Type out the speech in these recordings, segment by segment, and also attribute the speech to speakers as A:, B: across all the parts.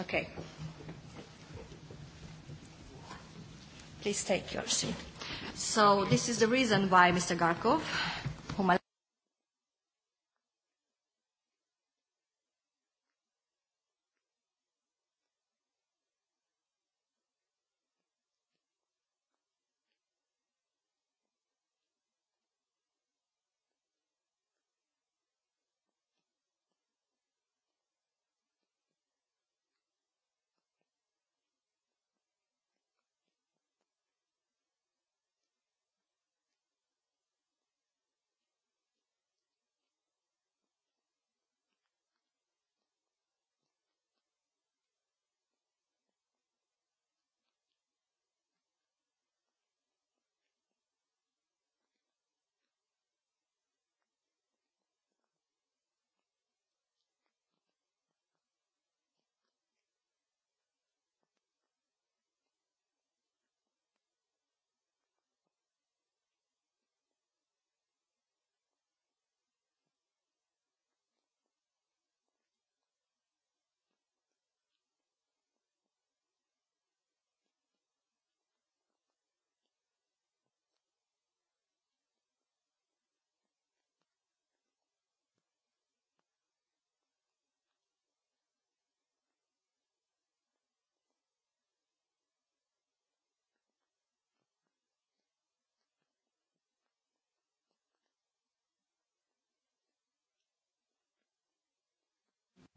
A: Okay. Please take your seat. So this is the reason why Mr. Garkov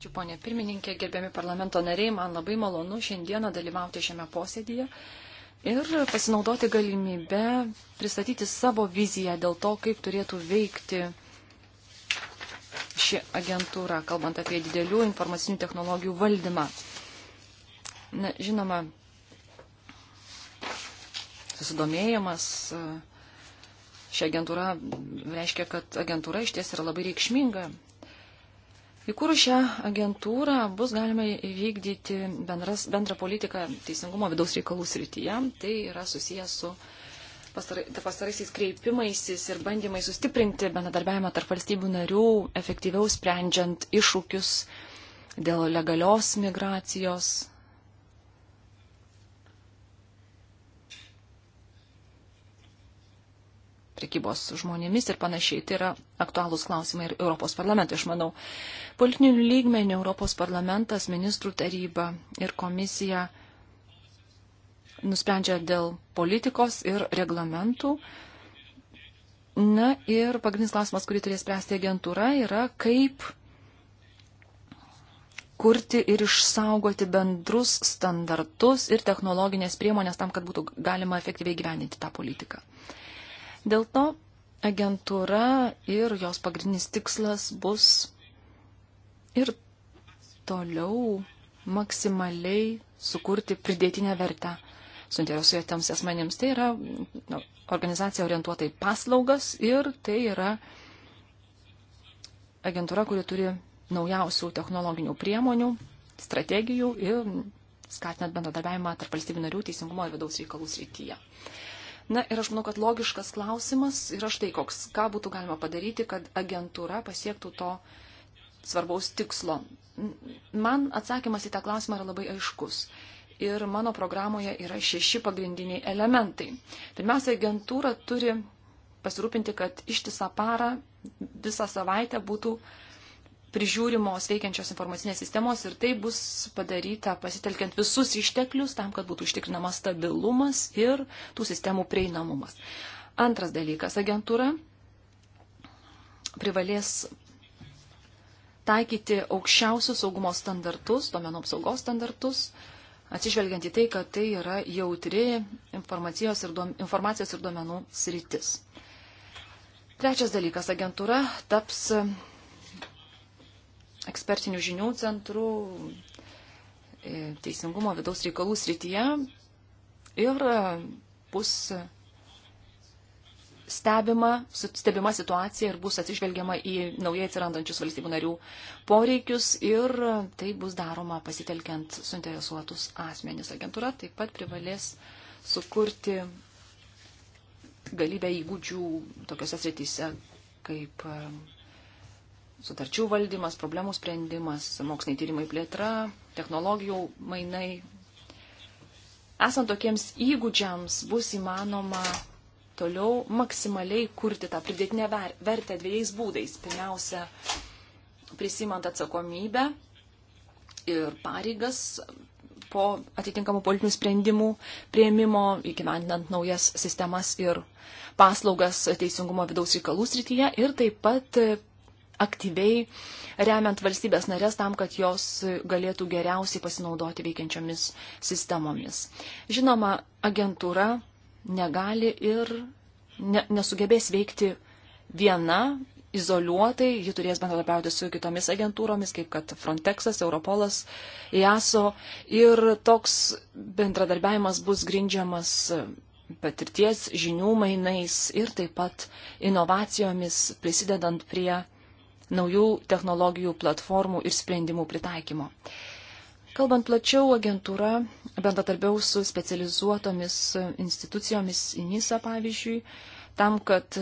A: Čia, ponė pirmininkė, gerbiami parlamento nariai, man labai malonu šiandieną dalyvauti šiame posėdėje ir pasinaudoti galimybę pristatyti savo viziją dėl to, kaip turėtų veikti ši agentūra, kalbant apie didelių informacinių technologijų valdymą. Na, žinoma, susidomėjimas e, šią agentūrą reiškia, kad agentūra iš ties yra labai reikšminga Įkūrus šią agentūrą bus galima įvykdyti bendras, bendrą politiką teisingumo vidaus reikalų srityje. Tai yra susijęs su pastaraisiais kreipimaisis ir bandymai sustiprinti bendradarbiavimą tarp valstybių narių, efektyviau sprendžiant iššūkius dėl legalios migracijos, prekybos žmonėmis ir panašiai. Tai yra aktualūs klausimai ir Europos parlamentui, aš manau. Politinių lygmenių Europos parlamentas, ministrų taryba ir komisija nusprendžia dėl politikos ir reglamentų. Na ir pagrindinis klausimas, kurį turės spręsti agentūra, yra kaip kurti ir išsaugoti bendrus standartus ir technologinės priemonės tam, kad būtų galima efektyviai gyveninti tą politiką. Uh, Dėl to agentūra ir jos pagrindinis tikslas bus ir toliau maksimaliai sukurti pridėtinę vertę suinteresuotiems asmenėms. Tai yra no, nu, organizacija orientuota į paslaugas ir tai yra agentūra, kuri turi naujausių technologinių priemonių, strategijų ir skatinant bendradarbiavimą tarp valstybių narių teisingumo ir vidaus reikalų srityje. Na ir aš manau, kad logiškas klausimas yra štai koks, ką būtų galima padaryti, kad agentūra pasiektų to svarbaus tikslo. Man atsakymas į tą klausimą yra labai aiškus. Ir mano programoje yra šeši pagrindiniai elementai. Pirmiausia, agentūra turi pasirūpinti, kad ištisą parą, visą savaitę būtų uh, prižiūrimos veikiančios informacinės sistemos ir tai bus padaryta pasitelkiant visus išteklius tam, kad būtų užtikrinamas stabilumas ir tų sistemų prieinamumas. Antras dalykas - agentūra privalės taikyti aukščiausius saugumo standartus, domenų apsaugos standartus, atsižvelgiant į tai, kad tai yra jautri informacijos ir, duom, informacijos ir duomenų sritis. Trečias dalykas - agentūra taps ekspertinių žinių centrų e, teisingumo vidaus reikalų srityje ir e, bus stebima, stebima situacija ir bus atsižvelgiama į naujai atsirandančius valstybių narių poreikius ir tai bus daroma pasitelkiant suinteresuotus asmenys. Agentūra taip pat privalės sukurti galybę įgūdžių tokiuose srityse kaip e, sutarčių valdymas, problemų sprendimas, moksliniai tyrimai plėtra, technologijų mainai. Esant tokiems įgūdžiams bus įmanoma toliau maksimaliai kurti tą pridėtinę vertę dviejais būdais. Pirmiausia, prisimant atsakomybę ir pareigas po atitinkamų politinių sprendimų prieimimo, įgyvendinant naujas sistemas ir paslaugas teisingumo vidaus reikalų srityje ir taip pat aktyviai remiant valstybės narės tam, kad jos galėtų geriausiai pasinaudoti veikiančiomis sistemomis. Žinoma, agentūra negali ir ne, nesugebės veikti viena, izoliuotai, ji turės bendradarbiauti su kitomis agentūromis, kaip kad Frontexas, Europolas, EASO ir toks bendradarbiavimas bus grindžiamas patirties, žinių mainais ir taip pat inovacijomis prisidedant prie naujų technologijų platformų ir sprendimų pritaikymo. Kalbant plačiau, agentūra bendratarbiaus su specializuotomis institucijomis NISA pavyzdžiui, tam, kad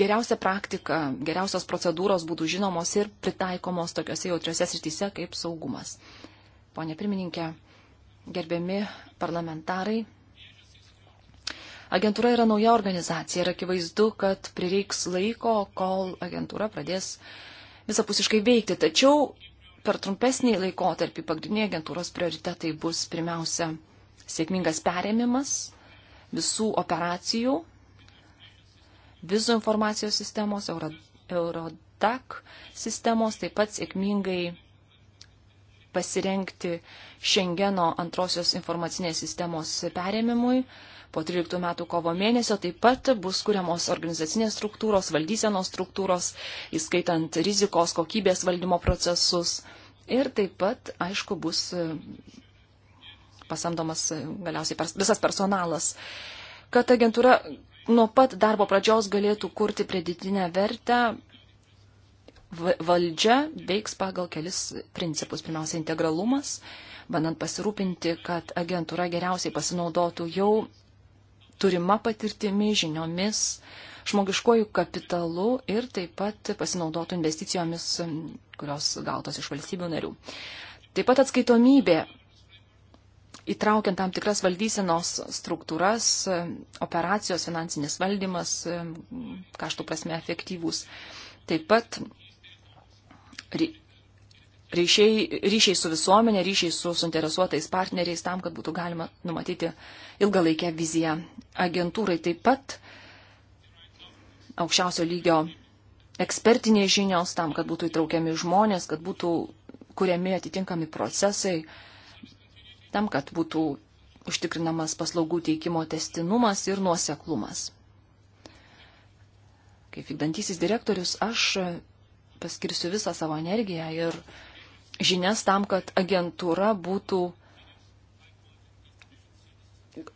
A: geriausia praktika, geriausios procedūros būtų žinomos ir pritaikomos tokiuose jautriuose srityse kaip saugumas. Pone pirmininkė, gerbiami parlamentarai, Agentūra yra nauja organizacija ir akivaizdu, kad prireiks laiko, kol agentūra pradės visapusiškai veikti. Tačiau per trumpesnį laikotarpį pagrindiniai agentūros prioritetai bus pirmiausia sėkmingas perėmimas visų operacijų, vizų informacijos sistemos, Eurodac sistemos, taip pat sėkmingai pasirengti Šengeno antrosios informacinės sistemos perėmimui, Po 13 metų kovo mėnesio taip pat bus kuriamos organizacinės struktūros, valdysenos struktūros, įskaitant rizikos kokybės valdymo procesus. Ir taip pat, aišku, bus e, pasamdomas e, galiausiai pers visas personalas, kad agentūra nuo pat darbo pradžios galėtų kurti pridėtinę vertę. Valdžia veiks pagal kelis principus. Pirmiausia, integralumas, bandant pasirūpinti, kad agentūra geriausiai pasinaudotų jau turima patirtimi, žiniomis, žmogiškojų kapitalu ir taip pat pasinaudotų investicijomis, kurios gautos iš valstybių narių. Taip pat atskaitomybė, įtraukiant tam tikras valdysenos struktūras, operacijos, finansinis valdymas, kaštų prasme efektyvūs. Taip pat ryšiai, ryšiai su visuomenė, ryšiai su suinteresuotais partneriais tam, kad būtų galima numatyti ilgalaikę viziją. Agentūrai taip pat aukščiausio lygio ekspertinės žinios tam, kad būtų įtraukiami žmonės, kad būtų kuriami atitinkami procesai, tam, kad būtų užtikrinamas paslaugų teikimo testinumas ir nuoseklumas. Kaip vykdantisis direktorius, aš paskirsiu visą savo energiją ir žinias tam, kad agentūra būtų,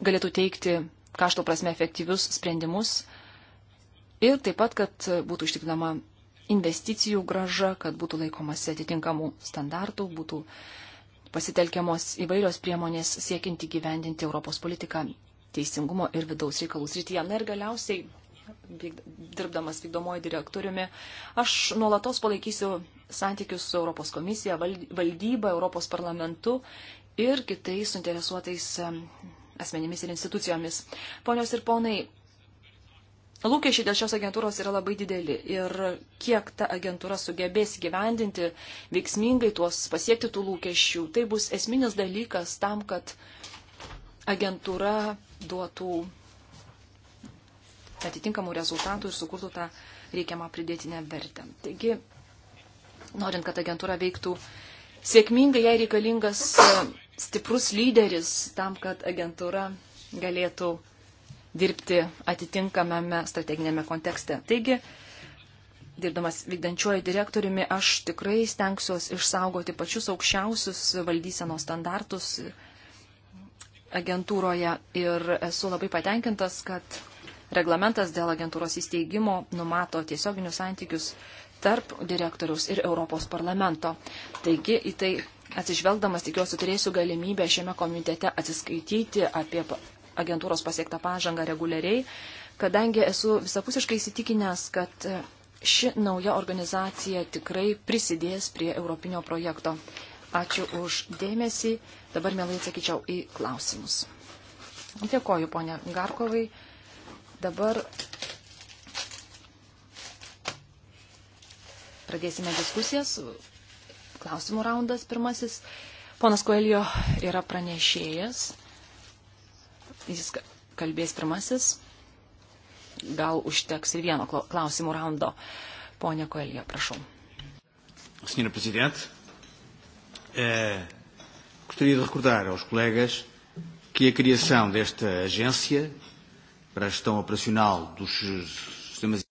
A: galėtų teikti kašto prasme efektyvius sprendimus ir taip pat, kad būtų ištikrinama investicijų graža, kad būtų laikomasi atitinkamų standartų, būtų pasitelkiamos įvairios priemonės siekinti gyvendinti Europos politiką teisingumo ir vidaus reikalų srityje. Na ir galiausiai, dirbdamas vykdomojo direktoriumi, aš nuolatos palaikysiu santykius su Europos komisija, valdyba, Europos parlamentu ir kitais suinteresuotais asmenimis ir institucijomis. Ponios ir ponai, lūkesčiai dėl šios agentūros yra labai dideli ir kiek ta agentūra sugebės gyvendinti veiksmingai tuos pasiekti tų lūkesčių, tai bus esminis dalykas tam, kad agentūra duotų atitinkamų rezultatų ir sukurtų tą reikiamą pridėtinę vertę. Taigi, Norint, kad agentūra veiktų sėkmingai, jai reikalingas e, stiprus lyderis tam, kad agentūra galėtų dirbti atitinkamame strateginėme kontekste. Taigi, dirbdamas vykdančiuoju direktoriumi, aš tikrai stengsiuos išsaugoti pačius aukščiausius valdysenos standartus agentūroje ir esu labai patenkintas, kad reglamentas dėl agentūros įsteigimo numato tiesioginius santykius tarp direktoriaus ir Europos parlamento. Taigi į tai atsižvelgdamas tikiuosi turėsiu galimybę šiame komitete atsiskaityti apie agentūros pasiektą pažangą reguliariai, kadangi esu visapusiškai įsitikinęs, kad e, ši nauja organizacija tikrai prisidės prie europinio projekto. Ačiū už dėmesį. Dabar mielai atsakyčiau į klausimus. Dėkoju, ponia Garkovai. Dabar Pradėsime diskusijas. Klausimų raundas pirmasis. Ponas Koelio yra pranešėjas. Jis kalbės pirmasis. Gal užteks ir vieno klausimų raundo. Pone Koelio, prašau.
B: Senhora Presidente, eh, gostaria de recordar aos colegas que a criação desta agência para a gestão operacional
A: dos sistemas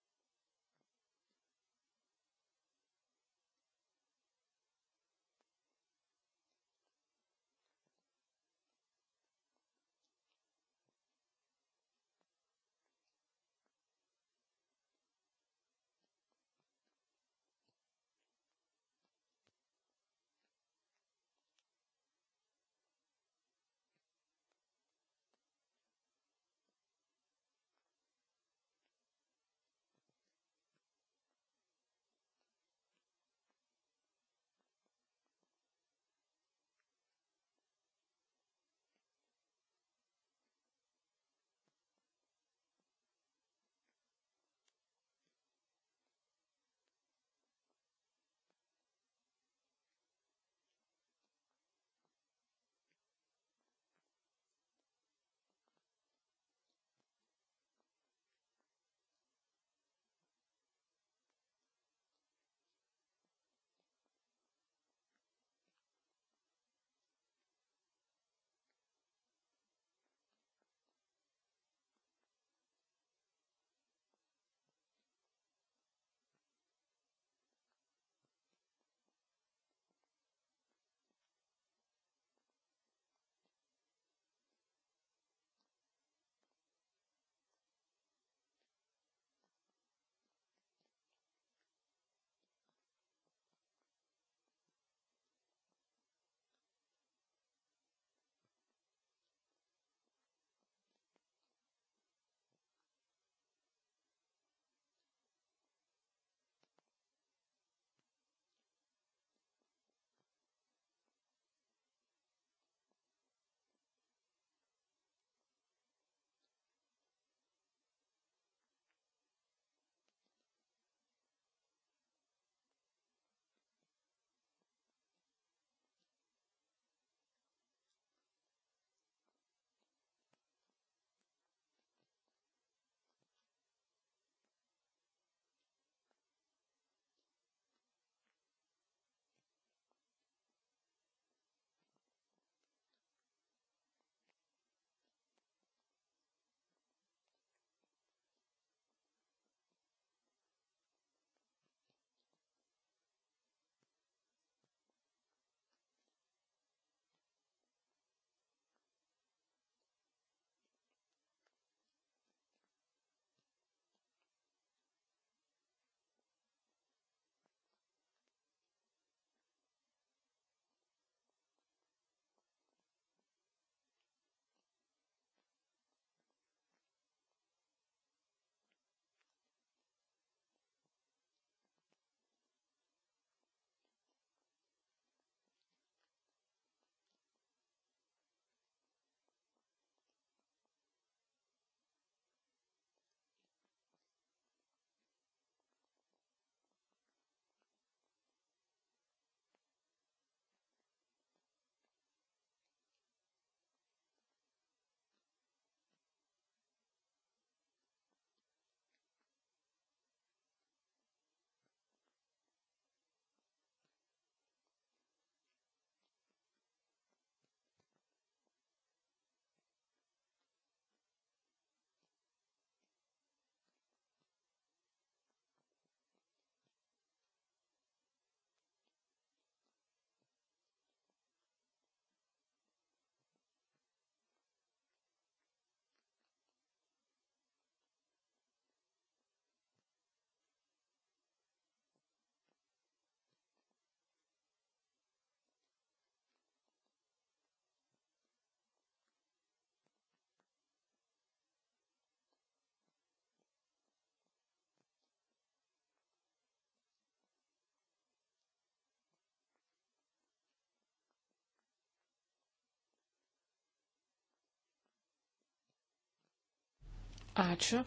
B: Ačiū.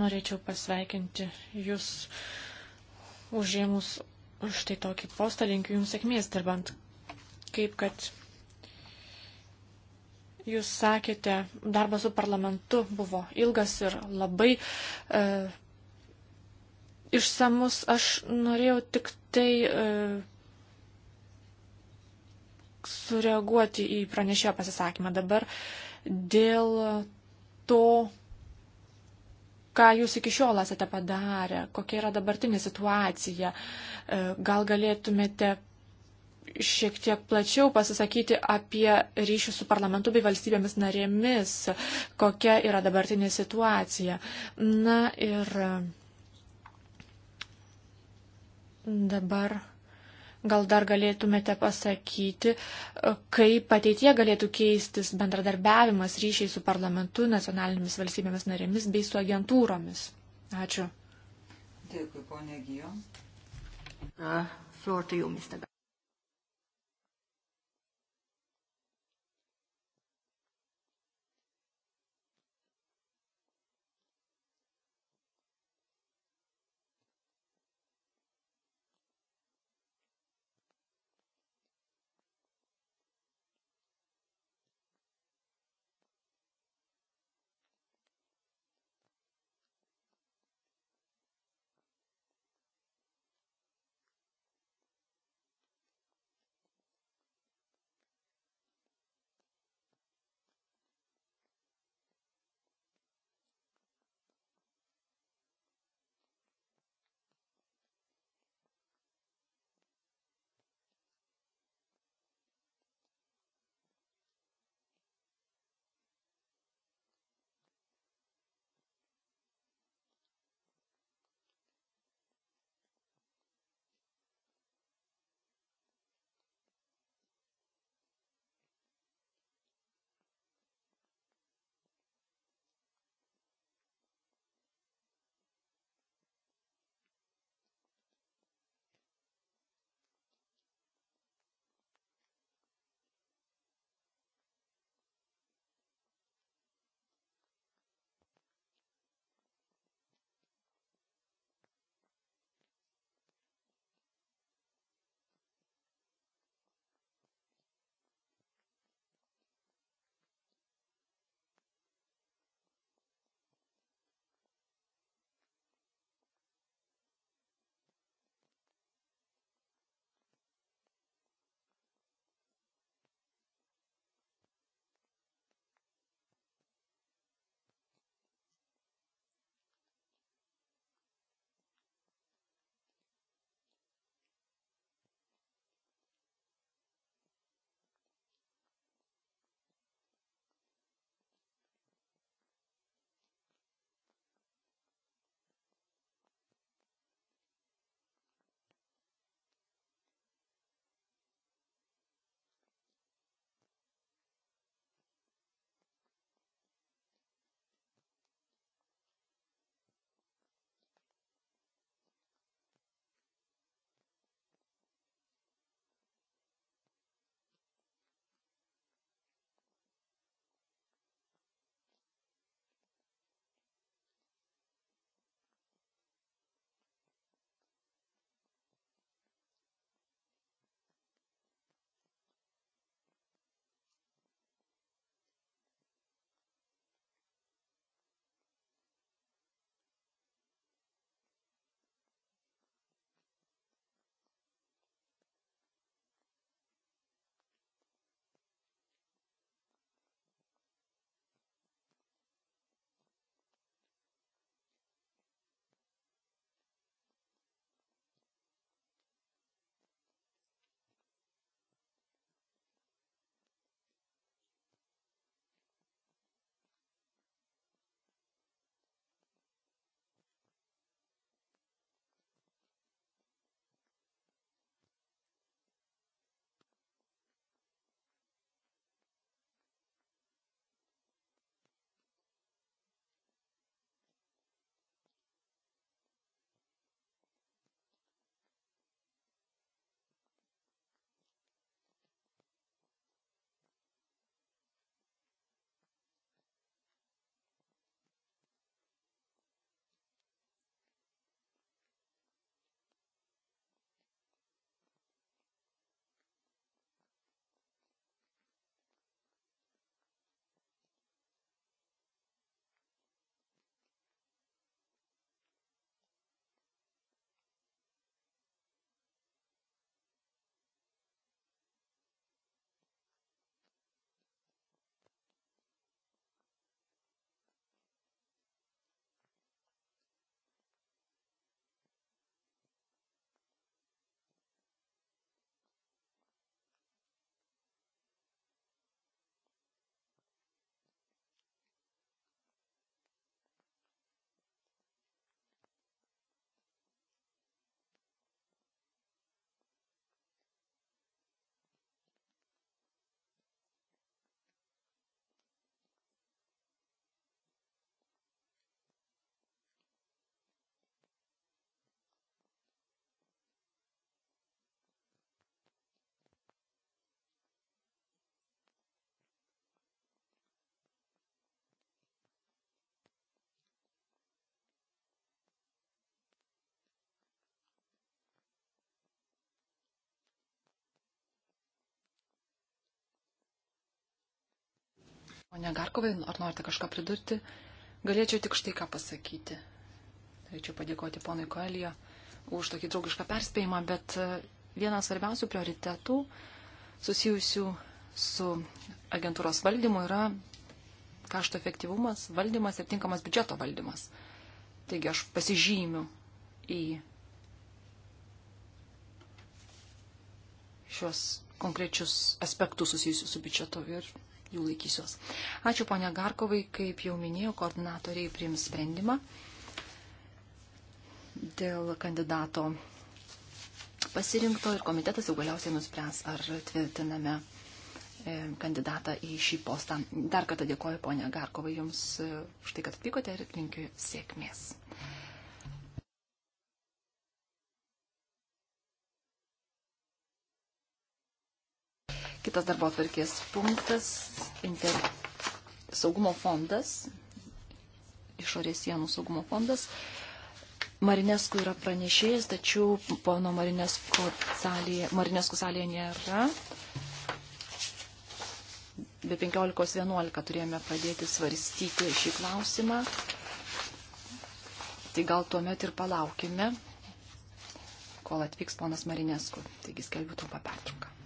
B: Norėčiau pasveikinti Jūs užėmus štai tokį postą. Linkiu Jums sėkmės dirbant. Kaip kad Jūs sakėte, darbas su parlamentu buvo ilgas ir labai e, išsamus. Aš norėjau tik tai e, sureaguoti į pranešėjo pasisakymą dabar dėl to, ką jūs iki šiol esate padarę, kokia yra dabartinė situacija. E, gal galėtumėte šiek tiek plačiau pasisakyti apie ryšį su parlamentu bei valstybėmis narėmis, kokia yra dabartinė situacija. Na ir dabar Gal dar galėtumėte pasakyti, e, kaip ateitie galėtų keistis bendradarbiavimas ryšiai su parlamentu, nacionalinėmis valstybėmis narėmis bei su agentūromis.
A: Ačiū. Dėkui, ponė Gijom. Uh, Pone Garkovai, ar norite kažką pridurti? Galėčiau tik štai ką pasakyti. Norėčiau padėkoti ponui Koelijo už tokį draugišką perspėjimą, bet e, vienas svarbiausių prioritetų susijusių su agentūros valdymu yra kašto efektyvumas, valdymas ir tinkamas biudžeto valdymas. Taigi aš pasižymiu į šios konkrečius aspektus susijusius su biudžetu ir jų laikysiuos. Ačiū ponia Garkovai, kaip jau minėjau, koordinatoriai priims sprendimą dėl kandidato pasirinkto ir komitetas jau galiausiai nuspręs, ar tvirtiname e, kandidatą į šį postą. Dar kartą dėkoju ponia Garkovai Jums e, už tai, kad atvykote ir linkiu sėkmės. Kitas darbo atvarkės punktas inter... - saugumo fondas, išorės sienų saugumo fondas. Marinesku yra pranešėjas, tačiau pono Marinesku salėje, Marinesku salėje nėra. Be 15.11 turėjome pradėti svarstyti šį klausimą. Tai gal tuomet ir palaukime, kol atvyks ponas Marinesku. Taigi skelbiu trumpą pertrauką.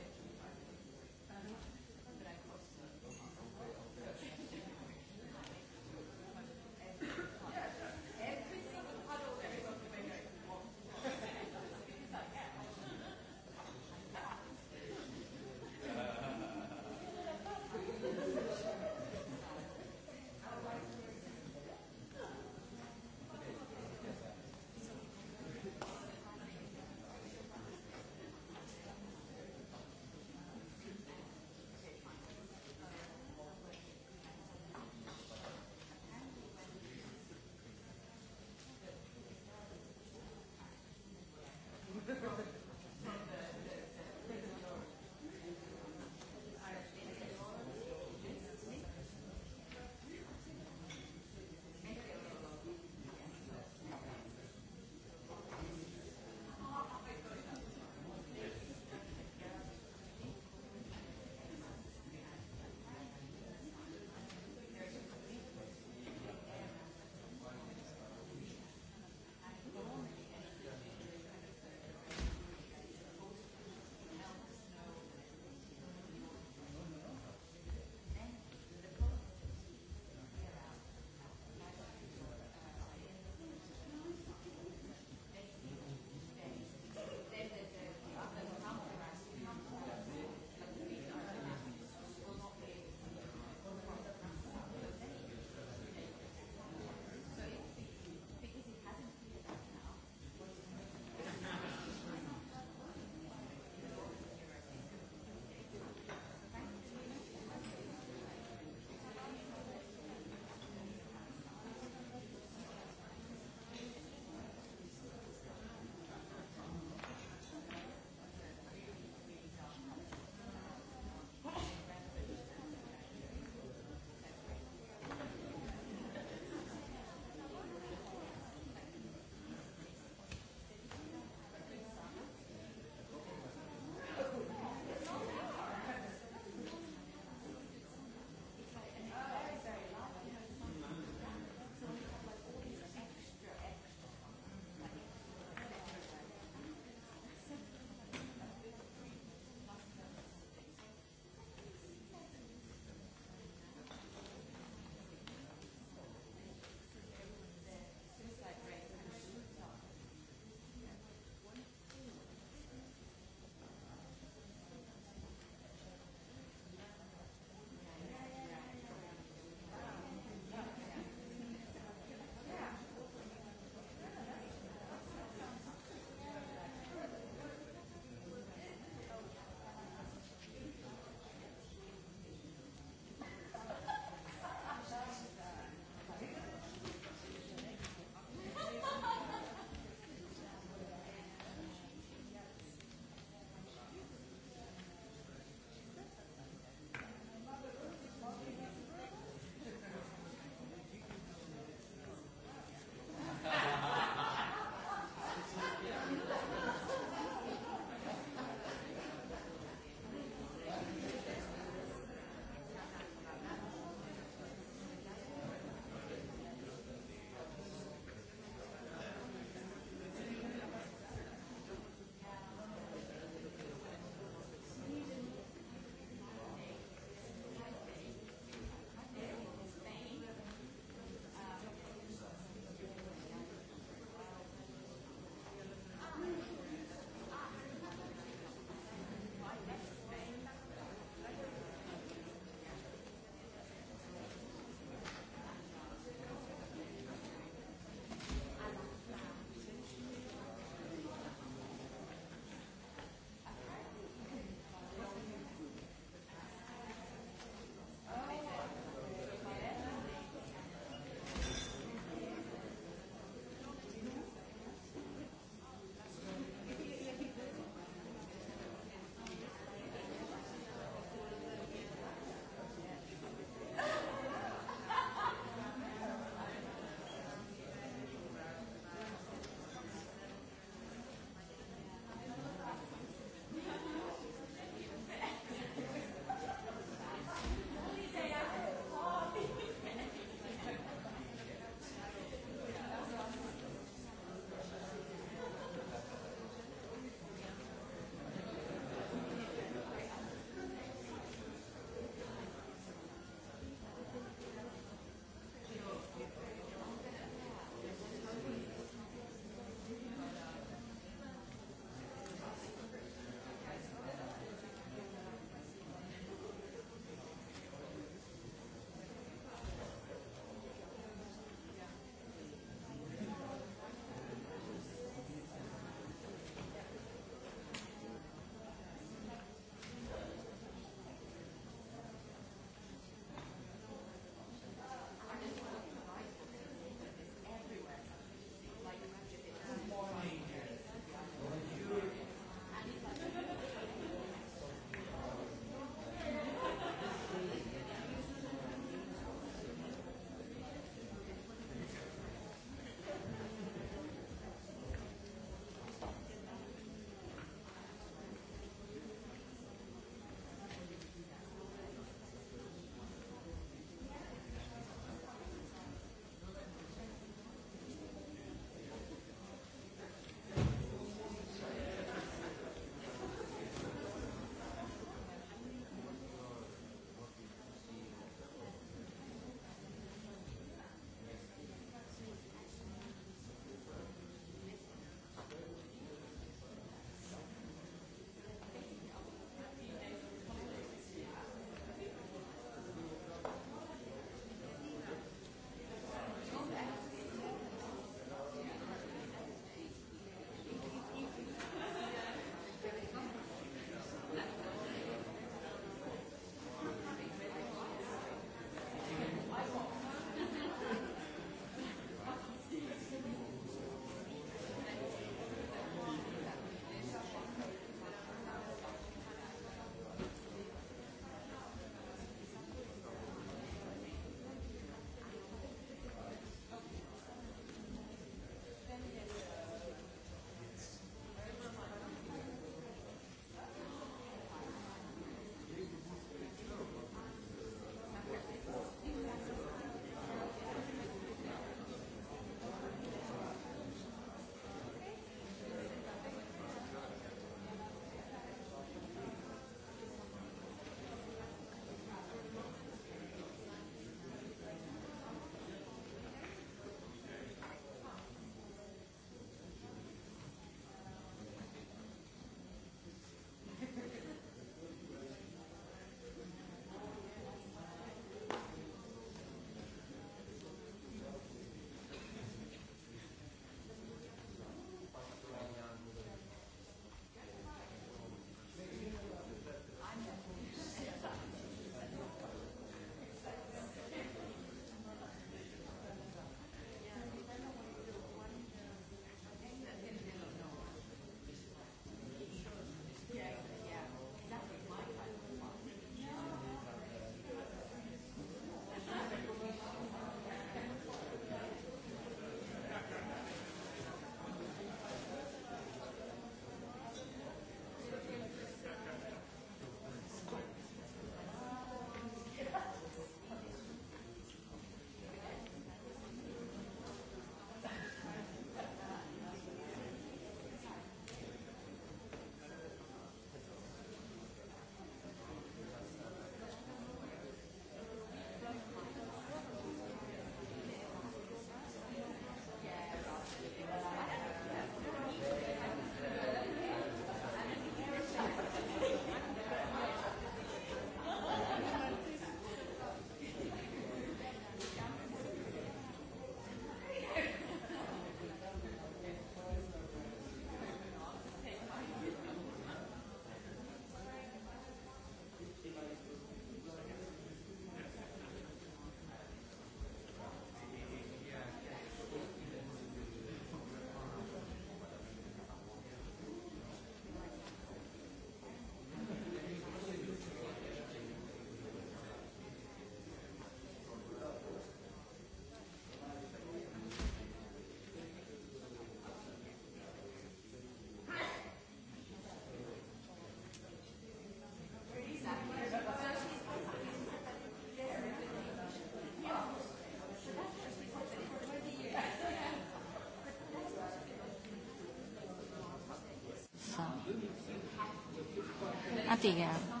A: Fotiga.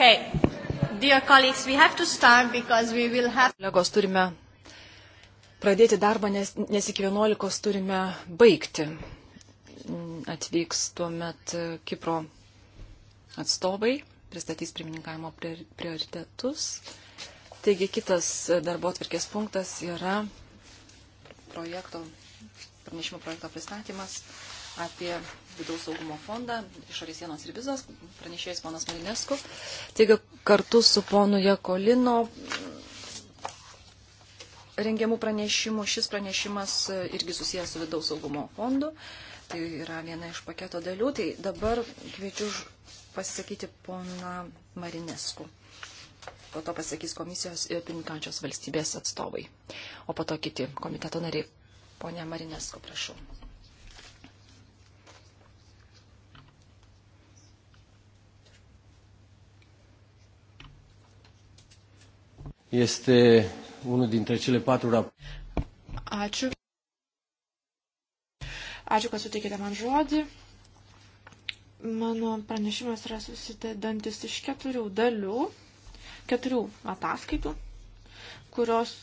A: Okay.
B: Dear colleagues,
A: we have to start because we will have... Kolegos, turime pradėti darbą, nes, nes iki 11 turime baigti. Atvyks tuomet Kipro atstovai, pristatys pirmininkavimo prioritetus. Taigi kitas darbo atvirkės punktas yra projekto, pranešimo projekto pristatymas apie vidaus saugumo fondą, išorės sienos ir vizos, pranešėjas ponas Marinesku. Taigi kartu su ponu Jekolino rengiamų pranešimų šis pranešimas irgi susijęs su vidaus saugumo fondu. Tai yra viena iš paketo dalių. Tai dabar kviečiu pasisakyti poną Marinesku. Po to pasakys komisijos ir pirmininkančios valstybės atstovai. O po to kiti komiteto nariai. Pone Marinesko, prašau. Este unul dintre cele patru rapoarte.
B: Ačiū. Ačiū, kad suteikėte man žodį. Mano pranešimas yra susidedantis iš keturių dalių, keturių ataskaitų, kurios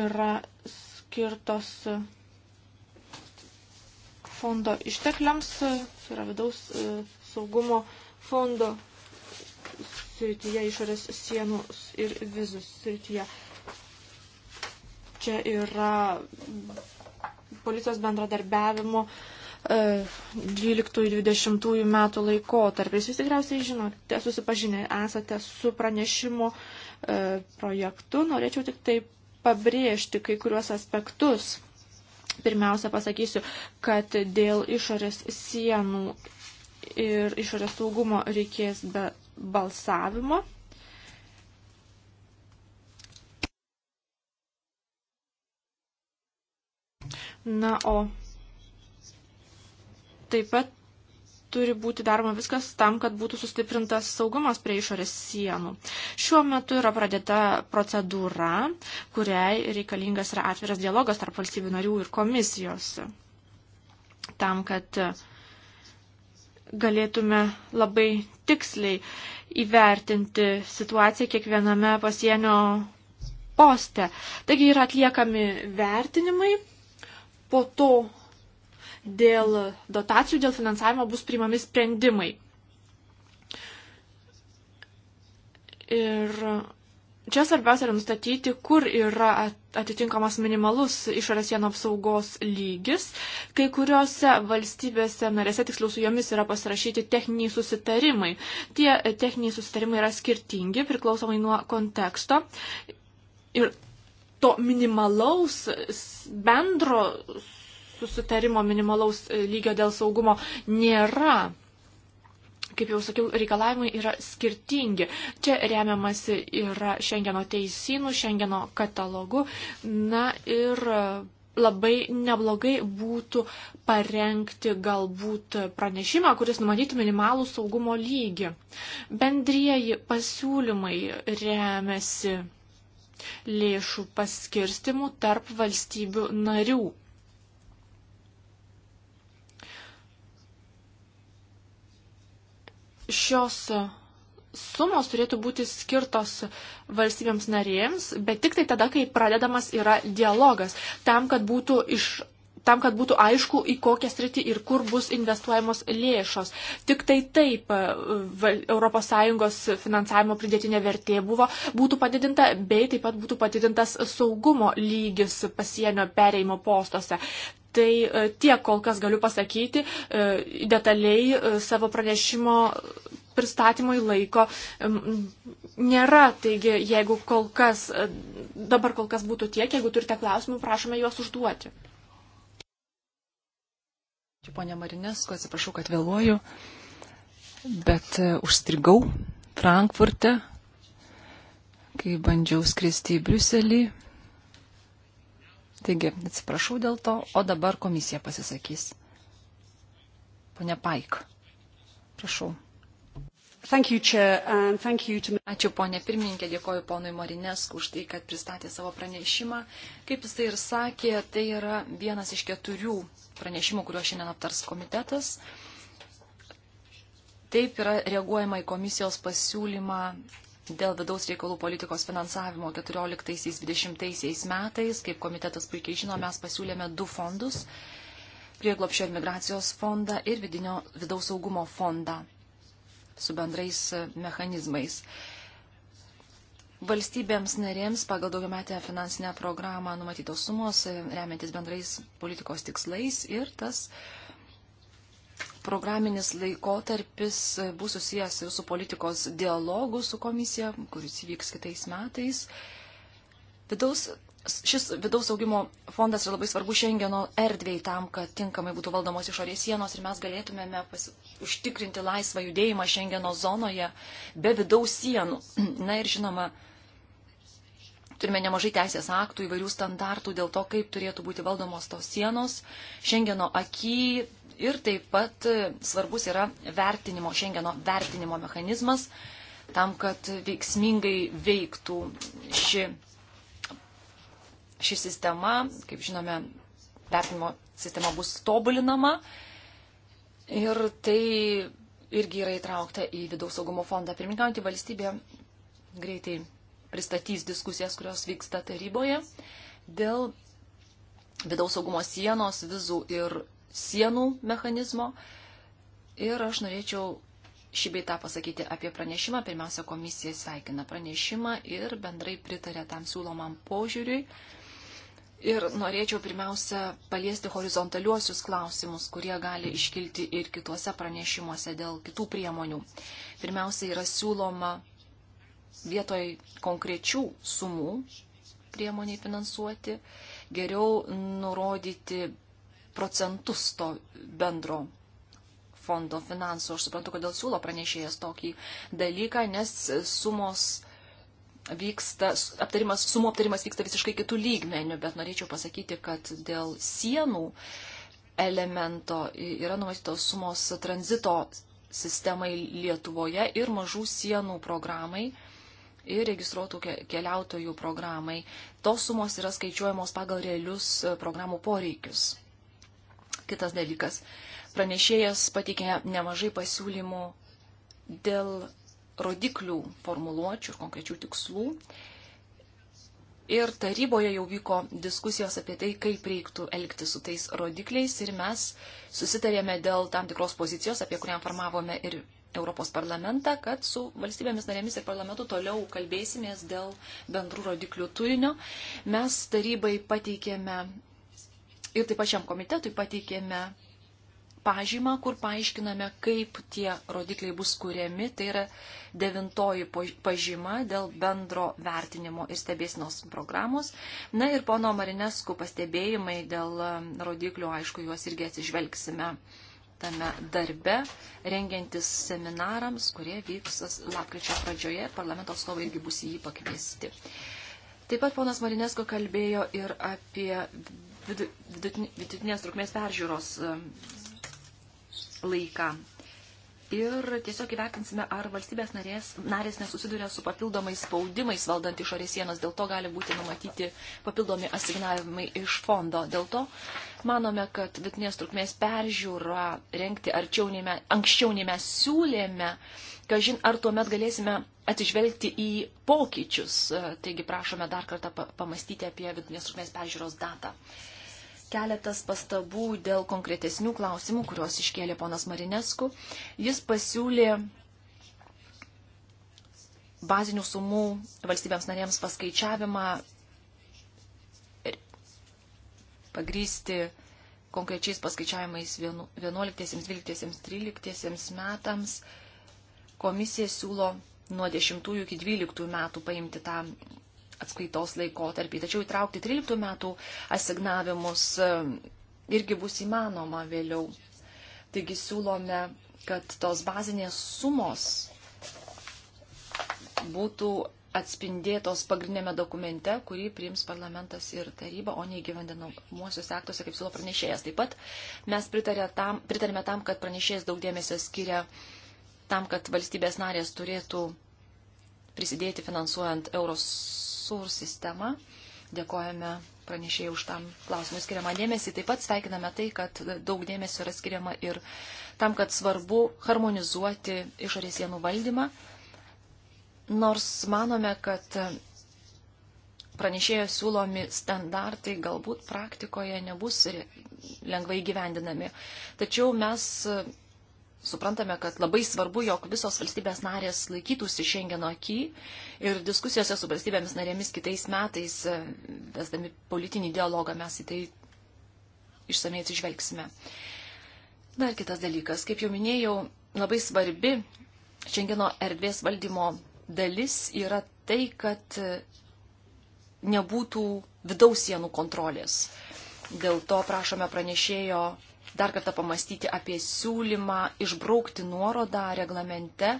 B: yra skirtos fondo ištekliams, tai yra vidaus e, saugumo fondo srityje, išorės sienų ir vizų srityje. Čia yra policijos bendradarbiavimo 12-20 e, metų laikotarpis. Jūs tikriausiai žinote, susipažinę esate su pranešimo e, projektu. Norėčiau tik tai pabrėžti kai kuriuos aspektus. Pirmiausia, pasakysiu, kad dėl išorės sienų ir išorės saugumo reikės be balsavimo. Na, o taip pat turi būti daroma viskas tam, kad būtų sustiprintas saugumas prie išorės sienų. Šiuo metu yra pradėta procedūra, kuriai reikalingas yra atviras dialogas tarp valstybių narių ir komisijos. Tam, kad uh, galėtume labai tiksliai įvertinti situaciją kiekviename pasienio poste. Taigi yra atliekami vertinimai, po to dėl dotacijų, dėl finansavimo bus priimami sprendimai. Ir Čia svarbiausia yra nustatyti, kur yra atitinkamas minimalus išorės sienų apsaugos lygis. Kai kuriuose valstybėse narėse, tiksliau su jomis yra pasirašyti techniniai susitarimai. Tie e, techniniai susitarimai yra skirtingi, priklausomai nuo konteksto. Ir to minimalaus bendro susitarimo, minimalaus e, lygio dėl saugumo nėra kaip jau sakiau, reikalavimai yra skirtingi. Čia remiamasi yra Šengeno teisynų, Šengeno katalogu. Na ir labai neblogai būtų parengti galbūt pranešimą, kuris numatytų minimalų saugumo lygį. Bendrieji pasiūlymai remiasi lėšų paskirstimu tarp valstybių narių. šios sumos turėtų būti skirtos valstybėms narėms, bet tik tai tada, kai pradedamas yra dialogas, tam, kad būtų iš. Tam, kad būtų aišku, į kokią sritį ir kur bus investuojamos lėšos. Tik tai taip ES finansavimo pridėtinė vertė buvo, būtų padidinta, bei taip pat būtų padidintas saugumo lygis pasienio pereimo postuose. Tai e, tiek kol kas galiu pasakyti, e, detaliai e, savo pranešimo pristatymui laiko nėra. Taigi, jeigu kol kas, dabar kol kas būtų tiek, jeigu turite klausimų, prašome juos užduoti.
A: Čia ponia Marinesko, atsiprašau, kad vėluoju, bet užstrigau Frankfurte, kai bandžiau skristi į Briuselį Taigi, atsiprašau dėl to, o dabar komisija pasisakys. Pone Paik, prašau. You, Chair, to... Ačiū ponė pirmininkė, dėkoju ponui Marinesku už tai, kad pristatė savo pranešimą. Kaip jis tai ir sakė, tai yra vienas iš keturių pranešimų, kuriuos šiandien aptars komitetas. Taip yra reaguojama į komisijos pasiūlymą dėl vidaus reikalų politikos finansavimo 14-20 metais, kaip komitetas puikiai žino, mes pasiūlėme du fondus - prieglopšio ir migracijos fondą ir vidinio vidaus saugumo fondą su bendrais e, mechanizmais. Valstybėms narėms pagal daugiametę finansinę programą numatytos sumos e, remiantis bendrais politikos tikslais ir tas uh, programinis laikotarpis e, bus susijęs ir su politikos dialogu su komisija, kuris įvyks kitais metais. Vidaus, šis vidaus augimo fondas yra labai svarbu Šengeno erdvėjai tam, kad tinkamai būtų valdomos išorės sienos ir mes galėtumėme pasi... užtikrinti laisvą judėjimą Šengeno zonoje be vidaus sienų. Na ir žinoma, Turime nemažai teisės aktų, įvairių standartų dėl to, kaip turėtų būti valdomos tos sienos. Šengeno aky Ir taip pat e, svarbus yra vertinimo, šengeno vertinimo mechanizmas, tam, kad veiksmingai veiktų ši, ši sistema. Kaip žinome, vertinimo sistema bus tobulinama. Ir tai irgi yra įtraukta į vidaus saugumo fondą. Pirmininkaujantį valstybę greitai pristatys diskusijas, kurios vyksta taryboje dėl vidaus saugumo sienos, vizų ir sienų mechanizmo. Ir aš norėčiau šį beitą pasakyti apie pranešimą. Pirmiausia, komisija sveikina pranešimą ir bendrai pritarė tam siūlomam požiūriui. Ir norėčiau pirmiausia paliesti horizontaliuosius klausimus, kurie gali iškilti ir kituose pranešimuose dėl kitų priemonių. Pirmiausia, yra siūloma vietoj konkrečių sumų priemoniai finansuoti, geriau nurodyti procentus to bendro fondo finansų. Aš suprantu, kodėl siūlo pranešėjas tokį dalyką, nes sumos vyksta, aptarimas, sumų aptarimas vyksta visiškai kitų lygmenių, bet norėčiau pasakyti, kad dėl sienų elemento yra numatytos sumos tranzito sistemai Lietuvoje ir mažų sienų programai ir registruotų keliautojų programai. Tos sumos yra skaičiuojamos pagal realius e, programų poreikius. Kitas dalykas. Pranešėjas pateikė nemažai pasiūlymų dėl rodiklių formuluočių ir konkrečių tikslų. Ir taryboje jau vyko diskusijos apie tai, kaip reiktų elgti su tais rodikliais ir mes susitarėme dėl tam tikros pozicijos, apie kurią informavome ir Europos parlamentą, kad su valstybėmis narėmis ir parlamentu toliau kalbėsimės dėl bendrų rodiklių turinio. Mes tarybai pateikėme ir taip pačiam komitetui pateikėme pažymą, kur paaiškiname, kaip tie rodikliai bus kuriami. Tai yra devintoji pažyma dėl bendro vertinimo ir stebėsinos programos. Na ir pono Marinesku pastebėjimai dėl um, rodiklių, aišku, juos irgi atsižvelgsime tame darbe, rengiantis seminarams, kurie vyks lapkričio pradžioje. Parlamento atstovai irgi bus į jį pakviesti. Taip pat ponas Marinesko kalbėjo ir apie vidutinės trukmės peržiūros e, laiką. Ir tiesiog įvertinsime, ar valstybės narės, narės nesusiduria su papildomais spaudimais valdant išorės sienas, dėl to gali būti numatyti papildomi asignavimai iš fondo. Dėl to manome, kad vidutinės trukmės peržiūrą renkti arčiau nei mes, anksčiau nei mes siūlėme, kažin ar tuomet galėsime atsižvelgti į pokyčius. E, taigi prašome dar kartą pamastyti apie vidutinės trukmės peržiūros datą keletas pastabų dėl konkretesnių klausimų, kuriuos iškėlė ponas Marinesku. Jis pasiūlė bazinių sumų valstybėms narėms paskaičiavimą pagrysti konkrečiais paskaičiavimais 11, 12, 13 metams. Komisija siūlo nuo 10 iki 12 metų paimti tą atskaitos laikotarpį. Tačiau įtraukti 13 metų asignavimus e, irgi bus įmanoma vėliau. Taigi siūlome, kad tos bazinės sumos būtų atspindėtos pagrindinėme dokumente, kurį priims parlamentas ir taryba, o ne įgyvendinamuosiuose aktuose, kaip siūlo pranešėjas. Taip pat mes tam, pritarėme tam, kad pranešėjas daug dėmesio skiria tam, kad valstybės narės turėtų prisidėti finansuojant Euros Eurosur sistemą. Dėkojame pranešėjai už tam klausimui skiriamą dėmesį. Taip pat sveikiname tai, kad daug dėmesio yra skiriama ir tam, kad svarbu harmonizuoti išorės sienų valdymą. Nors manome, kad pranešėjo siūlomi standartai galbūt praktikoje nebus lengvai gyvendinami. Tačiau mes suprantame, kad labai svarbu, jog visos valstybės narės laikytųsi Schengeno akį ir diskusijose su valstybėmis narėmis kitais metais, e, vesdami politinį dialogą, mes į tai išsamei atsižvelgsime. Dar kitas dalykas, kaip jau minėjau, labai svarbi Schengeno erdvės valdymo dalis yra tai, kad e, nebūtų vidaus sienų kontrolės. Dėl to prašome pranešėjo dar kartą pamastyti apie siūlymą išbraukti nuorodą reglamente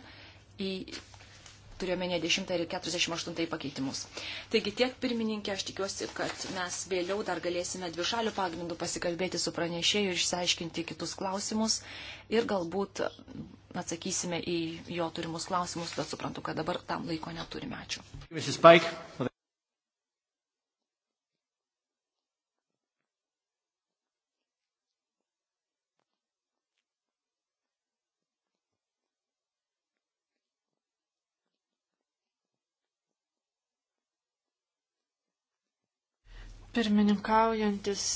A: į turiuomenė 10 ir 48 pakeitimus. Taigi tiek pirmininkė, aš tikiuosi, kad mes vėliau dar galėsime dvišalių pagrindų pasikalbėti su pranešėju ir išsiaiškinti kitus klausimus ir galbūt atsakysime į jo turimus klausimus, bet suprantu, kad dabar tam laiko neturime.
B: Ačiū. Pirmininkaujantis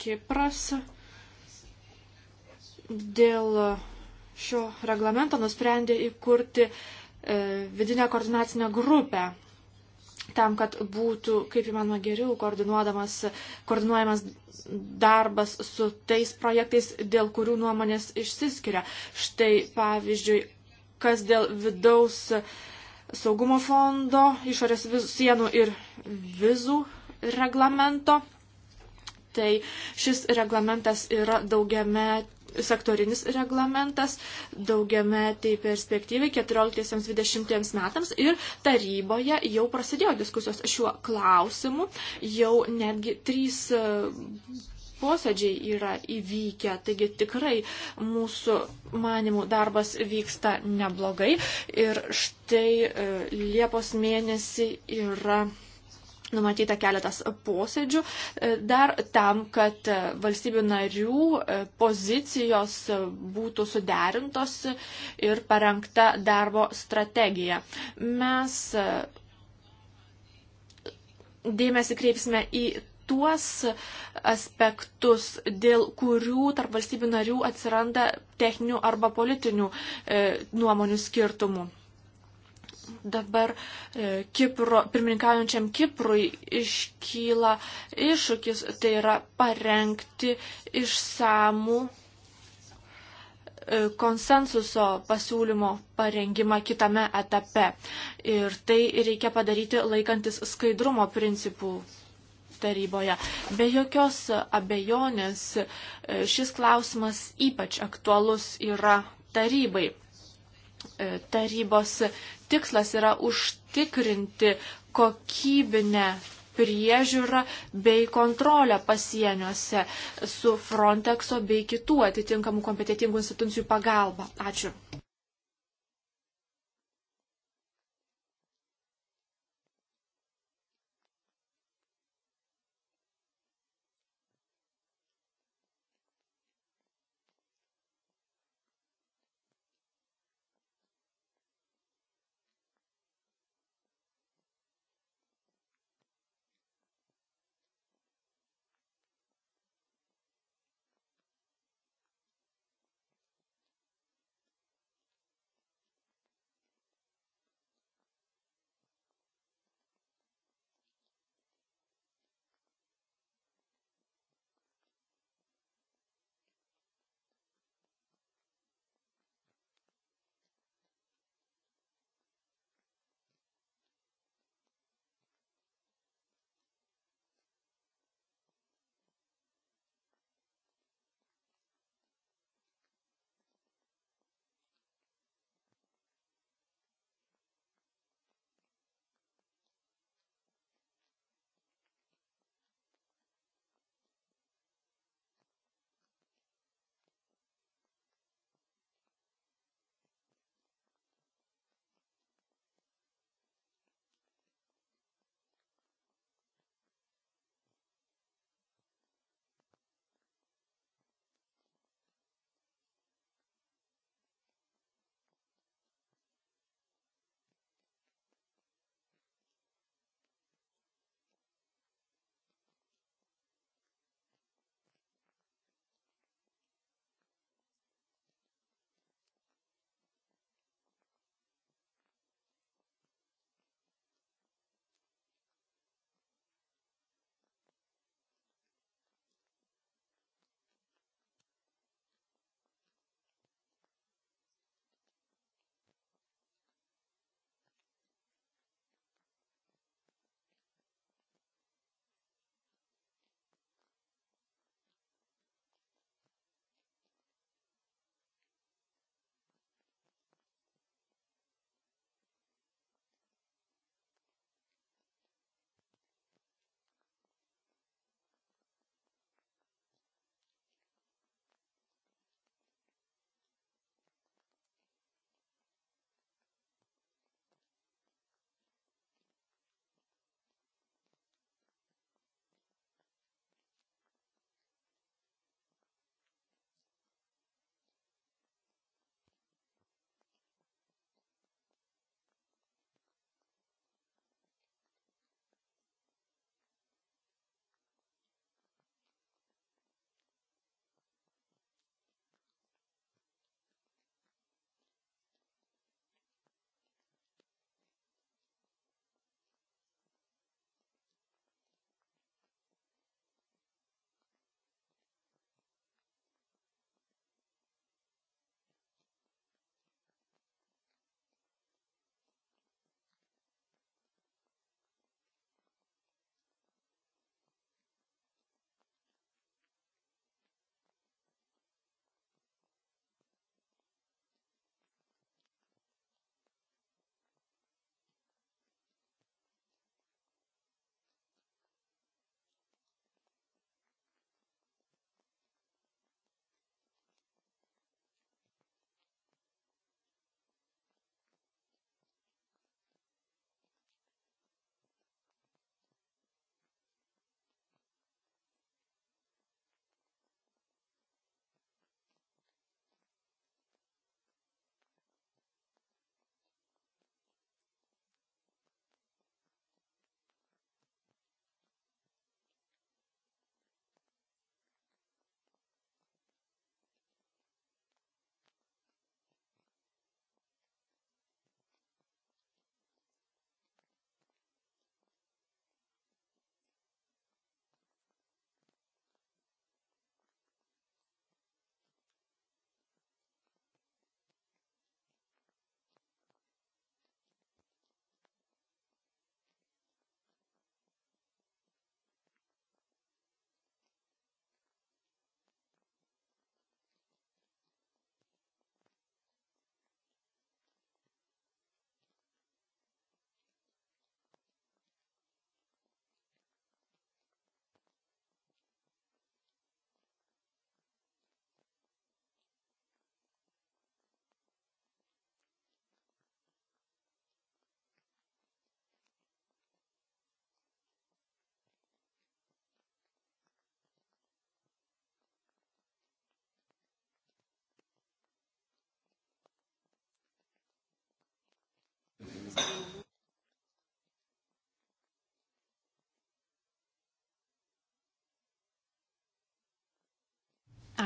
B: Kipras dėl šio reglamento nusprendė įkurti e, vidinę koordinacinę grupę tam, kad būtų, kaip įmanoma, geriau koordinuojamas darbas su tais projektais, dėl kurių nuomonės išsiskiria. Štai, pavyzdžiui, kas dėl vidaus uh, saugumo fondo, išorės sienų ir vizų reglamento. Tai šis reglamentas yra daugiame sektorinis reglamentas daugiametiai perspektyvai 14-20 metams ir taryboje jau prasidėjo diskusijos šiuo klausimu, jau netgi trys posėdžiai yra įvykę, taigi tikrai mūsų manimų darbas vyksta neblogai. Ir štai e, Liepos mėnesį yra numatyta keletas posėdžių e, dar tam, kad e, valstybių narių pozicijos būtų suderintos ir parengta darbo strategija. Mes dėmesį kreipsime į tuos aspektus, dėl kurių tarp valstybių narių atsiranda techninių arba politinių e, nuomonių skirtumų. Dabar e, Kipro, pirmininkaujančiam Kiprui iškyla iššūkis, tai yra parengti išsamų e, konsensuso pasiūlymo parengimą kitame etape. Ir tai reikia padaryti laikantis skaidrumo principų taryboje. Be jokios abejonės e, šis klausimas ypač aktualus yra tarybai. E, tarybos tikslas yra užtikrinti kokybinę priežiūrą bei kontrolę pasieniuose su Frontexo bei kitų atitinkamų kompetitingų institucijų pagalba. Ačiū.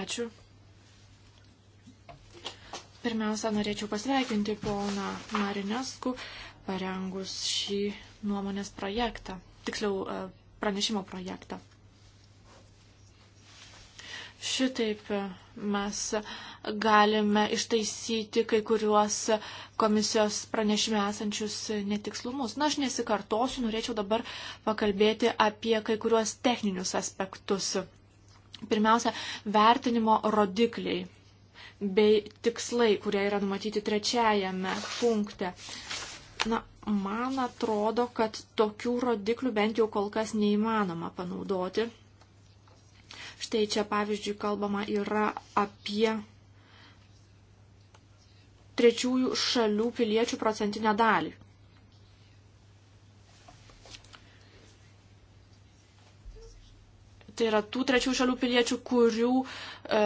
B: Ačiū. Pirmiausia, norėčiau pasveikinti poną Marinesku, parengus šį nuomonės projektą, tiksliau e, pranešimo projektą. Šitaip mes galime ištaisyti kai kuriuos komisijos pranešime esančius netikslumus. Na, aš nesikartosiu, norėčiau dabar pakalbėti apie kai kuriuos techninius aspektus. Pirmiausia, vertinimo rodikliai bei tikslai, kurie yra numatyti trečiajame punkte. Na, man atrodo, kad tokių rodiklių bent jau kol kas neįmanoma panaudoti Štai čia pavyzdžiui kalbama yra apie trečiųjų šalių piliečių procentinę dalį. Tai yra tų trečių šalių piliečių, kurių, e,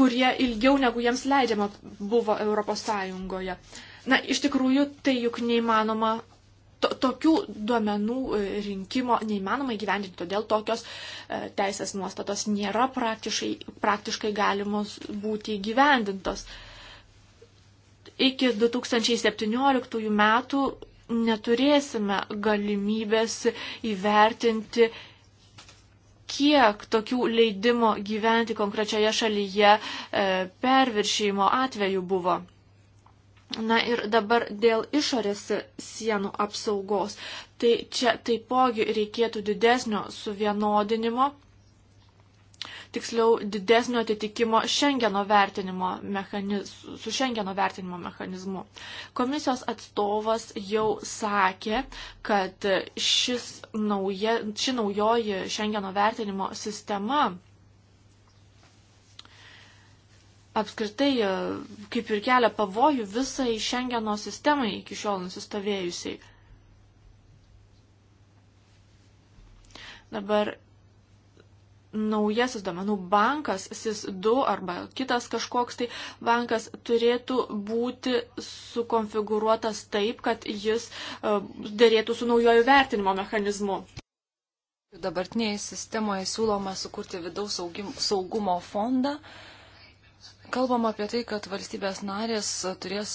B: kurie ilgiau negu jiems leidžiama buvo Europos Sąjungoje. Na, iš tikrųjų, tai juk neįmanoma to, tokių duomenų e, rinkimo neįmanoma įgyvendinti, todėl tokios e, teisės nuostatos nėra praktiškai, praktiškai galimos būti įgyvendintos. Iki 2017 metų neturėsime galimybės įvertinti, kiek tokių leidimo gyventi konkrečioje šalyje e, perviršymo atveju buvo. Na ir dabar dėl išorės sienų apsaugos. Tai čia taipogi reikėtų didesnio suvienodinimo, tiksliau didesnio atitikimo šengeno vertinimo mechaniz, su šengeno vertinimo mechanizmu. Komisijos atstovas jau sakė, kad šis nauja, ši naujoji šengeno vertinimo sistema apskritai e, kaip ir kelia pavojų visai Šengeno sistemai iki šiol nusistovėjusiai. Dabar naujasis domenų bankas, SIS2 arba kitas kažkoks tai bankas turėtų būti sukonfigūruotas taip, kad jis e,
A: dėrėtų su naujoju vertinimo mechanizmu. Dabartinėje sistemoje siūloma sukurti vidaus saugumo fondą, uh, Kalbam apie tai, kad valstybės narės turės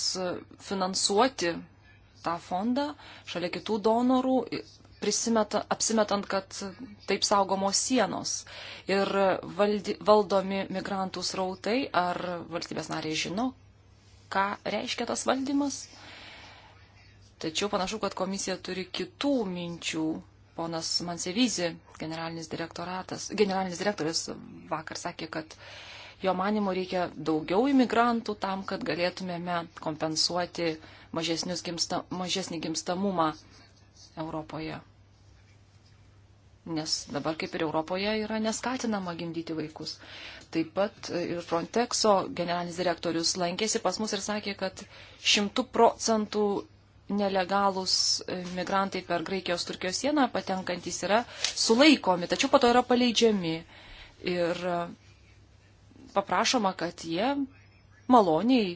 A: finansuoti tą fondą šalia kitų donorų, prisimeta, apsimetant, kad taip saugomos sienos ir valdi, valdomi migrantų srautai, ar valstybės nariai žino, ką reiškia tas valdymas. Tačiau panašu, kad komisija turi kitų minčių. Ponas Mansevizi, generalinis, generalinis direktorius, vakar sakė, kad uh, Jo manimo reikia daugiau imigrantų tam, kad galėtumėme kompensuoti gimsta, mažesnį gimstamumą Europoje. Nes dabar kaip ir Europoje yra neskatinama gimdyti vaikus. Taip pat ir Frontexo generalinis direktorius lankėsi pas mus ir sakė, kad šimtų procentų nelegalūs migrantai per Graikijos Turkijos sieną patenkantys yra sulaikomi, tačiau po to yra paleidžiami. Ir paprašoma, kad jie maloniai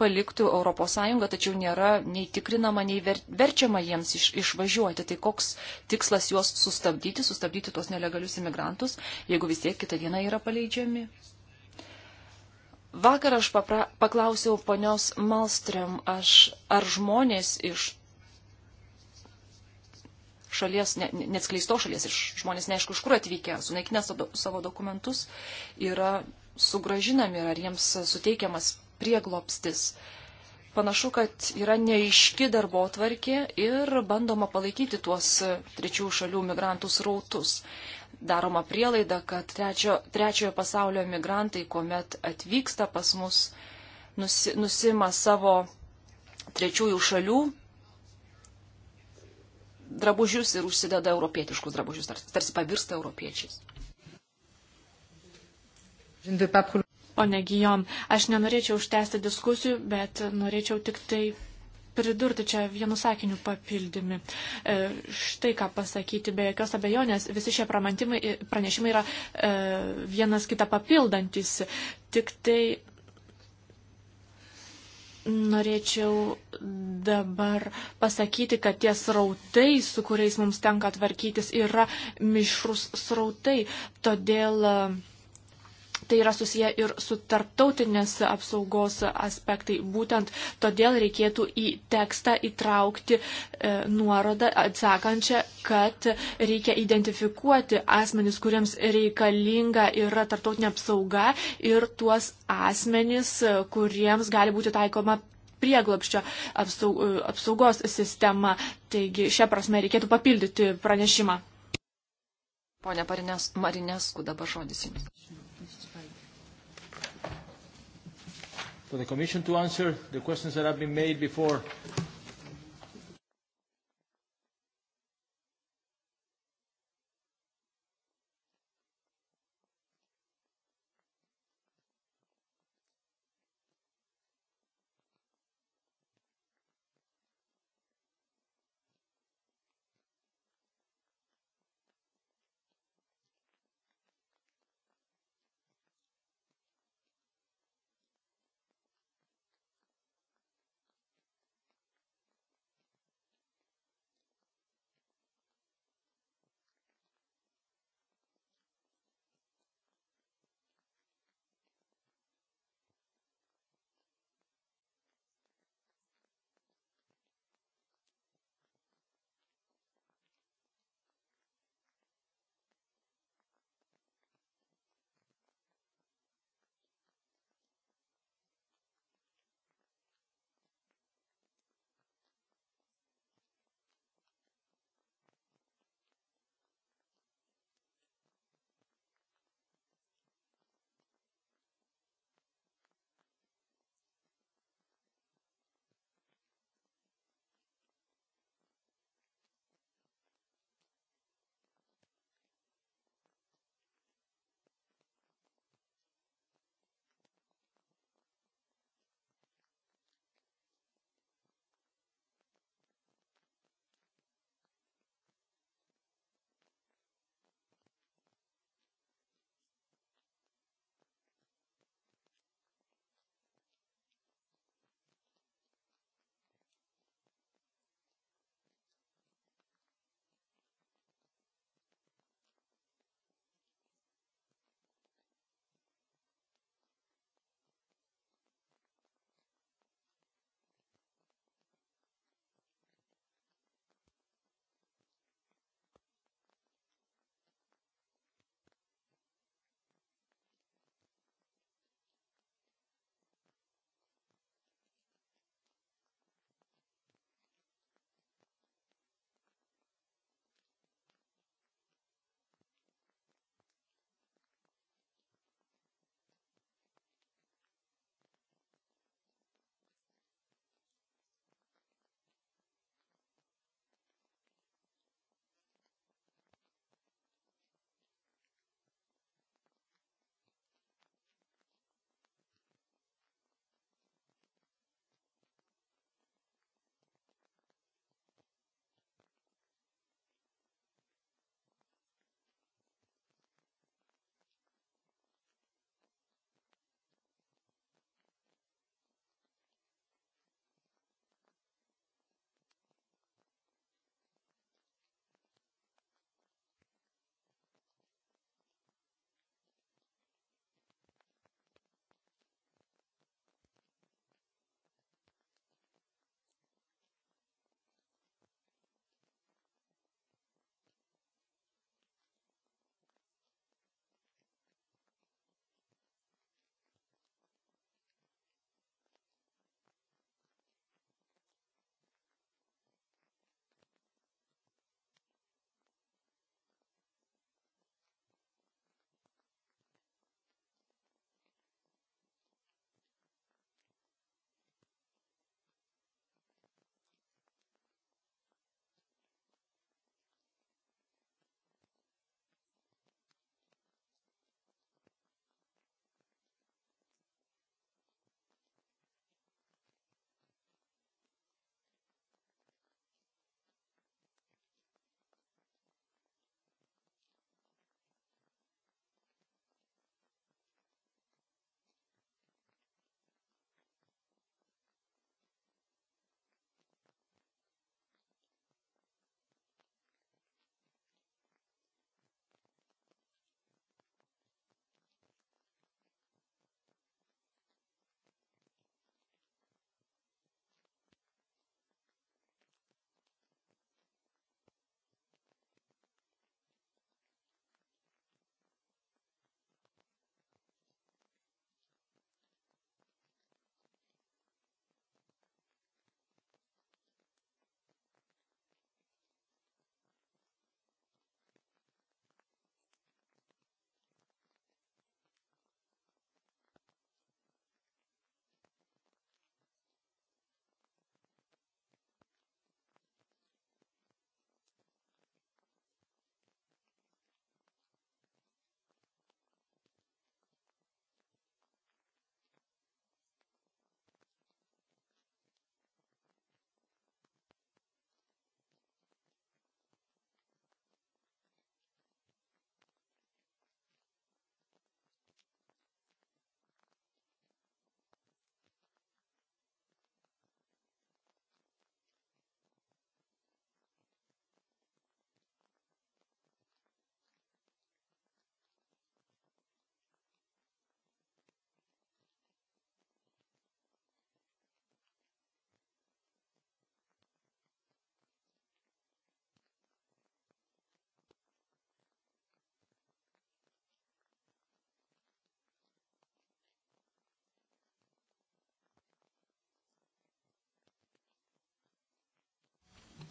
A: paliktų ES, tačiau nėra nei tikrinama, nei ver, verčiama jiems iš, išvažiuoti. Tai koks tikslas juos sustabdyti, sustabdyti tuos nelegalius imigrantus, jeigu vis tiek kitą dieną yra paleidžiami? Vakar aš papra, paklausiau ponios Malstrėm, aš, ar žmonės iš šalies, ne, neatskleisto šalies, iš žmonės neaišku, iš kur atvykę, sunaikinę savo, savo dokumentus, yra sugražinami ir ar jiems suteikiamas prieglopstis. Panašu, kad yra neiški darbo tvarkė ir bandoma palaikyti tuos trečių šalių migrantų srautus. Daroma prielaida, kad trečio, trečiojo pasaulio migrantai, kuomet atvyksta pas mus, nusi, nusima savo trečiųjų šalių drabužius ir užsideda europietiškus drabužius, tarsi pavirsta europiečiais.
B: Pone Gijom, aš nenorėčiau užtęsti diskusijų, bet norėčiau tik tai pridurti čia vienu sakiniu papildymi. E, štai ką pasakyti, be jokios abejonės, visi šie pranešimai yra e, vienas kitą papildantis. Tik tai norėčiau dabar pasakyti, kad tie srautai, su kuriais mums tenka tvarkytis, yra mišrus srautai. Todėl e, tai yra susiję ir su tarptautinės apsaugos aspektai. Būtent todėl reikėtų į tekstą įtraukti e, nuorodą atsakančią, kad reikia identifikuoti asmenis, kuriems reikalinga yra tarptautinė apsauga ir tuos asmenis, kuriems gali būti taikoma prieglopščio e, apsaugos sistema. Taigi šią
A: prasme reikėtų papildyti pranešimą. Pone Marinesku, dabar žodis jums. for the Commission to answer the questions that have been made before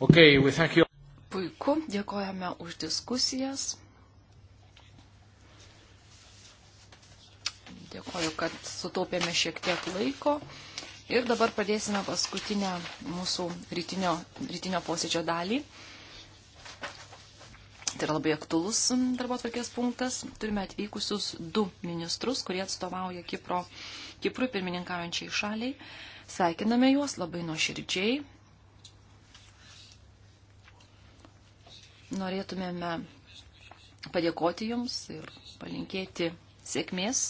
A: Okay, Puiku, dėkojame už diskusijas. Dėkoju, kad sutaupėme šiek tiek laiko. Ir dabar pradėsime paskutinę mūsų rytinio, rytinio posėdžio dalį. Tai yra labai aktuolus darbo atvarkės punktas. Turime atvykusius du ministrus, kurie atstovauja Kipro, Kiprui pirmininkaujančiai šaliai. Sveikiname juos labai nuoširdžiai norėtumėme padėkoti Jums ir palinkėti sėkmės.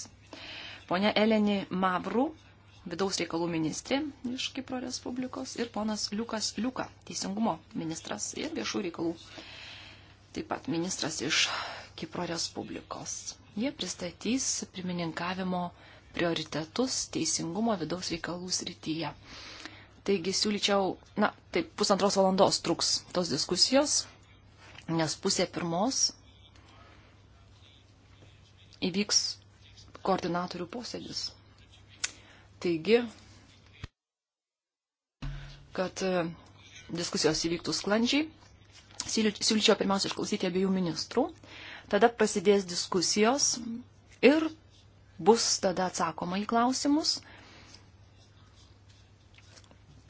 A: Pone Eleni Mavrų, vidaus reikalų ministrė iš Kipro Respublikos ir ponas Liukas Liuka, teisingumo ministras ir viešų reikalų taip pat ministras iš Kipro Respublikos. Jie pristatys pirmininkavimo prioritetus teisingumo vidaus reikalų srityje. Taigi siūlyčiau, na, taip pusantros valandos truks tos diskusijos nes pusė pirmos įvyks koordinatorių posėdis. Taigi, kad e, diskusijos įvyktų sklandžiai, siūlyčiau pirmiausia išklausyti abiejų ministrų, tada prasidės diskusijos ir bus tada atsakoma į klausimus.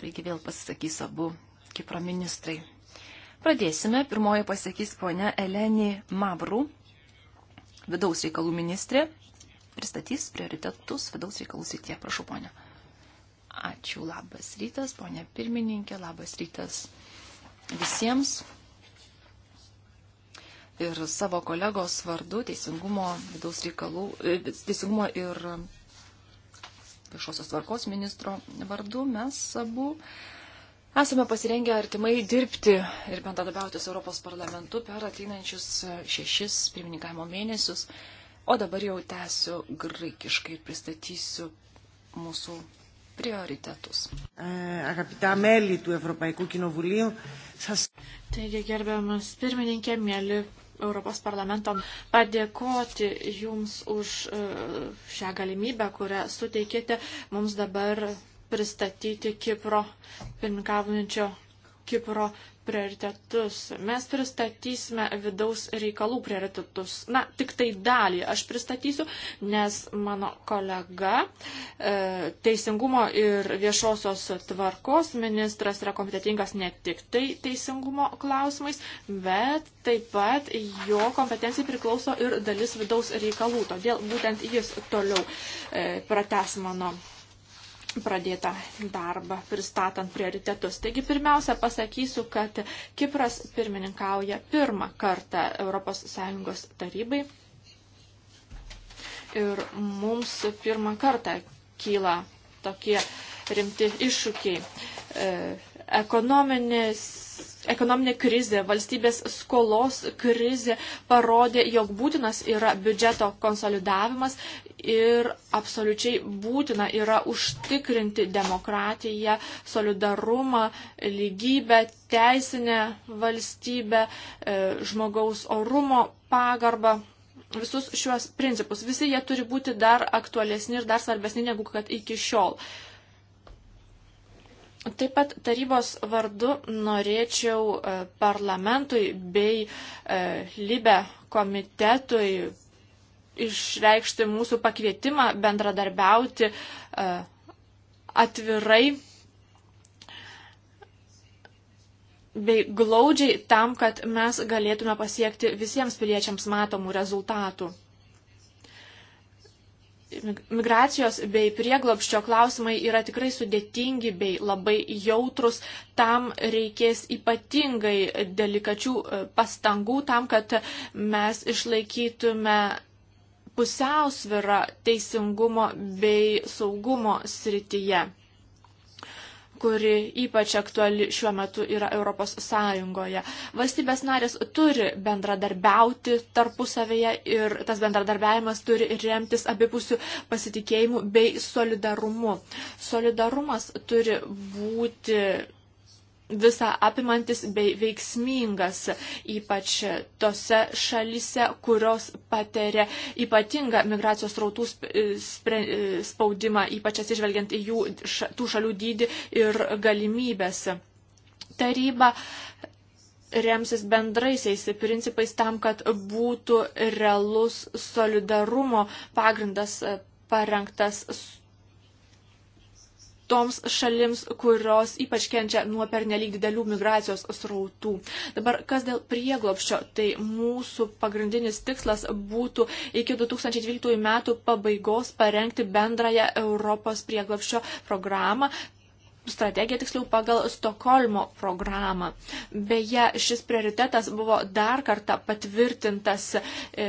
A: Taigi vėl pasisakys abu Kipro ministrai. Pradėsime. Pirmoji pasakys ponia Eleni Mavrų, vidaus reikalų ministrė, pristatys prioritetus vidaus reikalų srityje. Prašau, ponia. Ačiū, labas rytas, ponia pirmininkė, labas rytas visiems. Ir savo kolegos vardu teisingumo, vidaus reikalų, e, teisingumo ir viešosios tvarkos ministro vardu mes abu. Uh, Esame pasirengę artimai dirbti ir bendradarbiauti su Europos parlamentu per ateinančius e, šešis pirmininkavimo mėnesius. O dabar jau tęsiu graikiškai ir pristatysiu mūsų prioritetus. Agapita Meli, tų Europaikų kinovulijų. Taigi,
B: gerbiamas pirmininkė, mėly Europos parlamento, padėkoti Jums už e, šią galimybę, kurią suteikėte mums dabar pristatyti Kipro, pirmininkaujančio Kipro prioritetus. Mes pristatysime vidaus reikalų prioritetus. Na, tik tai dalį aš pristatysiu, nes mano kolega, e, teisingumo ir viešosios tvarkos ministras yra kompetitingas ne tik tai teisingumo klausimais, bet taip pat jo kompetencijai priklauso ir dalis vidaus reikalų. Todėl būtent jis toliau e, prates mano pradėtą darbą pristatant prioritetus. Taigi pirmiausia pasakysiu, kad Kipras pirmininkauja pirmą kartą ES tarybai ir mums pirmą kartą kyla tokie rimti iššūkiai. E, Ekonominės ekonominė krizė, valstybės skolos krizė parodė, jog būtinas yra biudžeto konsolidavimas ir absoliučiai būtina yra užtikrinti demokratiją, solidarumą, lygybę, teisinę valstybę, e, žmogaus orumo pagarbą. Visus šiuos principus. Visi jie turi būti dar aktualesni ir dar svarbesni negu kad iki šiol. Uh, Taip pat tarybos vardu norėčiau e, parlamentui bei e, Libe komitetui išreikšti mūsų pakvietimą bendradarbiauti e, atvirai bei glaudžiai tam, kad mes galėtume pasiekti visiems piliečiams matomų rezultatų migracijos bei prieglopščio klausimai yra tikrai sudėtingi bei labai jautrus. Tam reikės ypatingai delikačių e, pastangų tam, kad mes išlaikytume pusiausvirą teisingumo bei saugumo srityje kuri ypač aktuali šiuo metu yra Europos Sąjungoje. Valstybės narės turi bendradarbiauti tarpusavėje ir tas bendradarbiavimas turi remtis abipusių pasitikėjimų bei solidarumu. Solidarumas turi būti visą apimantis bei veiksmingas, ypač tose šalise, kurios patiria ypatingą migracijos rautų e, e, spaudimą, ypač atsižvelgiant į jų, tų šalių dydį ir galimybės. Taryba remsis bendraisiais principais tam, kad būtų realus solidarumo pagrindas parengtas toms šalims, kurios ypač kenčia nuo pernelyg didelių migracijos srautų. Dabar kas dėl prieglopščio, tai mūsų pagrindinis tikslas būtų iki 2012 metų pabaigos parengti bendrąją Europos prieglopščio programą strategiją tiksliau pagal Stokholmo programą. Beje, šis prioritetas buvo dar kartą patvirtintas e,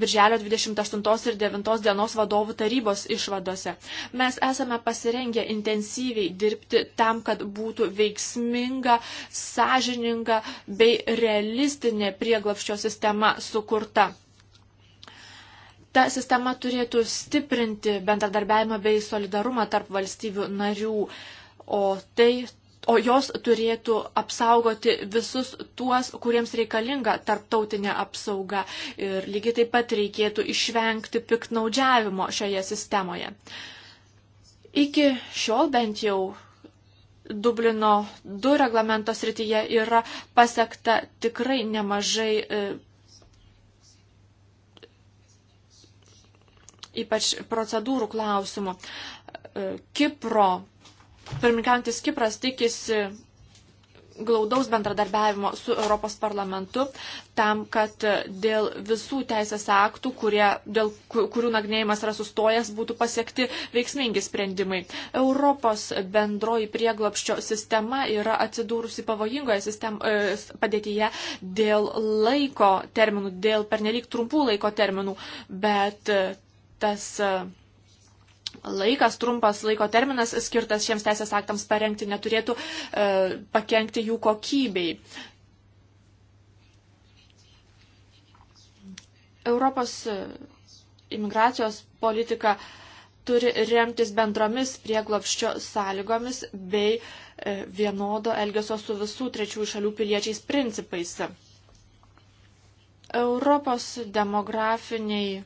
B: Birželio 28 ir 9 dienos vadovų tarybos išvadose. Mes esame pasirengę intensyviai dirbti tam, kad būtų veiksminga, sąžininga bei realistinė prieglapščio sistema sukurta. Ta sistema turėtų stiprinti bendradarbiavimą bei solidarumą tarp valstybių narių, o tai o jos turėtų apsaugoti visus tuos, kuriems reikalinga tarptautinė apsauga. Ir lygiai taip pat reikėtų išvengti piknaudžiavimo šioje sistemoje. Iki šiol bent jau Dublino 2 reglamento srityje yra pasiekta tikrai nemažai e, ypač procedūrų klausimų. E, Kipro Pirmininkantis Kipras tikisi glaudaus bendradarbiavimo su Europos parlamentu tam, kad dėl visų teisės aktų, kurie, dėl kurių nagrinėjimas yra sustojęs, būtų pasiekti veiksmingi sprendimai. Europos bendroji prieglopščio sistema yra atsidūrusi pavojingoje sistem, e, padėtyje dėl laiko terminų, dėl pernelyg trumpų laiko terminų, bet tas. Uh, laikas, trumpas laiko terminas skirtas šiems teisės aktams parengti neturėtų e, pakengti jų kokybei. Europos e, imigracijos politika turi remtis bendromis prieglopščio sąlygomis bei e, vienodo elgesio su visų trečiųjų šalių piliečiais principais. Europos demografiniai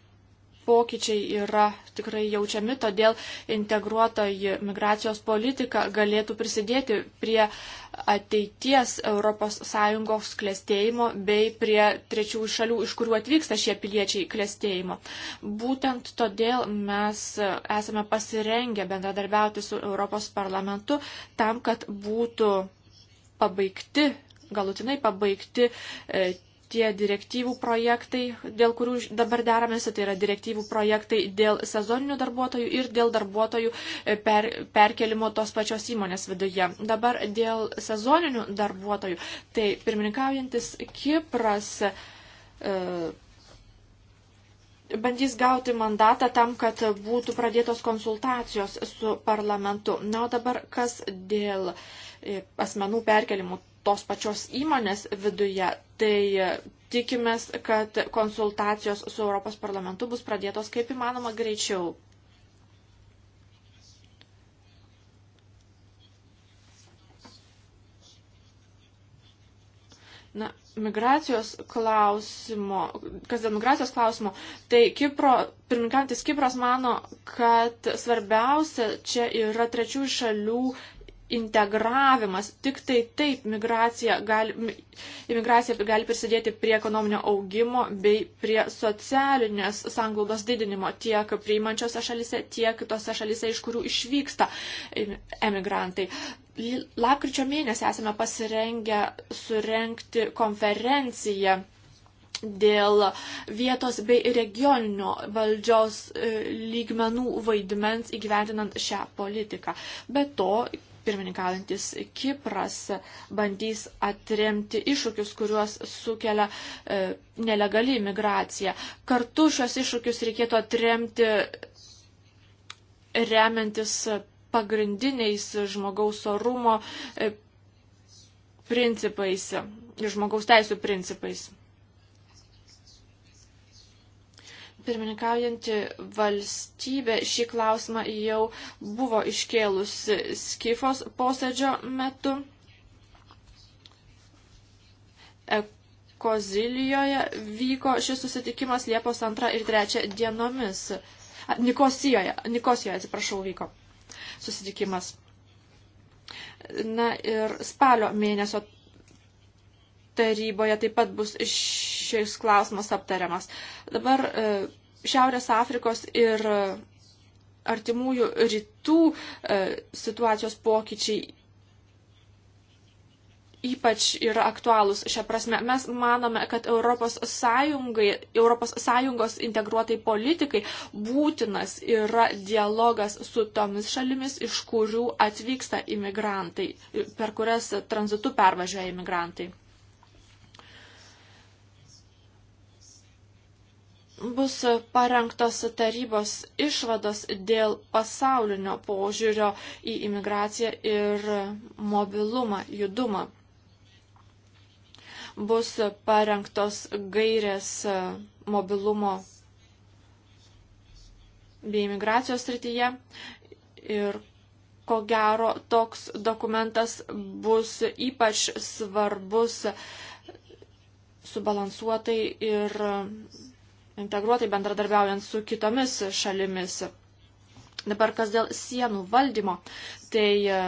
B: pokyčiai yra tikrai jaučiami, todėl integruotoji migracijos politika galėtų prisidėti prie ateities ES klėstėjimo bei prie trečiųjų šalių, iš kurių atvyksta šie piliečiai klėstėjimo. Būtent todėl mes esame pasirengę bendradarbiauti su Europos parlamentu tam, kad būtų pabaigti galutinai pabaigti e, tie direktyvų projektai, dėl kurių dabar deramėsi, tai yra direktyvų projektai dėl sezoninių darbuotojų ir dėl darbuotojų e, per, perkelimo tos pačios įmonės viduje. Dabar dėl sezoninių darbuotojų, tai pirmininkaujantis Kipras. E, bandys gauti mandatą tam, kad būtų pradėtos konsultacijos su parlamentu. Na, o dabar kas dėl e, asmenų perkelimų tos pačios įmonės viduje, tai e, tikimės, kad konsultacijos su Europos parlamentu bus pradėtos kaip įmanoma greičiau. Na, migracijos klausimo, kas dėl migracijos klausimo, tai Kipro, pirmininkantis Kipras mano, kad svarbiausia čia yra trečiųjų šalių integravimas, tik tai taip migracija gali, imigracija gali prisidėti prie ekonominio augimo bei prie socialinės sanglaudos didinimo tiek priimančiose šalise, tiek kitose šalise, iš kurių išvyksta emigrantai. Lapkričio mėnesį esame pasirengę surenkti konferenciją dėl vietos bei regioninio valdžios e, lygmenų vaidmens įgyvendinant šią politiką. Be to, pirmininkaujantis Kipras bandys atremti iššūkius, kuriuos sukelia e, nelegali imigracija. Kartu šios iššūkius reikėtų atremti remiantis pagrindiniais žmogaus orumo e, principais, žmogaus teisų principais. Pirmininkaujanti valstybė šį klausimą jau buvo iškėlusi Skifos posėdžio metu. Kozilijoje vyko šis susitikimas Liepos 2 ir 3 dienomis. Nikosijoje, Nikosijoje, atsiprašau, vyko susitikimas. Na ir spalio mėnesio taryboje taip pat bus šis klausimas aptariamas. Dabar e, Šiaurės Afrikos ir artimųjų rytų e, situacijos pokyčiai ypač yra aktualūs šią prasme. Mes manome, kad Europos, Sąjungai, Europos Sąjungos integruotai politikai būtinas yra dialogas su tomis šalimis, iš kurių atvyksta imigrantai, per kurias tranzitu pervažiuoja imigrantai. bus parengtos tarybos išvados dėl pasaulinio požiūrio į imigraciją ir mobilumą, judumą. Bus parengtos gairės mobilumo bei imigracijos srityje ir ko gero toks dokumentas bus ypač svarbus subalansuotai ir integruotai bendradarbiaujant su kitomis šalimis. Dabar kas dėl sienų valdymo, tai e,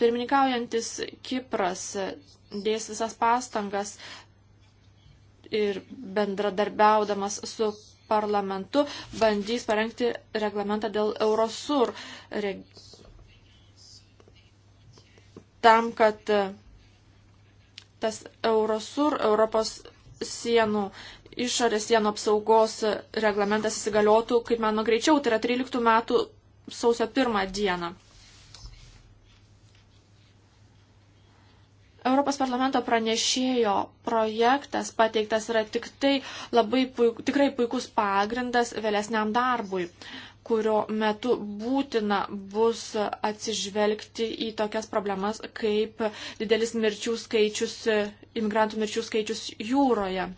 B: pirmininkaujantis Kipras e, dės visas pastangas ir bendradarbiaudamas su parlamentu bandys parengti reglamentą dėl Eurosur reg... tam, kad e, tas Eurosur Europos sienų išorės sienų apsaugos reglamentas įsigaliotų, kaip manoma, greičiau, tai yra 13 metų sausio 1 dieną. Europos parlamento pranešėjo projektas pateiktas yra tik tai labai puik, tikrai puikus pagrindas vėlesniam darbui, kurio metu būtina bus atsižvelgti į tokias problemas kaip didelis mirčių skaičius, imigrantų mirčių skaičius jūroje.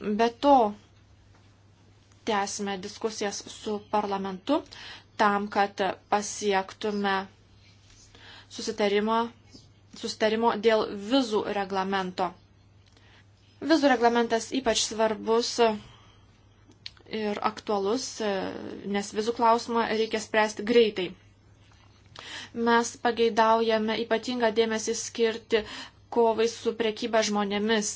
B: Be to, tęsime diskusijas su parlamentu tam, kad pasiektume susitarimo, susitarimo dėl vizų reglamento. Vizų reglamentas ypač svarbus ir aktualus, nes vizų klausimą reikia spręsti greitai. Mes pageidaujame ypatingą dėmesį skirti kovai su priekyba žmonėmis,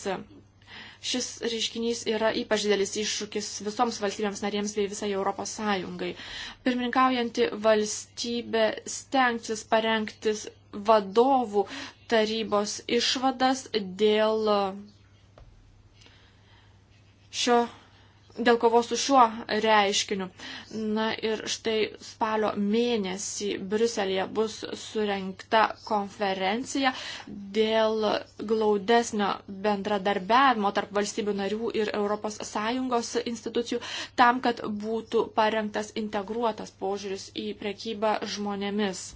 B: Šis reiškinys yra ypač didelis iššūkis visoms valstybėms narėms bei visai Europos Sąjungai. Pirmininkaujanti valstybė stengsis parengtis vadovų tarybos išvadas dėl šio dėl kovos su šiuo reiškiniu. Na ir štai spalio mėnesį Briuselėje bus surenkta konferencija dėl glaudesnio bendradarbiavimo tarp valstybių narių ir ES institucijų tam, kad būtų parengtas integruotas požiūris į prekybą žmonėmis.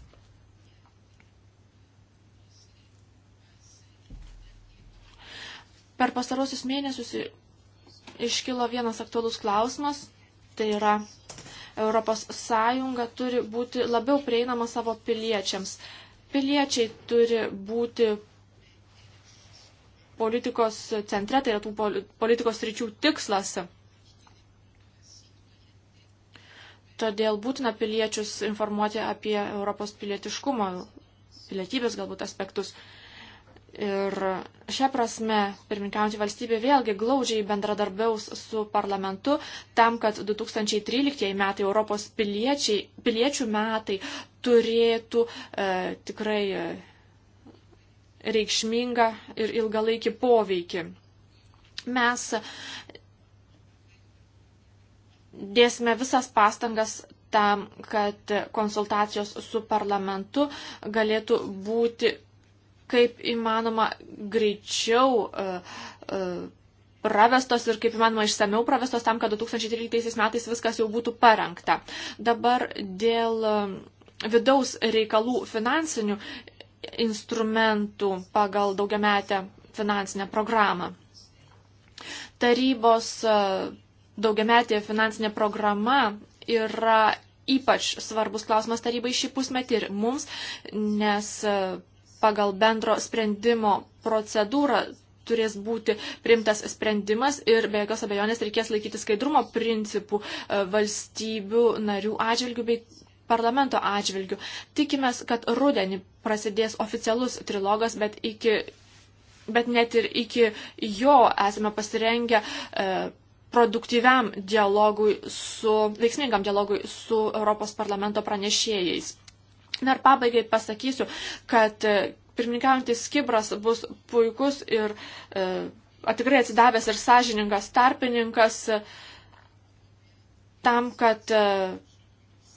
B: Per pastarosius mėnesius iškilo vienas aktualus klausimas, tai yra ES turi būti labiau prieinama savo piliečiams. Piliečiai turi būti politikos centre, tai yra tų politikos ryčių tikslas. Todėl būtina piliečius informuoti apie Europos pilietiškumo, pilietybės galbūt aspektus. Ir šią prasme, pirmininkiaujanti valstybė vėlgi glaudžiai bendradarbiaus su parlamentu tam, kad 2013 metai Europos piliečių metai turėtų e, tikrai e, reikšmingą ir ilgalaikį poveikį. Mes dėsime visas pastangas tam, kad konsultacijos su parlamentu galėtų būti kaip įmanoma greičiau e, e, pravestos ir kaip įmanoma išsameu pravestos tam, kad 2013 metais viskas jau būtų parengta. Dabar dėl e, vidaus reikalų finansinių instrumentų pagal daugiametę finansinę programą. Tarybos daugiametė finansinė programa yra ypač svarbus klausimas tarybai šį pusmetį ir mums, nes pagal bendro sprendimo procedūrą turės būti primtas sprendimas ir be jokios abejonės reikės laikyti skaidrumo principų e, valstybių narių atžvilgių bei parlamento atžvilgių. Tikimės, kad rudenį prasidės oficialus trilogas, bet, iki, bet net ir iki jo esame pasirengę e, produktyviam dialogui su, veiksmingam dialogui su Europos parlamento pranešėjais. Na ir pabaigai pasakysiu, kad e, pirmininkaujantis Kibras bus puikus ir e, tikrai atsidavęs ir sąžiningas tarpininkas e, tam, kad e,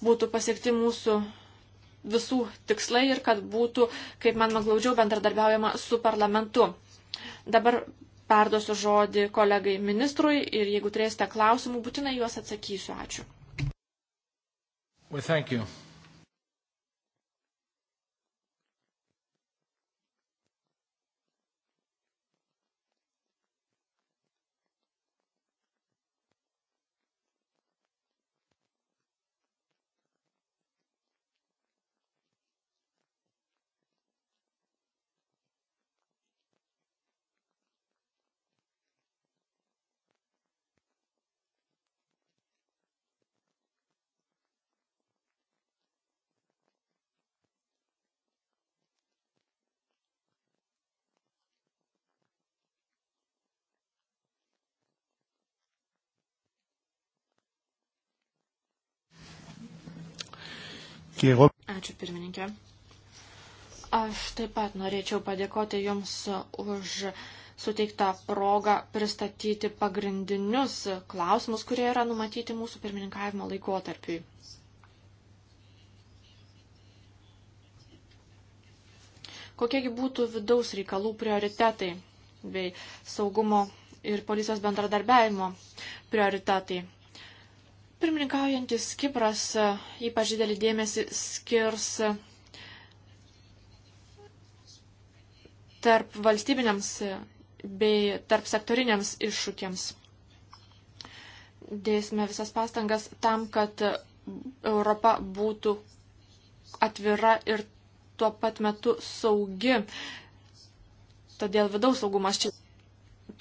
B: būtų pasiekti mūsų visų tikslai ir kad būtų, kaip man glaudžiau, bendradarbiaujama su parlamentu. Dabar perduosiu žodį kolegai ministrui ir jeigu turėsite klausimų, būtinai juos
A: atsakysiu. Ačiū. Well, Ačiū
B: pirmininkė. Aš taip pat norėčiau padėkoti Jums už suteiktą progą pristatyti pagrindinius klausimus, kurie yra numatyti mūsų pirmininkavimo laikotarpiui. Kokiegi būtų vidaus reikalų prioritetai bei saugumo ir policijos bendradarbiavimo prioritetai? Pirmininkaujantis Kipras e, ypač didelį dėmesį skirs e, tarp valstybiniams e, bei tarp sektoriniams iššūkiams. Dėsime visas pastangas tam, kad Europa būtų atvira ir tuo pat metu saugi. Todėl vidaus saugumas čia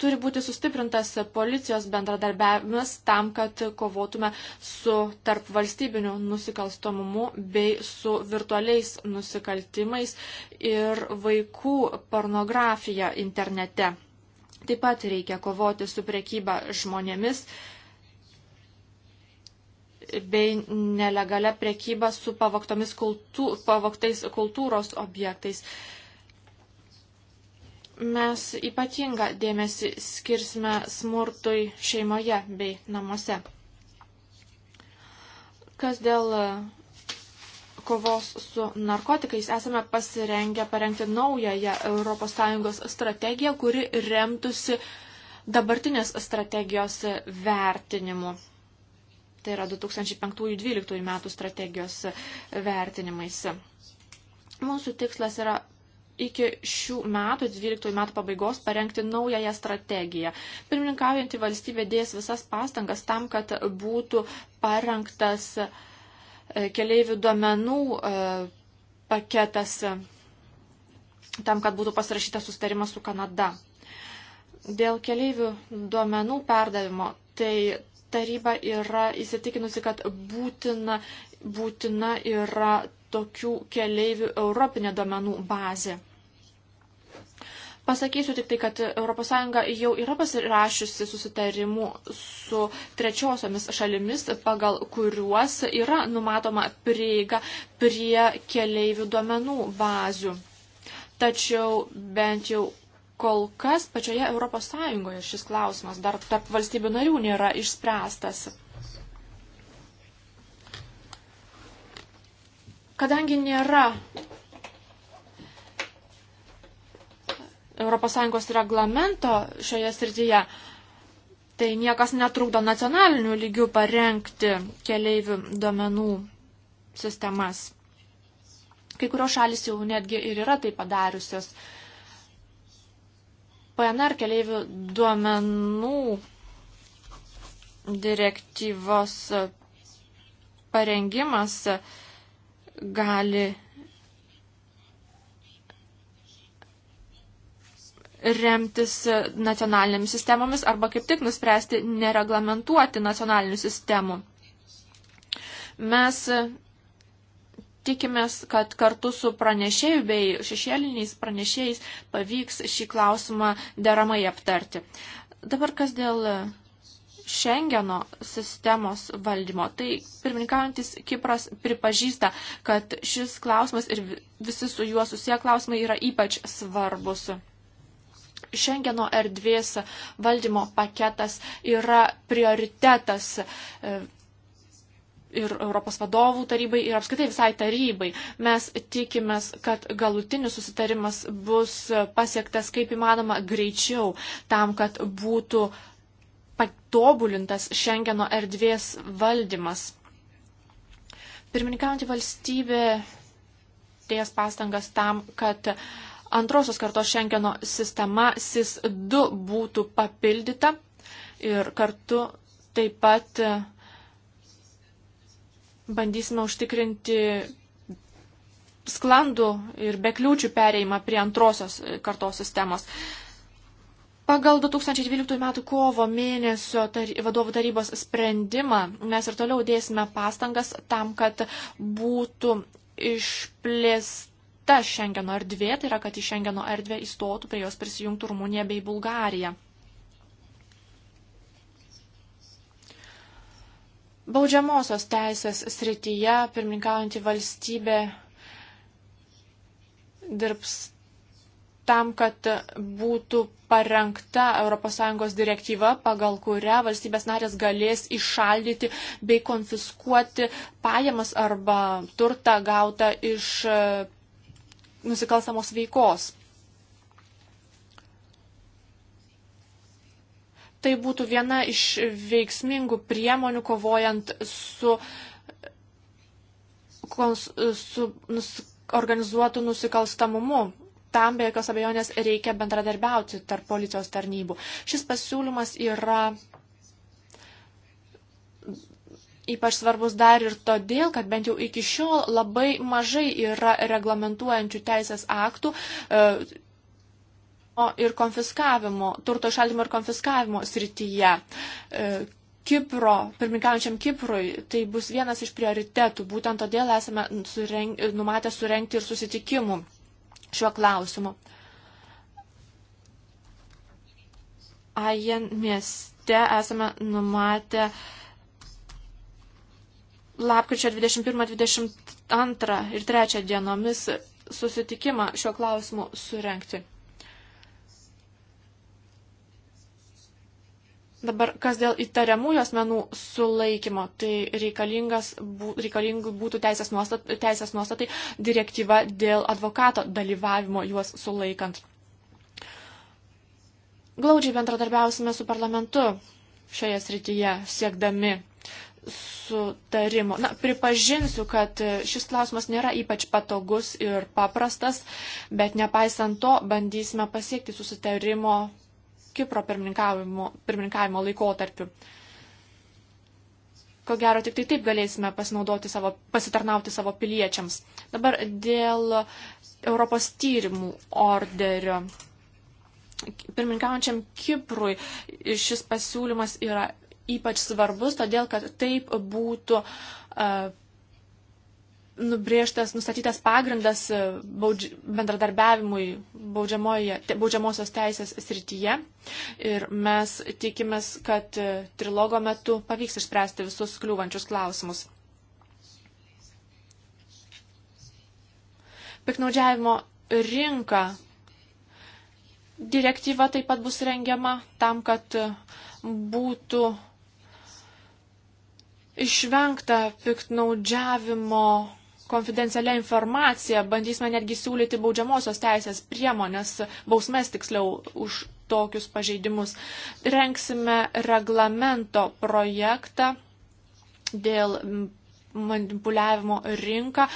B: turi būti sustiprintas policijos bendradarbiavimas tam, kad kovotume su tarp valstybiniu nusikalstamumu bei su virtualiais nusikaltimais ir vaikų pornografija internete. Taip pat reikia kovoti su priekyba žmonėmis bei nelegalia priekyba su pavoktais kultūros objektais mes ypatingą dėmesį skirsime smurtui šeimoje bei namuose. Kas dėl e, kovos su narkotikais, esame pasirengę parengti naująją ES strategiją, kuri remtųsi dabartinės strategijos vertinimu. Tai yra 2005-2012 metų strategijos vertinimais. Mūsų tikslas yra iki šių metų, 12 metų pabaigos, parengti naująją strategiją. Pirmininkaujantį valstybę dės visas pastangas tam, kad būtų parengtas e, keliaivių duomenų e, paketas, e, tam, kad būtų pasirašytas sustarimas su Kanada. Dėl keliaivių duomenų perdavimo, tai taryba yra įsitikinusi, kad būtina, būtina yra tokių keleivių europinė domenų bazė. Pasakysiu tik tai, kad ES jau yra pasirašiusi susitarimų su trečiosiomis šalimis, pagal kuriuos yra numatoma prieiga prie keleivių duomenų bazių. Tačiau bent jau kol kas pačioje ES šis klausimas dar tarp valstybių narių nėra išspręstas. Kadangi nėra ES reglamento šioje srityje, tai niekas netrukdo nacionaliniu lygiu parengti keleivių duomenų sistemas. Kai kurios šalis jau netgi ir yra tai padariusios. PNR keleivių duomenų direktyvos parengimas gali remtis e, nacionalinėmis sistemomis arba kaip tik nuspręsti nereglamentuoti nacionalinių sistemų. Mes e, tikimės, kad kartu su pranešėjų bei šešėliniais pranešėjais pavyks šį klausimą deramai aptarti. Dabar kas dėl Šengeno e, sistemos valdymo. Tai pirmininkaujantis Kipras pripažįsta, kad šis klausimas ir visi su juo susiję klausimai yra ypač svarbus. Šengeno erdvės valdymo paketas yra prioritetas e, ir Europos vadovų tarybai, ir apskritai visai tarybai. Mes tikimės, kad galutinis susitarimas bus pasiektas kaip įmanoma greičiau, tam, kad būtų patobulintas Šengeno erdvės valdymas. Pirmininkaujantį valstybę dės pastangas tam, kad antrosios kartos Šengeno sistema SIS-2 būtų papildyta ir kartu taip pat e, bandysime užtikrinti sklandų ir bekliūčių pereimą prie antrosios e, kartos sistemos. Pagal 2012 m. kovo mėnesio tar vadovų tarybos sprendimą mes ir toliau dėsime pastangas tam, kad būtų išplėsta kita Šengeno erdvė, tai yra, kad į Šengeno erdvę įstotų, prie jos prisijungtų Rumunija bei Bulgarija. Baudžiamosios teisės srityje pirmininkaujantį valstybę dirbs tam, kad būtų parengta ES direktyva, pagal kurią valstybės narės galės išaldyti bei konfiskuoti pajamas arba turtą gautą iš nusikalstamos veikos. Tai būtų viena iš veiksmingų priemonių kovojant su, su nus, organizuotu nusikalstamumu. Tam be jokios abejonės reikia bendradarbiauti tarp policijos tarnybų. Šis pasiūlymas yra ypač svarbus dar ir todėl, kad bent jau iki šiol labai mažai yra reglamentuojančių teisės aktų e, ir konfiskavimo, turto šaldymo ir konfiskavimo srityje. E, Kipro, pirmininkaujančiam Kiprui, tai bus vienas iš prioritetų, būtent todėl esame sureng, numatę surenkti ir susitikimų šiuo klausimu. Ajen mieste esame numatę uh, lapkričio 21, 22 ir 3 dienomis susitikimą šiuo klausimu surenkti. Dabar, kas dėl įtariamųjų asmenų sulaikymo, tai bū, reikalingų būtų teisės, nuostat, teisės nuostatai direktyva dėl advokato dalyvavimo juos sulaikant. Glaudžiai bendradarbiausime su parlamentu šioje srityje, siekdami sutarimo. Na, pripažinsiu, kad šis klausimas nėra ypač patogus ir paprastas, bet nepaisant to bandysime pasiekti susitarimo Kipro pirmininkavimo, pirmininkavimo laikotarpiu. Ko gero, tik tai taip galėsime pasinaudoti savo, pasitarnauti savo piliečiams. Dabar dėl Europos tyrimų orderio. Pirmininkaujančiam Kiprui šis pasiūlymas yra ypač svarbus, todėl kad taip būtų e, nubrėžtas, nustatytas pagrindas e, baudž... bendradarbiavimui baudžiamosios teisės srityje. Ir mes tikimės, kad e, trilogo metu pavyks išspręsti visus kliūvančius klausimus. Piknaudžiavimo rinka. Direktyva taip pat bus rengiama tam, kad būtų išvengta piktnaudžiavimo konfidencialia informacija, bandysime netgi siūlyti baudžiamosios teisės priemonės, bausmės tiksliau už tokius pažeidimus. Renksime reglamento projektą dėl manipuliavimo rinką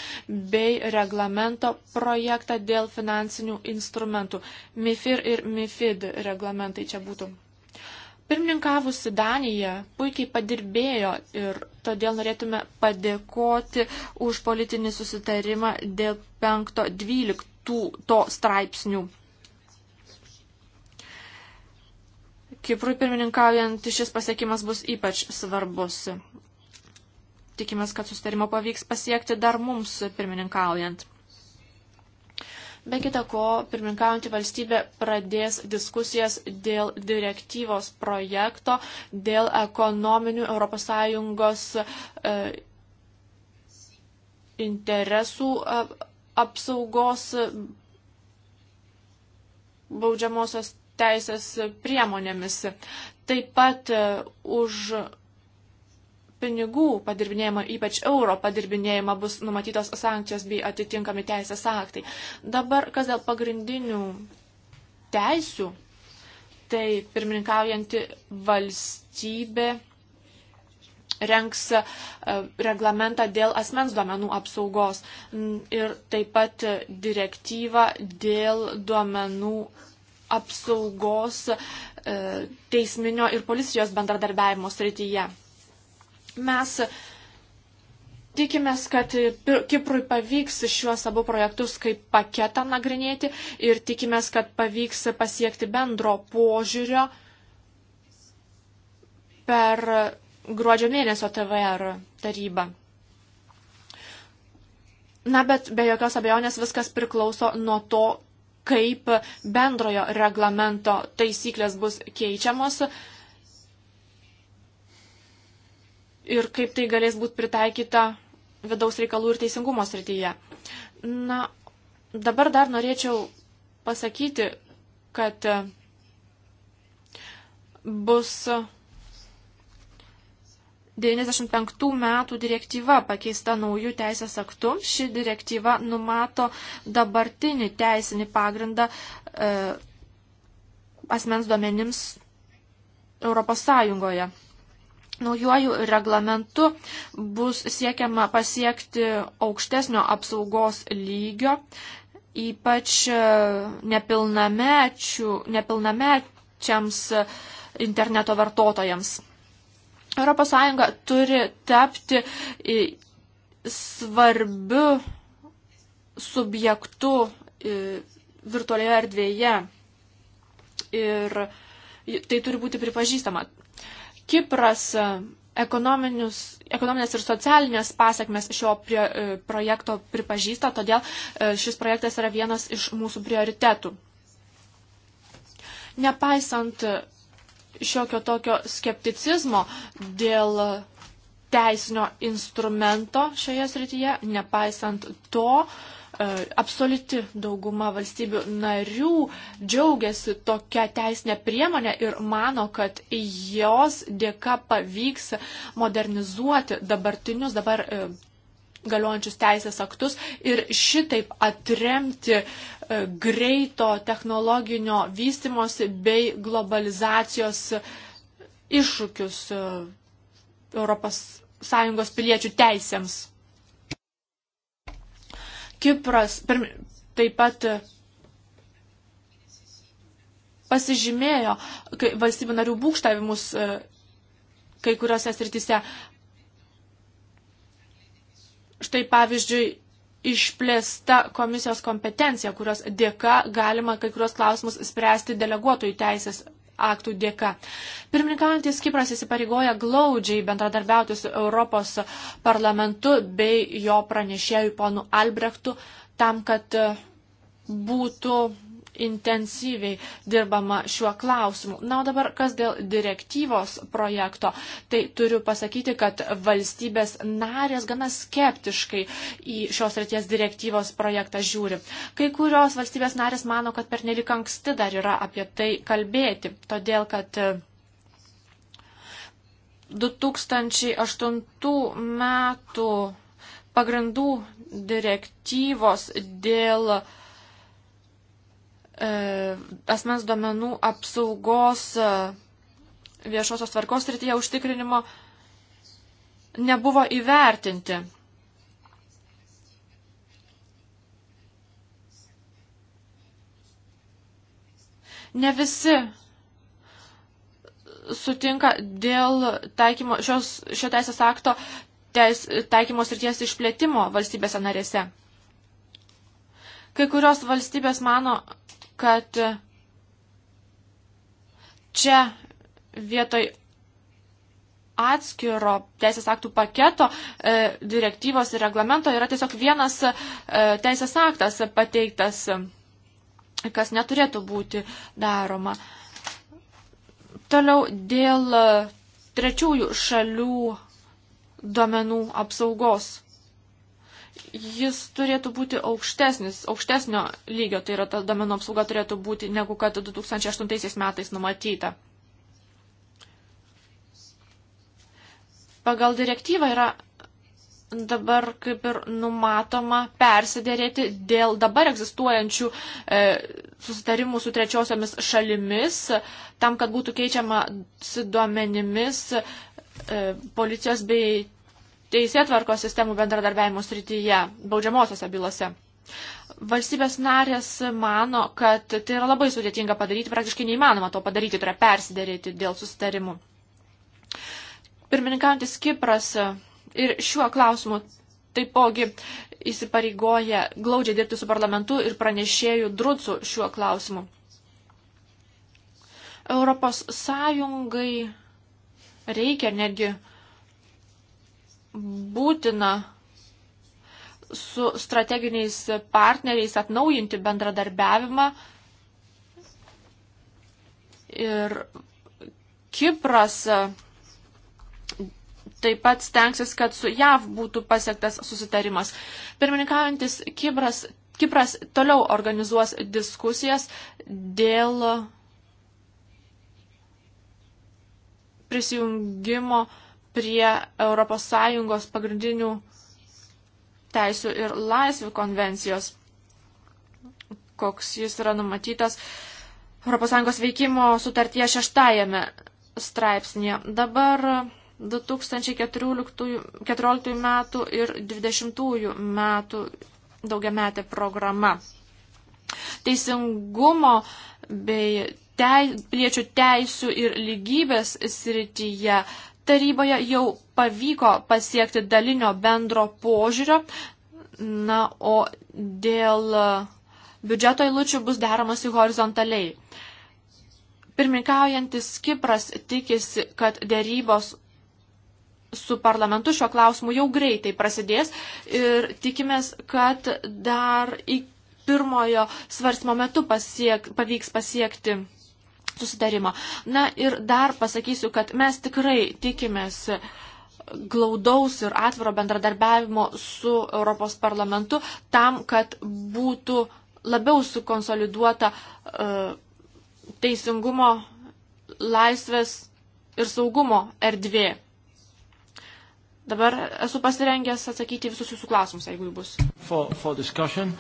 B: bei reglamento projektą dėl finansinių instrumentų. MIFIR ir MIFID reglamentai čia būtų. Pirmininkavusi Danija puikiai padirbėjo ir todėl norėtume padėkoti už politinį susitarimą dėl 5.12 to straipsnių. Kiprui pirmininkaujant šis pasiekimas bus ypač svarbus. Tikimės, kad susitarimo pavyks pasiekti dar mums pirmininkaujant. Be kita ko, pirmininkaujantį valstybę pradės diskusijas dėl direktyvos projekto, dėl ekonominių ES e, interesų e, apsaugos e, baudžiamosios teisės priemonėmis. Taip pat e, už pinigų padirbinėjimą, ypač euro padirbinėjimą, bus numatytos sankcijos bei atitinkami teisės aktai. Dabar kas dėl pagrindinių teisių, tai pirmininkaujanti valstybė renks e, reglamentą dėl asmens duomenų apsaugos ir taip pat direktyvą dėl duomenų apsaugos e, teisminio ir policijos bendradarbiavimo srityje. Mes tikimės, kad Kiprui pavyks šiuos abu projektus kaip paketą nagrinėti ir tikimės, kad pavyks pasiekti bendro požiūrio per gruodžio mėnesio TVR tarybą. Na, bet be jokios abejonės viskas priklauso nuo to, kaip bendrojo reglamento taisyklės bus keičiamos ir kaip tai galės būti pritaikyta vidaus reikalų ir teisingumo srityje. Na, dabar dar norėčiau pasakyti, kad e, bus 95 metų direktyva pakeista naujų teisės aktų. Ši direktyva numato dabartinį teisinį pagrindą e, asmens duomenims Europos Sąjungoje. Naujuoju reglamentu bus siekiama pasiekti aukštesnio apsaugos lygio, ypač e, nepilnamečiams interneto vartotojams. ES turi tapti e, svarbiu subjektu e, virtualioje erdvėje ir tai turi būti pripažįstama. Kipras e, ekonominės ir socialinės pasiekmes šio prie, e, projekto pripažįsta, todėl e, šis projektas yra vienas iš mūsų prioritetų. Nepaisant šiokio tokio skepticizmo dėl teisinio instrumento šioje srityje, nepaisant to, uh, E, absoliuti dauguma valstybių narių džiaugiasi tokia teisinė priemonė ir mano, kad jos dėka pavyks modernizuoti dabartinius dabar e, galiojančius teisės aktus ir šitaip atremti e, greito technologinio vystimosi bei globalizacijos iššūkius Europos Sąjungos piliečių teisėms. Kipras pirm, taip pat pasižymėjo valstybių narių būkštavimus e, kai kuriuose srityse. Štai pavyzdžiui, išplėsta komisijos kompetencija, kurios dėka galima kai kurios klausimus spręsti deleguotojų teisės aktų dėka. Pirmininkaujantis Kipras įsipareigoja glaudžiai bendradarbiauti su Europos parlamentu bei jo pranešėjų ponu Albrechtu tam, kad būtų intensyviai dirbama šiuo klausimu. Na, o dabar kas dėl direktyvos projekto, tai turiu pasakyti, kad valstybės narės gana skeptiškai į šios ryties direktyvos projektą žiūri. Kai kurios valstybės narės mano, kad per nelik anksti dar yra apie tai kalbėti, todėl kad 2008 e, metų pagrindų direktyvos dėl E, asmens duomenų apsaugos e, viešosios tvarkos rytyje užtikrinimo nebuvo įvertinti. Ne visi sutinka dėl taikymo, šios, šio teisės akto teis, taikymos ir ties išplėtimo valstybėse narėse. Kai kurios valstybės mano, kad čia vietoj atskiro teisės aktų paketo e, direktyvos ir reglamento yra tiesiog vienas e, teisės aktas pateiktas, kas neturėtų būti daroma. Toliau dėl trečiųjų šalių duomenų apsaugos jis turėtų būti aukštesnis, aukštesnio lygio, tai yra ta domenų apsauga turėtų būti negu kad 2008 metais numatyta. Pagal direktyvą yra dabar kaip ir numatoma persidėrėti dėl dabar egzistuojančių e, susitarimų su trečiosiomis šalimis, tam, kad būtų keičiama su duomenimis e, policijos bei teisėtvarkos sistemų bendradarbiavimo srityje, baudžiamosiose bylose. Valstybės narės mano, kad tai yra labai sudėtinga padaryti, praktiškai neįmanoma to padaryti, tai yra persidėrėti dėl susitarimų. Pirmininkantis Kipras ir šiuo klausimu taipogi įsipareigoja glaudžiai dirbti su parlamentu ir pranešėjų drucu šiuo klausimu. Europos Sąjungai reikia netgi būtina su strateginiais partneriais atnaujinti bendradarbiavimą ir Kipras e, taip pat stengsis, kad su JAV būtų pasiektas susitarimas. Pirmininkaujantis Kipras, Kipras toliau organizuos diskusijas dėl prisijungimo uh, prie ES pagrindinių teisų ir laisvių konvencijos, koks jis yra numatytas ES veikimo sutartie šeštajame straipsnėje. Dabar 2014 metų ir 2020 metų daugiametė programa. Teisingumo bei tei, piliečių teisų ir lygybės srityje uh, taryboje jau pavyko pasiekti dalinio bendro požiūrio, na, o dėl biudžeto įlučių bus deramasi horizontaliai. Pirmininkaujantis Kipras tikisi, kad dėrybos su parlamentu šiuo klausimu jau greitai prasidės ir tikimės, kad dar į pirmojo svarstymo metu pasiek, pavyks pasiekti susitarimo. Na ir dar pasakysiu, kad mes tikrai tikimės glaudaus ir atviro bendradarbiavimo su Europos parlamentu tam, kad būtų labiau sukonsoliduota uh, teisingumo, laisvės ir saugumo erdvė. Dabar esu pasirengęs atsakyti visus jūsų klausimus, jeigu jų bus.
A: For, for discussion.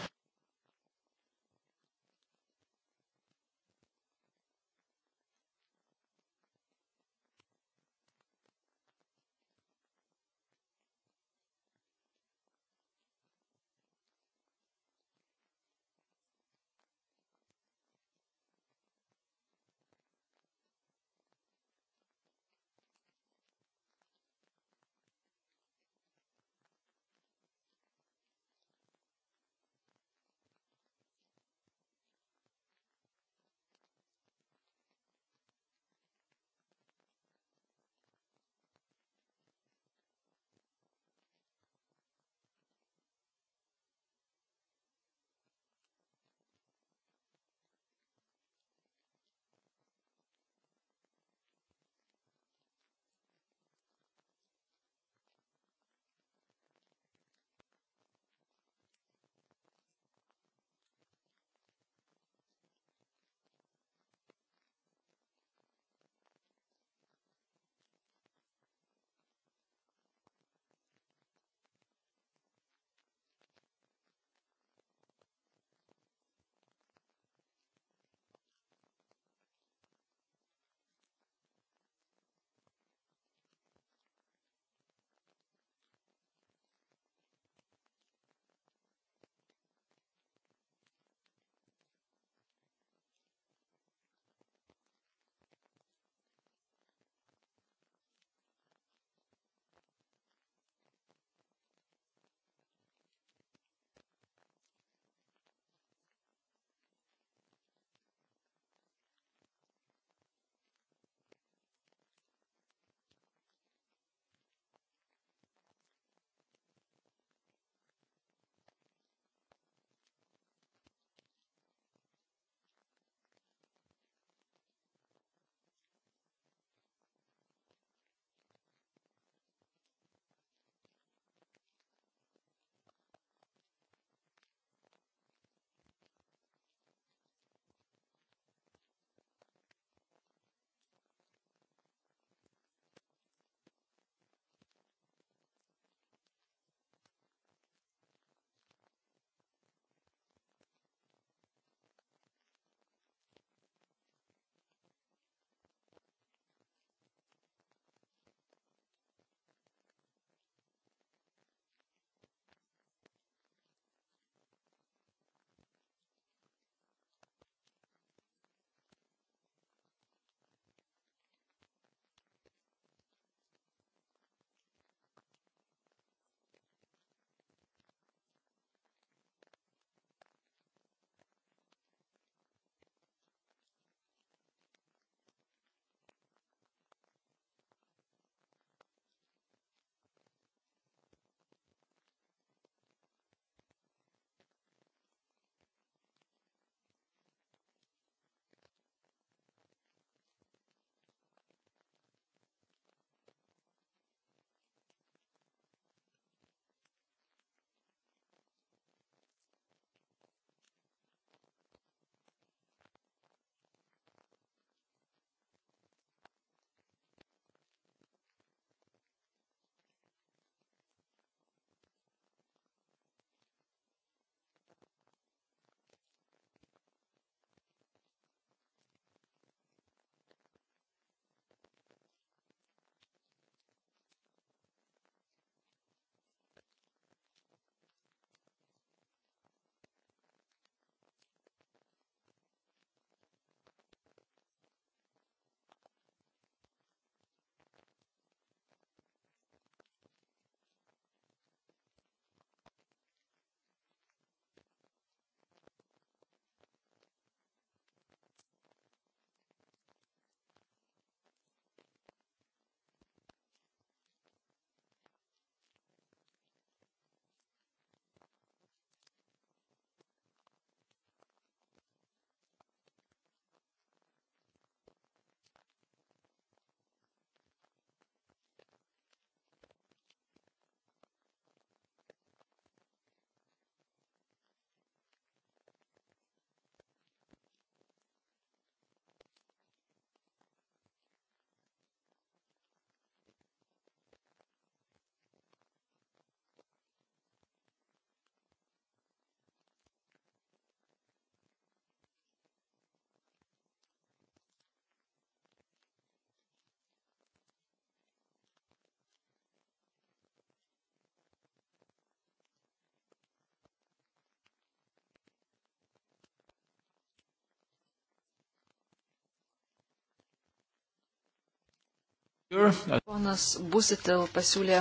A: Ponas Busitil pasiūlė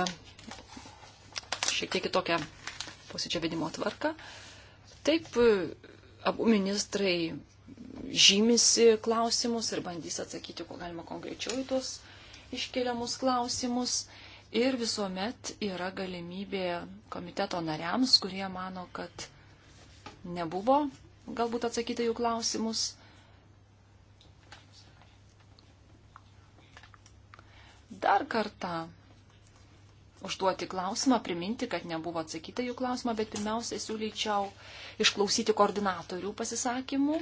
A: šiek tiek kitokią posėdžio vedimo tvarką. Taip, abu ministrai žymisi klausimus ir bandys atsakyti, kuo galima konkrečiau į tuos iškeliamus klausimus. Ir visuomet yra galimybė komiteto nariams, kurie mano, kad nebuvo galbūt atsakyta jų klausimus, dar kartą užduoti klausimą, priminti, kad nebuvo atsakyta jų klausimą, bet pirmiausia siūlyčiau išklausyti koordinatorių pasisakymų,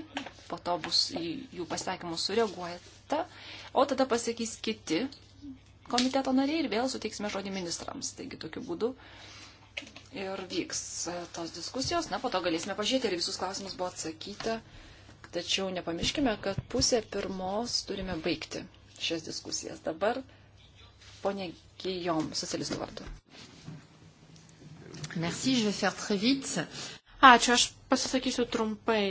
A: po to bus jų pasisakymus sureaguota, o tada pasakys kiti komiteto nariai ir vėl suteiksime žodį ministrams. Taigi tokiu būdu ir vyks e, tos diskusijos, na, po to galėsime pažiūrėti, ar visus klausimus buvo atsakyta, tačiau nepamirškime, kad pusę pirmos turime baigti šias diskusijas. Dabar Pone Gijom, socialistų vardu.
B: Merci, je vais faire très vite. Ačiū, aš pasisakysiu trumpai.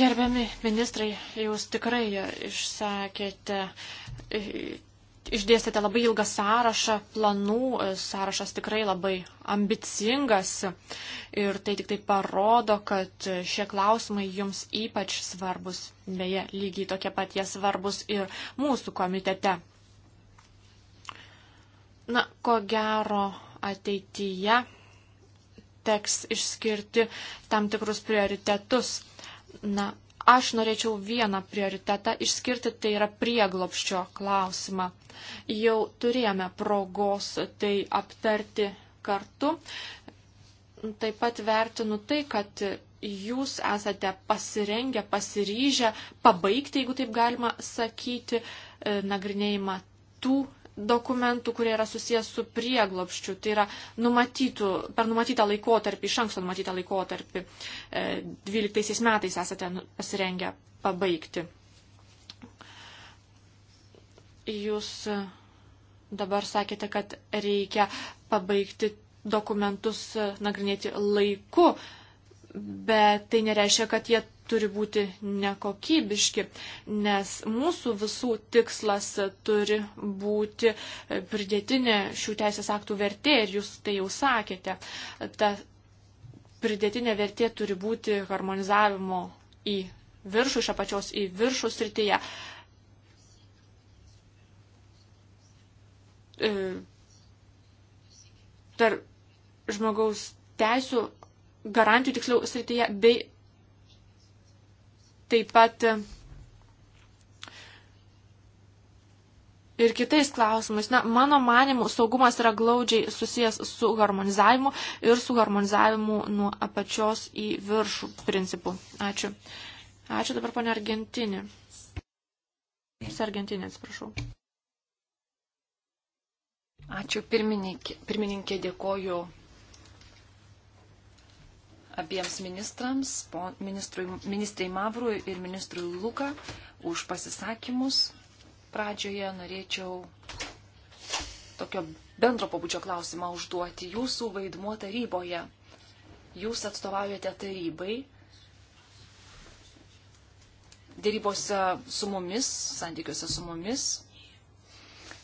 B: Gerbiami ministrai, jūs tikrai išsakėte, išdėstėte labai ilgą sąrašą planų, sąrašas tikrai labai ambicingas ir tai tik tai parodo, kad šie klausimai jums ypač svarbus, beje, lygiai tokie pat jie svarbus ir mūsų komitete. Na, ko gero ateityje teks išskirti tam tikrus prioritetus. Na, aš norėčiau vieną prioritetą išskirti, tai yra prieglopščio klausimą. Jau turėjome progos tai aptarti kartu. Taip pat vertinu tai, kad jūs esate pasirengę, pasiryžę pabaigti, jeigu taip galima sakyti, e, nagrinėjimą tų dokumentų, kurie yra susijęs su prieglopščiu, tai yra numatytų, per numatytą laikotarpį, iš anksto numatytą laikotarpį, 12 e, metais esate pasirengę pabaigti. Jūs e, dabar sakėte, kad reikia pabaigti dokumentus e, nagrinėti laiku, bet tai nereiškia, kad jie turi būti nekokybiški, nes mūsų visų tikslas turi būti pridėtinė šių teisės aktų vertė ir jūs tai jau sakėte. Ta pridėtinė vertė turi būti harmonizavimo į viršų, iš apačios į viršų srityje. E, tarp žmogaus teisų garantijų tiksliau srityje bei taip pat ir kitais klausimais. Na, mano manimu, saugumas yra glaudžiai susijęs su harmonizavimu ir su harmonizavimu nuo apačios į viršų principų. Ačiū. Ačiū dabar, ponė Argentinė. Jūs Argentinė, atsiprašau.
A: Ačiū pirmininkė, pirmininkė dėkoju abiems ministrams, ministrui Mavrui ir ministrui Luka, už pasisakymus. Pradžioje norėčiau tokio bendro pabudžio klausimą užduoti. Jūsų vaidmuo taryboje. Jūs atstovaujate tarybai. Dėrybose su mumis, santykiuose su mumis,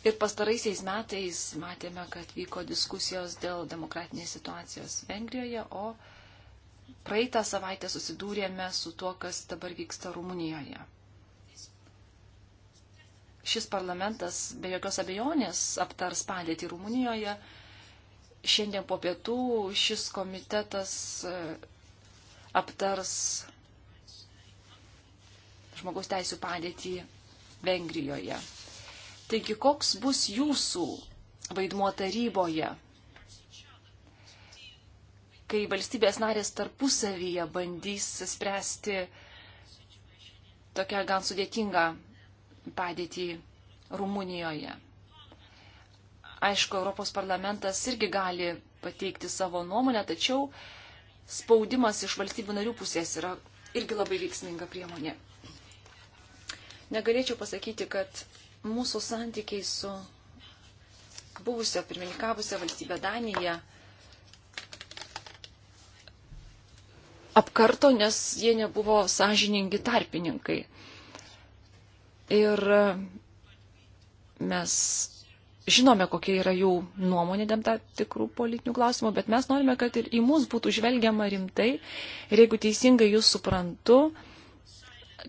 A: Ir pastaraisiais metais matėme, kad vyko diskusijos dėl demokratinės situacijos Vengrijoje, o praeitą savaitę susidūrėme su tuo, kas dabar vyksta Rumunijoje. Šis parlamentas be jokios abejonės aptars padėtį Rumunijoje. Šiandien po pietų šis komitetas e, aptars žmogaus teisų padėtį Vengrijoje. Taigi, koks bus jūsų vaidmuo taryboje kai valstybės narės tarpusavyje bandys spręsti tokią gan sudėtingą padėtį Rumunijoje. Aišku, Europos parlamentas irgi gali pateikti savo nuomonę, tačiau spaudimas iš valstybių narių pusės yra irgi labai veiksminga priemonė. Negalėčiau pasakyti, kad mūsų santykiai su buvusią pirmininkavusią valstybę Daniją apkarto, nes jie nebuvo sąžiningi tarpininkai. Ir mes žinome, kokia yra jų nuomonė dėl tam tikrų politinių klausimų, bet mes norime, kad ir į mus būtų žvelgiama rimtai. Ir jeigu teisingai jūs suprantu,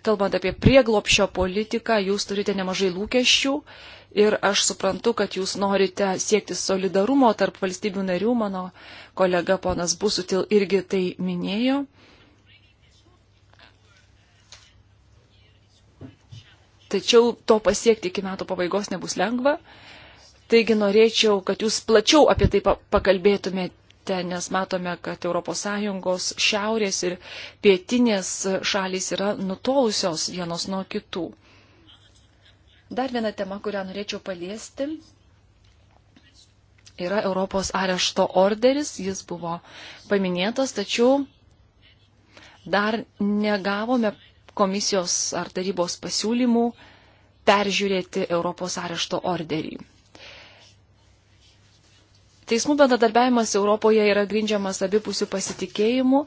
A: kalbant apie prieglopšio politiką, jūs turite nemažai lūkesčių. Ir aš suprantu, kad jūs norite siekti solidarumo tarp valstybių narių, mano kolega ponas Busutil irgi tai minėjo. tačiau to pasiekti iki metų pabaigos nebus lengva. Taigi norėčiau, kad jūs plačiau apie tai pakalbėtumėte, nes matome, kad ES šiaurės ir pietinės šalys yra nutolusios vienos nuo kitų. Dar viena tema, kurią norėčiau paliesti, yra Europos arešto orderis. Jis buvo paminėtas, tačiau dar negavome komisijos ar tarybos pasiūlymų peržiūrėti Europos arešto orderį. Teismų bendradarbiavimas Europoje yra grindžiamas abipusių pasitikėjimų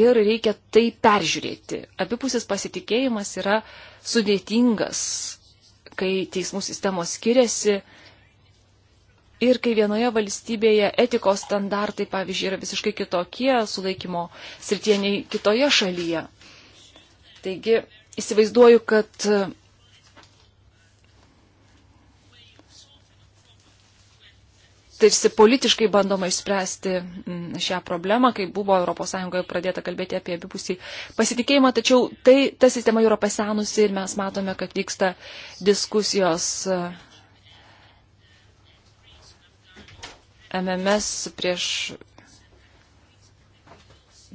A: ir reikia tai peržiūrėti. Abipusis pasitikėjimas yra sudėtingas, kai teismų sistemos skiriasi ir kai vienoje valstybėje etikos standartai, pavyzdžiui, yra visiškai kitokie sulaikymo srityje nei kitoje šalyje. Taigi, įsivaizduoju, kad tarsi politiškai bandoma išspręsti mm, šią problemą, kai buvo ES pradėta kalbėti apie abipusį pasitikėjimą, tačiau tai, ta sistema yra pasenusi ir mes matome, kad vyksta diskusijos MMS prieš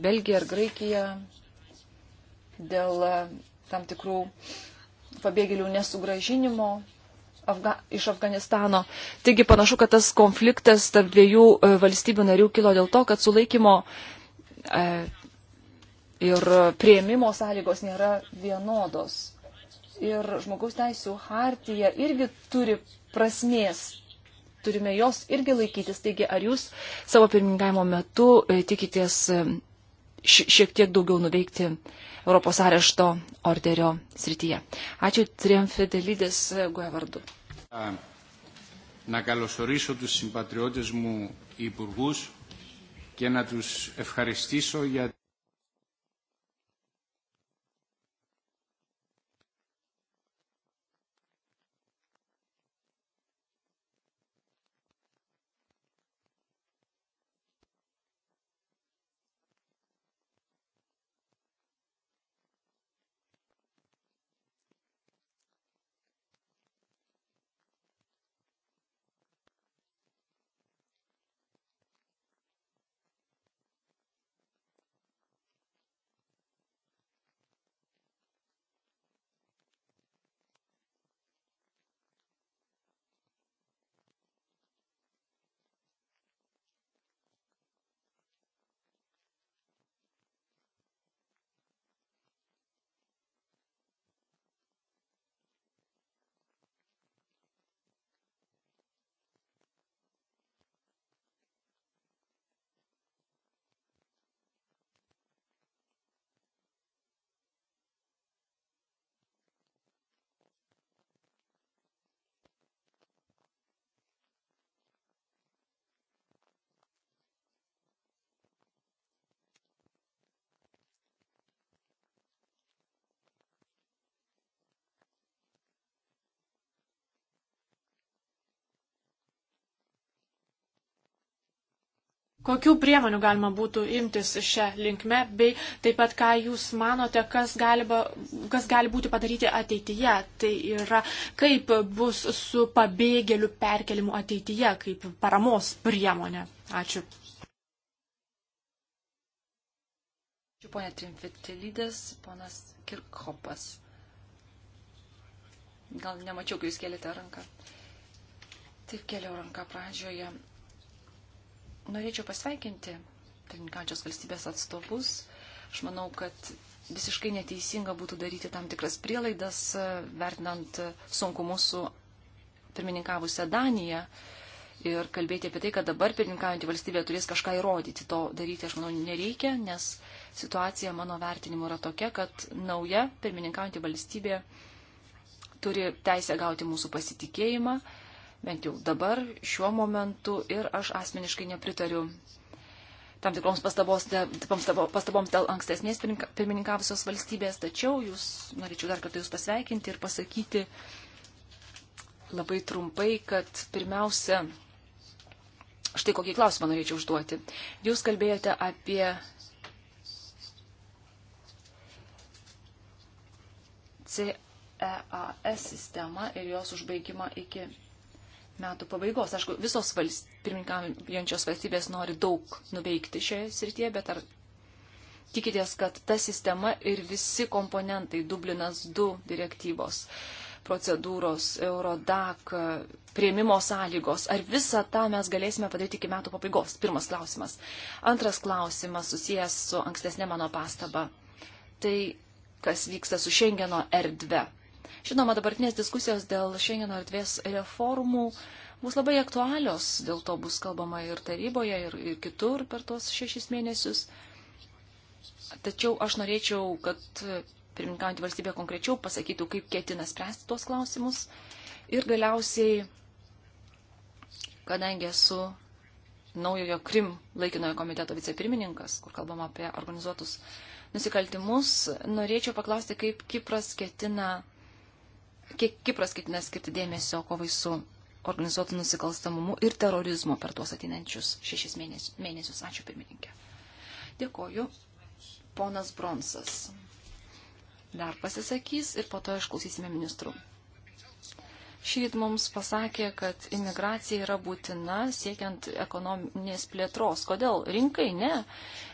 A: Belgiją ar Graikiją dėl e, tam tikrų pabėgėlių nesugražinimo Afga iš Afganistano. Taigi panašu, kad tas konfliktas tarp dviejų e, valstybių narių kilo dėl to, kad sulaikymo e, ir prieimimo sąlygos nėra vienodos. Ir žmogaus teisų hartija irgi turi prasmės. Turime jos irgi laikytis. Taigi, ar jūs savo pirmingavimo metu e, tikitės šiek tiek daugiau nuveikti uh, Europos arešto orderio srityje. Ačiū Triamfidelidės e, Guoja vardu. Να καλωσορίσω τους συμπατριώτες μου υπουργούς και να τους ευχαριστήσω για
B: Kokių priemonių galima būtų imtis šią linkmę, bei taip pat ką Jūs manote, kas gali, kas gali būti padaryti ateityje, tai yra kaip bus su pabėgėlių perkelimu ateityje, kaip paramos priemonė.
A: Ačiū. Ačiū, ponė Trimfitelydės, ponas Kirkhopas. Gal nemačiau, kai jūs kėlėte ranką. Taip kėliau ranką pradžioje. Norėčiau pasveikinti pirmininkančios valstybės atstovus. Aš manau, kad visiškai neteisinga būtų daryti tam tikras prielaidas, e, vertinant sunkumus su pirmininkavusią Daniją ir kalbėti apie tai, kad dabar pirmininkaujantį valstybę turės kažką įrodyti. To daryti, aš manau, nereikia, nes situacija mano vertinimu yra tokia, kad nauja pirmininkaujantį valstybė turi teisę gauti mūsų pasitikėjimą bent jau dabar, šiuo momentu ir aš asmeniškai nepritariu tam tikroms pastabos, pastaboms dėl ankstesnės pirmininkavusios valstybės, tačiau jūs, norėčiau dar kartą jūs pasveikinti ir pasakyti labai trumpai, kad pirmiausia, štai kokį klausimą norėčiau užduoti. Jūs kalbėjote apie CEAS sistemą ir jos užbaigimą iki metų pabaigos. Aišku, visos valst, pirmininkaujančios valstybės nori daug nuveikti šioje srityje, bet ar tikitės, kad ta sistema ir visi komponentai Dublinas 2 direktyvos, procedūros, Eurodak, prieimimo sąlygos, ar visą tą mes galėsime padaryti iki metų pabaigos? Pirmas klausimas. Antras klausimas susijęs su ankstesnė mano pastaba. Tai kas vyksta su Šengeno erdve. Žinoma, dabartinės diskusijos dėl Šengeno erdvės reformų bus labai aktualios, dėl to bus kalbama ir taryboje, ir, ir kitur per tuos šešis mėnesius. Tačiau aš norėčiau, kad pirmininkaujantį valstybę konkrečiau pasakytų, kaip ketina spręsti tuos klausimus. Ir galiausiai, kadangi esu naujojo Krim laikinojo komiteto vicepirmininkas, kur kalbama apie organizuotus nusikaltimus, norėčiau paklausti, kaip Kipras ketina kiek Kipras ketina skirti dėmesio kovai su organizuotų nusikalstamumu ir terorizmu per tuos ateinančius šešis mėnesius. Ačiū pirmininkė. Dėkoju. Ponas Bronsas. Dar pasisakys ir po to išklausysime ministrų. Šįryt mums pasakė, kad imigracija yra būtina siekiant ekonominės plėtros. Kodėl? Rinkai ne,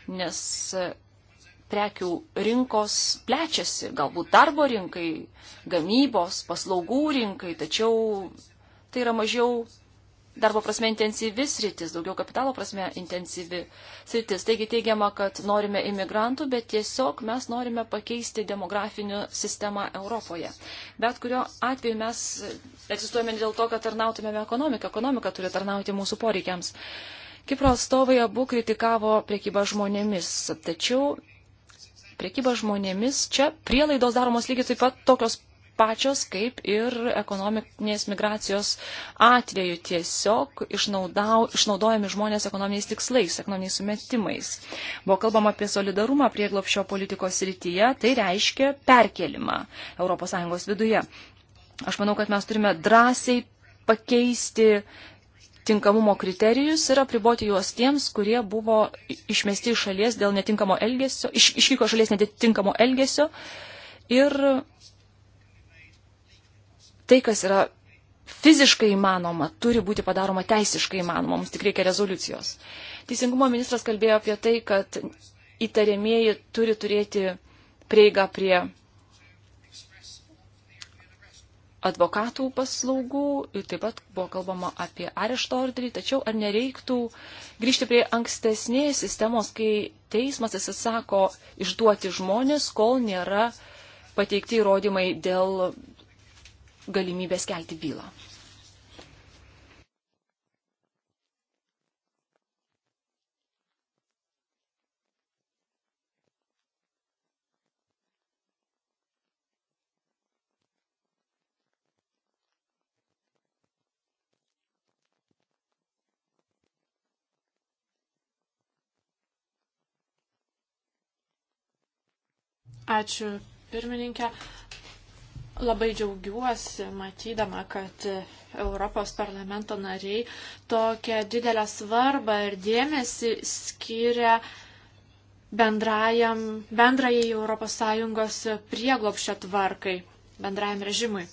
A: nes prekių rinkos plečiasi, galbūt darbo rinkai, gamybos, paslaugų rinkai, tačiau tai yra mažiau darbo prasme intensyvis rytis, daugiau kapitalo prasme intensyvi sritis. Taigi teigiama, kad norime imigrantų, bet tiesiog mes norime pakeisti demografinį sistemą Europoje. Bet kurio atveju mes egzistuojame dėl to, kad tarnautumėme ekonomiką. Ekonomika turi tarnauti mūsų poreikiams. Kipro atstovai abu kritikavo priekybą žmonėmis, tačiau Priekyba žmonėmis čia prielaidos daromos lygiai taip pat tokios pačios kaip ir ekonominės migracijos atveju tiesiog išnaudau, išnaudojami žmonės ekonominiais tikslais, ekonominiais sumetimais. Buvo kalbama apie solidarumą prieglopšio politikos rytyje, tai reiškia perkelimą ES viduje. Aš manau, kad mes turime drąsiai pakeisti tinkamumo kriterijus ir apriboti juos tiems, kurie buvo išmesti iš šalies dėl netinkamo elgesio, iš, išvyko šalies netinkamo elgesio. Ir tai, kas yra fiziškai įmanoma, turi būti padaroma teisiškai įmanoma, mums tik reikia rezoliucijos. Teisingumo ministras kalbėjo apie tai, kad įtariamieji turi turėti prieigą prie advokatų paslaugų ir taip pat buvo kalbama apie arešto orderį, tačiau ar nereiktų grįžti prie ankstesnės sistemos, kai teismas atsisako išduoti žmonės, kol nėra pateikti įrodymai dėl galimybės kelti bylą.
B: Ačiū pirmininkė. Labai džiaugiuosi matydama, kad Europos parlamento nariai tokią didelę svarbą ir dėmesį skiria bendrajam, bendrajai ES prieglopščio tvarkai, bendrajam režimui.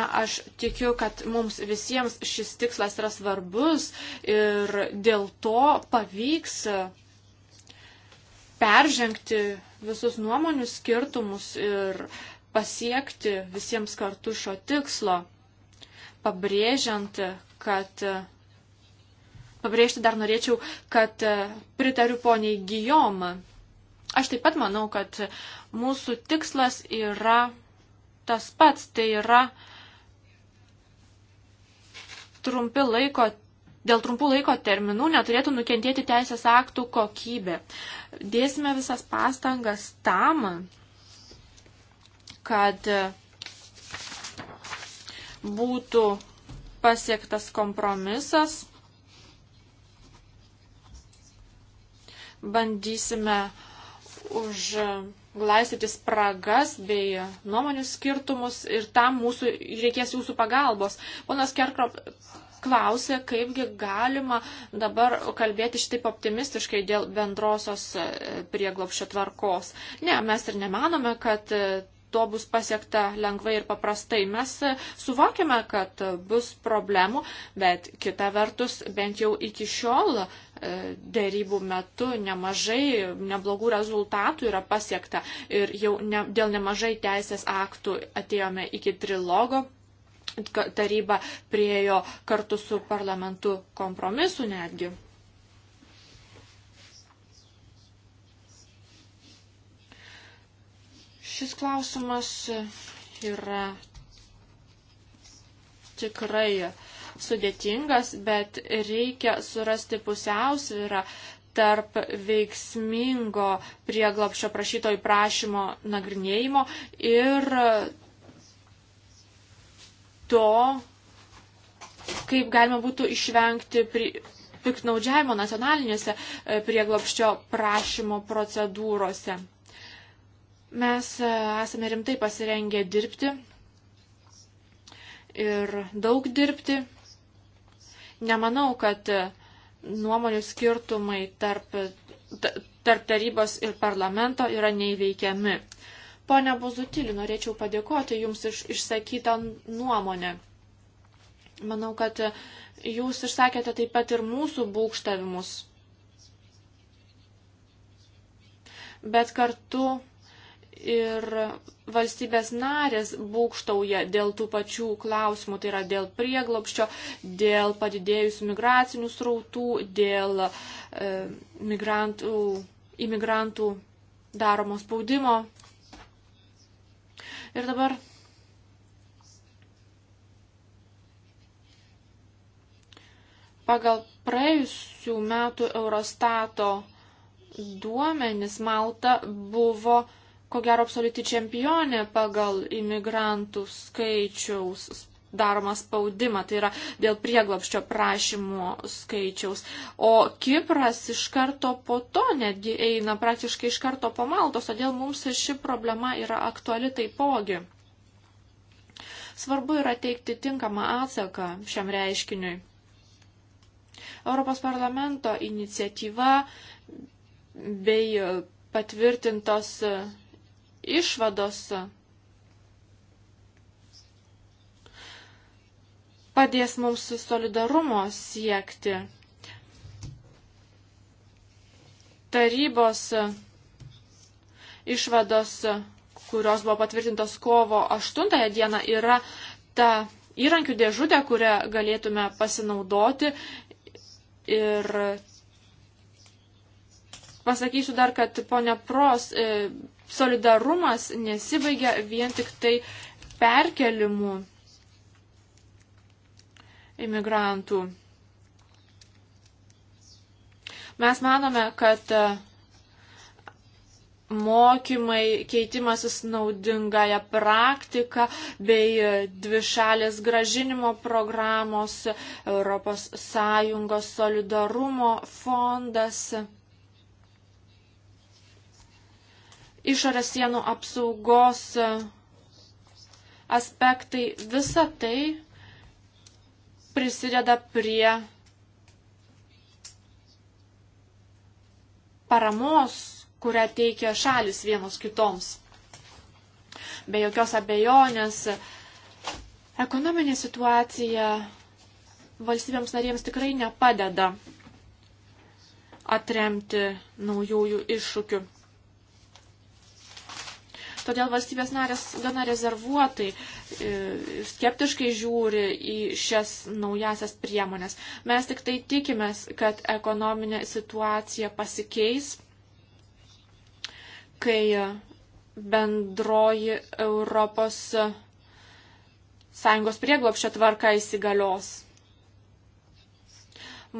B: Na, aš tikiu, kad mums visiems šis tikslas yra svarbus ir dėl to pavyks peržengti visus nuomonių skirtumus ir pasiekti visiems kartu šio tikslo, pabrėžiant, kad Pabrėžti dar norėčiau, kad pritariu poniai Gijomą. Aš taip pat manau, kad mūsų tikslas yra tas pats, tai yra trumpi laiko dėl trumpų laiko terminų neturėtų nukentėti teisės aktų kokybė. Dėsime visas pastangas tam, kad būtų pasiektas kompromisas. Bandysime už glaistyti spragas bei nuomonių skirtumus ir tam mūsų reikės jūsų pagalbos. Ponas Kerkrop klausė, kaipgi galima dabar kalbėti šitaip optimistiškai dėl bendrosios e, prieglopščio tvarkos. Ne, mes ir nemanome, kad e, to bus pasiekta lengvai ir paprastai. Mes e, suvokiame, kad bus problemų, bet kita vertus, bent jau iki šiol dėrybų metu nemažai neblogų rezultatų yra pasiekta ir jau ne, dėl nemažai teisės aktų atėjome iki trilogo taryba priejo kartu su parlamentu kompromisu netgi. Šis klausimas yra tikrai sudėtingas, bet reikia surasti pusiausvyrą tarp veiksmingo prieglapšio prašytojų prašymo nagrinėjimo ir to, kaip galima būtų išvengti pri, piknaudžiavimo nacionalinėse e, prieglopščio prašymo procedūrose. Mes e, esame rimtai pasirengę dirbti ir daug dirbti. Nemanau, kad e, nuomonių skirtumai tarp, tarp tarybos ir parlamento yra neįveikiami. Pone Bozutilį, norėčiau padėkoti Jums iš, išsakytą nuomonę. Manau, kad Jūs išsakėte taip pat ir mūsų būkštavimus. Bet kartu ir valstybės narės būkštauja dėl tų pačių klausimų, tai yra dėl prieglopščio, dėl padidėjusių migracinių srautų, dėl e, migrantų, imigrantų daromo spaudimo. Ir dabar pagal praėjusių metų Eurostato duomenis Malta buvo ko gero absoliuti čempionė pagal imigrantų skaičiaus daromą spaudimą, tai yra dėl prieglapščio prašymų skaičiaus. O Kipras iš karto po to netgi eina praktiškai iš karto po Maltos, todėl mums ši problema yra aktuali taipogi. Svarbu yra teikti tinkamą atsaką šiam reiškiniui. Europos parlamento iniciatyva bei patvirtintos išvados padės mums solidarumo siekti. Tarybos išvados, kurios buvo patvirtintos kovo 8 dieną, yra ta įrankių dėžutė, kurią galėtume pasinaudoti. Ir pasakysiu dar, kad ponia Pros e, solidarumas nesibaigia vien tik tai perkelimu imigrantų. Mes manome, kad e, mokymai, keitimasis naudingąją praktiką bei e, dvišalės gražinimo programos, ES solidarumo fondas, išorės sienų apsaugos e, aspektai, visa tai prisideda prie paramos, kurią teikia šalis vienos kitoms. Be jokios abejonės, ekonominė situacija valstybėms narėms tikrai nepadeda atremti naujųjų iššūkių todėl valstybės narės gana rezervuotai, e, skeptiškai žiūri į šias naujasias priemonės. Mes tik tai tikimės, kad ekonominė situacija pasikeis, kai bendroji Europos Sąjungos prieglopščio tvarka įsigalios.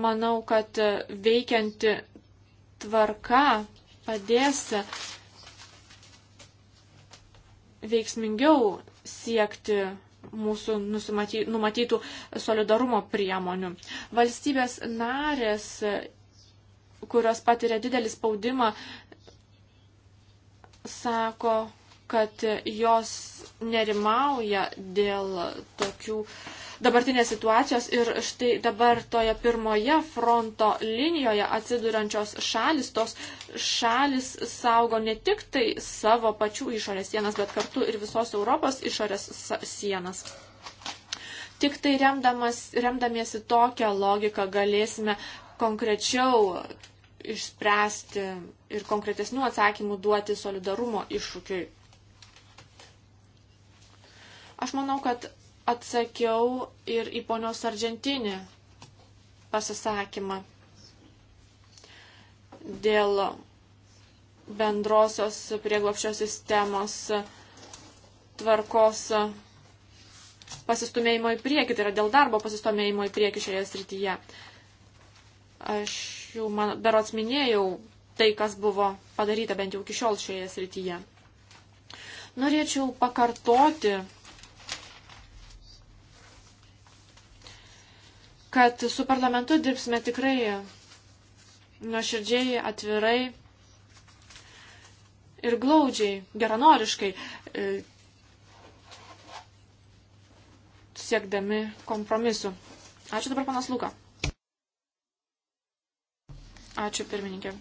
B: Manau, kad veikianti tvarka padės veiksmingiau siekti mūsų numatytų solidarumo priemonių. Valstybės narės, kurios patiria didelį spaudimą, sako, kad jos nerimauja dėl tokių uh, dabartinės situacijos ir štai dabar toje pirmoje fronto linijoje atsiduriančios šalis, tos šalis saugo ne tik tai savo pačių išorės sienas, bet kartu ir visos Europos išorės sienas. Tik tai remdamas, remdamiesi tokią logiką galėsime konkrečiau išspręsti ir konkretesnių atsakymų duoti solidarumo iššūkiui. Aš manau, kad atsakiau ir į ponios Argentinį pasisakymą dėl bendrosios prieglopščio sistemos tvarkos pasistumėjimo į priekį, tai yra dėl darbo pasistumėjimo į priekį šioje srityje. Aš jau, man, berots minėjau tai, kas buvo padaryta bent jau iki šiol šioje srityje. Norėčiau pakartoti kad su parlamentu dirbsime tikrai nuoširdžiai, atvirai ir glaudžiai, geranoriškai, e, siekdami kompromisu. Ačiū dabar panas Luka. Ačiū pirmininkė.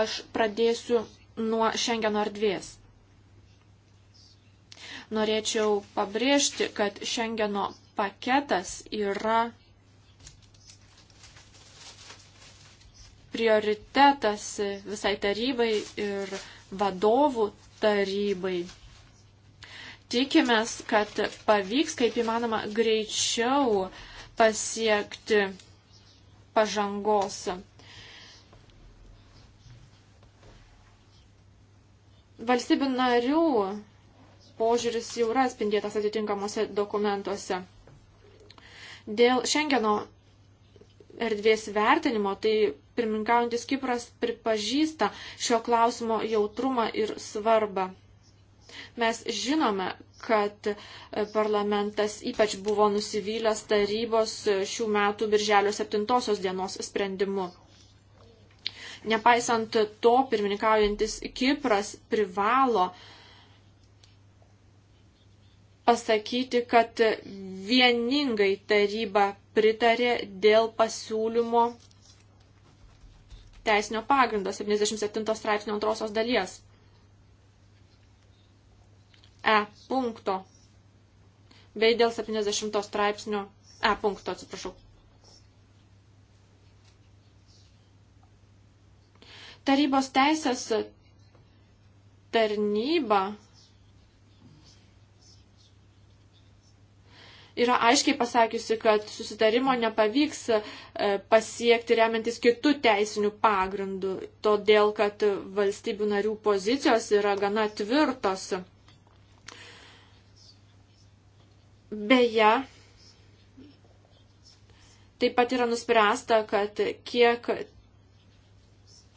B: Aš pradėsiu nuo Šengeno erdvės. Norėčiau pabrėžti, kad Šengeno paketas yra prioritetas visai tarybai ir vadovų tarybai. Tikimės, kad pavyks kaip įmanoma greičiau pasiekti pažangos. Valstybių narių požiūris jau yra spindėtas atitinkamuose dokumentuose. Dėl Šengeno erdvės vertinimo, tai pirmininkaujantis Kipras pripažįsta šio klausimo jautrumą ir svarbą. Mes žinome, kad e, parlamentas ypač buvo nusivylęs tarybos e, šių metų birželio 7 dienos sprendimu. Nepaisant to, pirmininkaujantis Kipras privalo uh, pasakyti, kad vieningai taryba pritarė dėl pasiūlymo teisinio pagrindo 77 straipsnio antrosios dalies. E punkto. Bei dėl 70 straipsnio E punkto, atsiprašau. Tarybos teisės tarnyba yra aiškiai pasakiusi, kad susitarimo nepavyks e, pasiekti remiantis kitų teisinių pagrindų, todėl kad valstybių narių pozicijos yra gana tvirtos. Beje, taip pat yra nuspręsta, kad kiek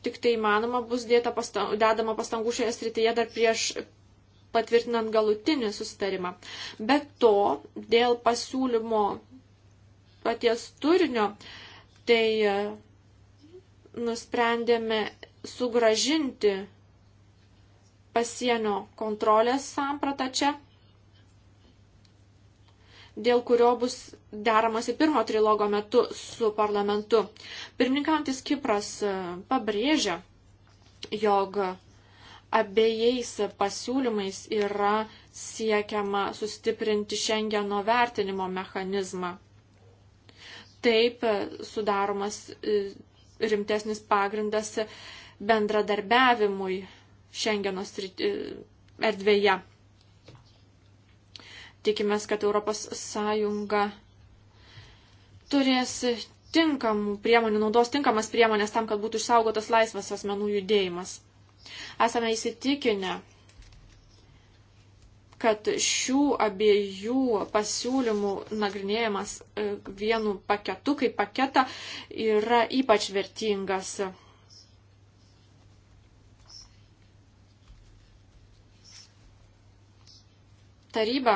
B: tik tai įmanoma bus dėta pastangų, dedama pastangų šioje srityje dar prieš patvirtinant galutinį susitarimą. Bet to, dėl pasiūlymo paties turinio, tai e, nusprendėme sugražinti pasienio kontrolės sampratą čia, dėl kurio bus deramasi pirmo trilogo metu su parlamentu. Pirmininkantis Kipras e, pabrėžia, jog abiejais pasiūlymais yra siekiama sustiprinti Šengeno vertinimo mechanizmą. Taip sudaromas e, rimtesnis pagrindas bendradarbiavimui Šengeno e, erdvėje. Tikimės, kad ES turės tinkamų priemonių, naudos tinkamas priemonės tam, kad būtų išsaugotas laisvas asmenų judėjimas. Esame įsitikinę, kad šių abiejų pasiūlymų nagrinėjimas e, vienu paketu, kaip paketą, yra ypač vertingas. Taryba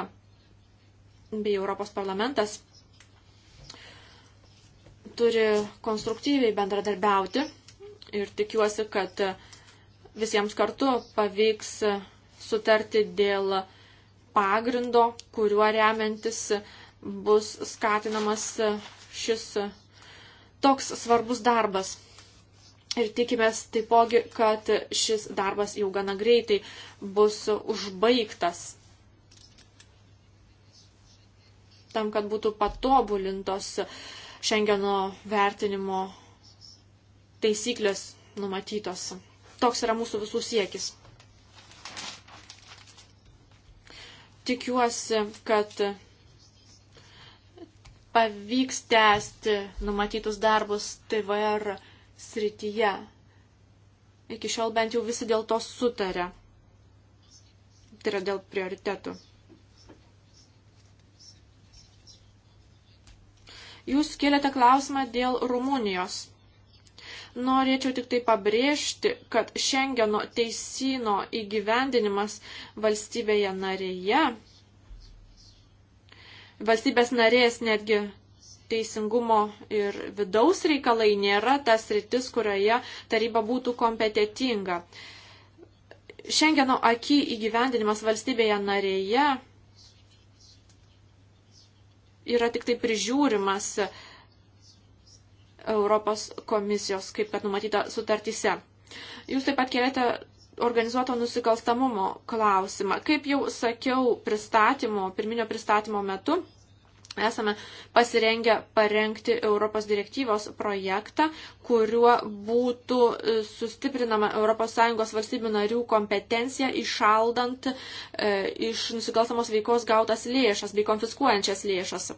B: bei Europos parlamentas turi konstruktyviai bendradarbiauti ir tikiuosi, kad visiems kartu pavyks sutarti dėl pagrindo, kuriuo remiantis bus skatinamas šis toks svarbus darbas. Ir tikimės taipogi, kad šis darbas jau gana greitai bus užbaigtas. Tam, kad būtų patobulintos Šengeno vertinimo taisyklės numatytos. Toks yra mūsų visų siekis. Tikiuosi, kad pavyks tęsti numatytus darbus TVR srityje. Iki šiol bent jau visi dėl to sutarė. Tai yra dėl prioritetų. Jūs kėlėte klausimą dėl Rumunijos. Norėčiau tik tai pabrėžti, kad Šengeno teisino įgyvendinimas valstybėje narėje, valstybės narės netgi teisingumo ir vidaus reikalai nėra tas rytis, kurioje taryba būtų kompetitinga. Šengeno akį įgyvendinimas valstybėje narėje yra tik tai prižiūrimas Europos komisijos, kaip kad numatyta sutartyse. Jūs taip pat kėlėte organizuoto nusikalstamumo klausimą. Kaip jau sakiau pristatymo, pirminio pristatymo metu, esame pasirengę parengti Europos direktyvos projektą, kuriuo būtų sustiprinama ES valstybių narių kompetencija išaldant e, iš nusikalstamos veikos gautas lėšas bei konfiskuojančias lėšas.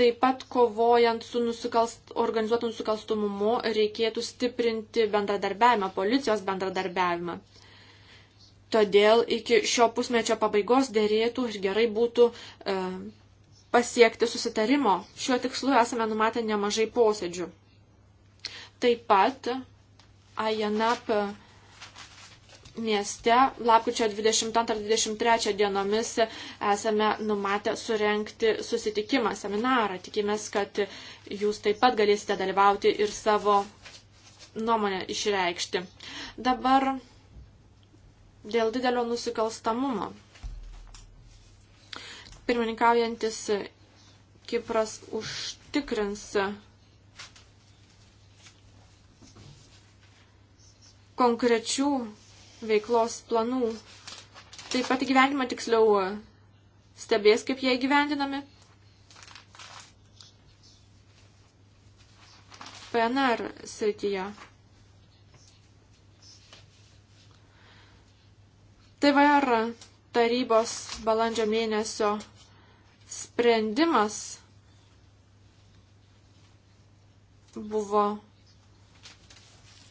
B: Taip pat kovojant su nusikalst, organizuotų nusikalstumumu reikėtų stiprinti bendradarbiavimą, policijos bendradarbiavimą. Todėl iki šio pusmečio pabaigos dėrėtų ir gerai būtų e, pasiekti susitarimo. Šiuo tikslu esame numatę nemažai posėdžių. Taip pat INAP mieste lapkričio 22-23 dienomis esame numatę surenkti susitikimą, seminarą. Tikimės, kad jūs taip pat galėsite dalyvauti ir savo nuomonę išreikšti. Dabar dėl didelio nusikalstamumo. Pirmininkaujantis Kipras užtikrins konkrečių veiklos planų. Taip pat įgyvendimą tiksliau e, stebės, kaip jie įgyvendinami. PNR srityje. TVR tarybos balandžio mėnesio sprendimas buvo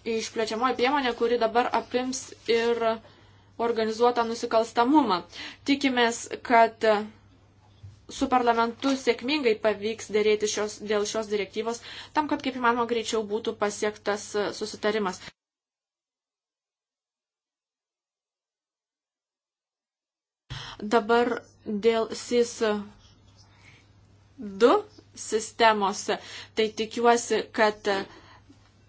B: išplečiamoji priemonė, kuri dabar apims ir organizuotą nusikalstamumą. Tikimės, kad su parlamentu sėkmingai pavyks dėrėti šios, dėl šios direktyvos, tam, kad kaip įmanoma greičiau būtų pasiektas susitarimas. Dabar dėl SIS 2 sistemos, tai tikiuosi, kad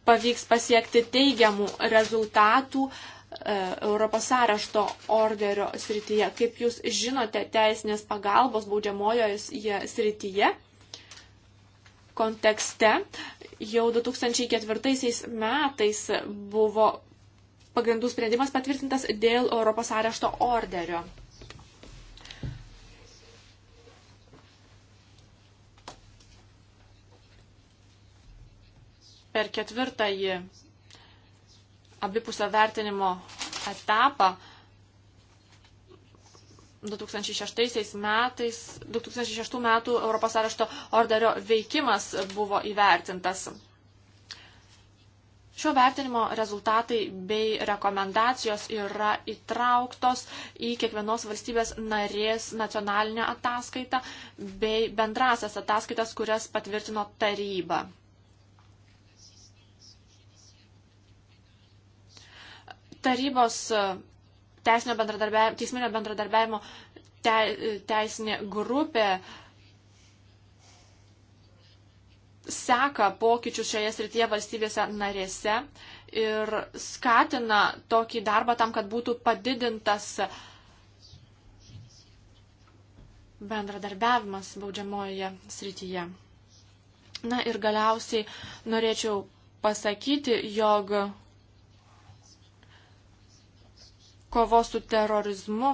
B: pavyks pasiekti teigiamų rezultatų e, Europos arešto orderio srityje. Kaip jūs žinote, teisinės pagalbos baudžiamojoje srityje kontekste jau 2004 metais buvo pagrindų sprendimas patvirtintas dėl Europos arešto orderio. per ketvirtąjį abipusio vertinimo etapą 2006 metais, 2006 metų Europos arešto orderio veikimas buvo įvertintas. Šio vertinimo rezultatai bei rekomendacijos yra įtrauktos į kiekvienos valstybės narės nacionalinę ataskaitą bei bendrasias ataskaitas, kurias patvirtino taryba. tarybos e, bendradarbiavimo, teisminio bendradarbiavimo te, teisinė grupė seka pokyčius šioje srityje valstybėse narėse ir skatina tokį darbą tam, kad būtų padidintas bendradarbiavimas baudžiamojoje srityje. Na ir galiausiai norėčiau pasakyti, jog kovos su terorizmu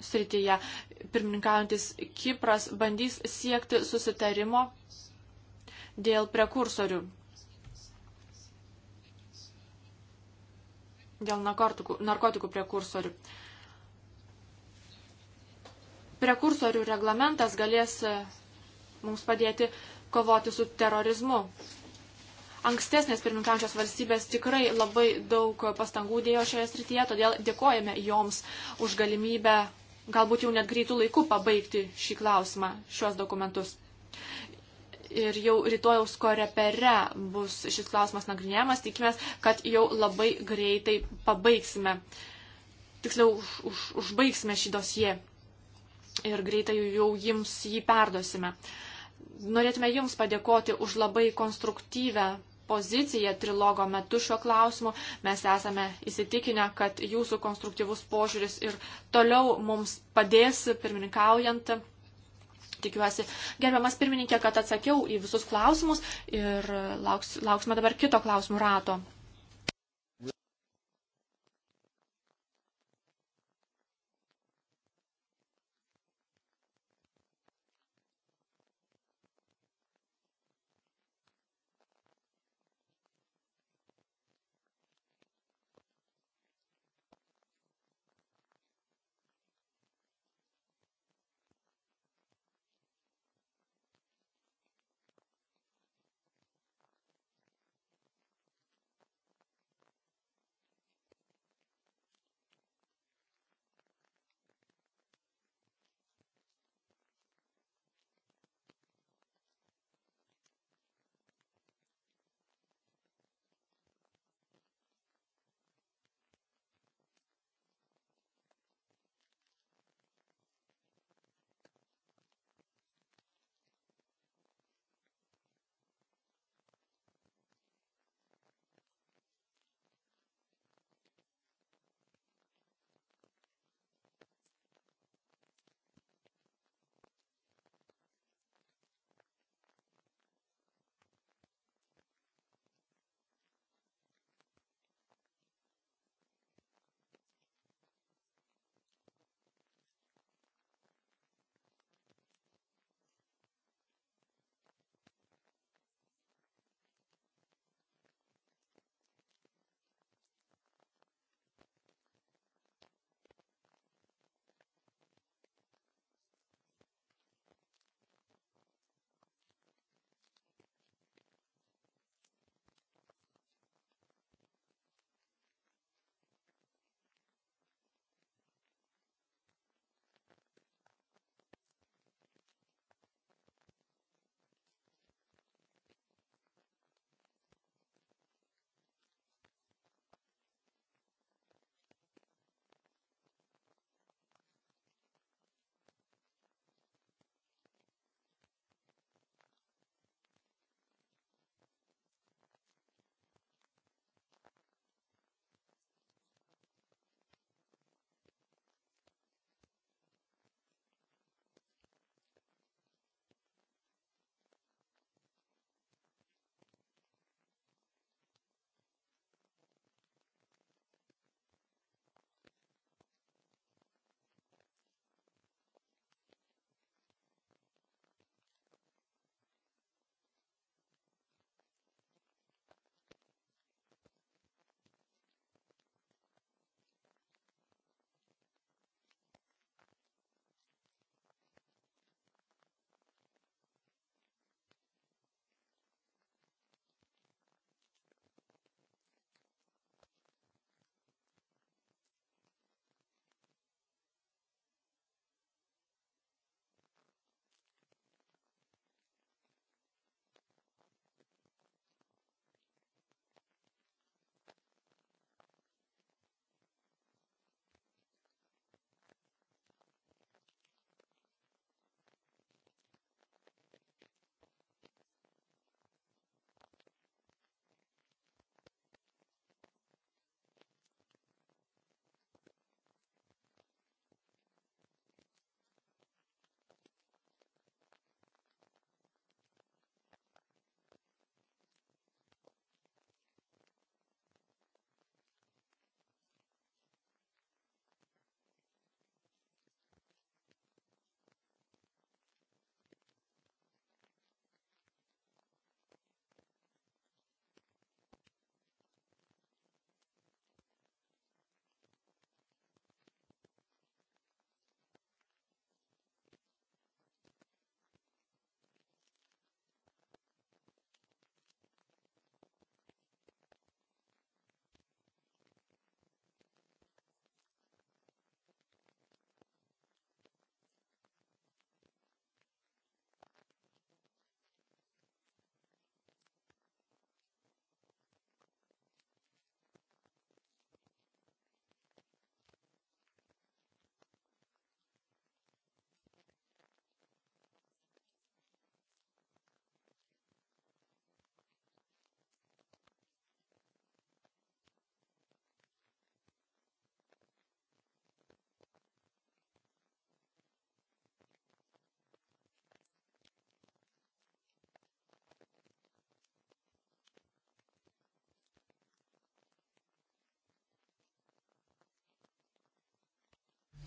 B: srityje. Pirmininkaujantis Kipras bandys siekti susitarimo dėl prekursorių. Dėl narkotikų, narkotikų prekursorių. Prekursorių reglamentas galės mums padėti kovoti su terorizmu ankstesnės pirmininkančios valstybės tikrai labai daug pastangų dėjo šioje srityje, todėl dėkojame joms už galimybę galbūt jau net greitų laikų pabaigti šį klausimą, šios dokumentus. Ir jau rytojaus korepere bus šis klausimas nagrinėjamas, tikimės, kad jau labai greitai pabaigsime. Tiksliau, už, už, užbaigsime šį dosiją ir greitai jau jums jį perdosime. Norėtume Jums padėkoti už labai konstruktyvę poziciją trilogo metu šio klausimu. Mes esame įsitikinę, kad jūsų konstruktyvus požiūris ir toliau mums padės pirmininkaujant. Tikiuosi, gerbiamas pirmininkė, kad atsakiau į visus klausimus ir lauks, lauksime dabar kito klausimų rato.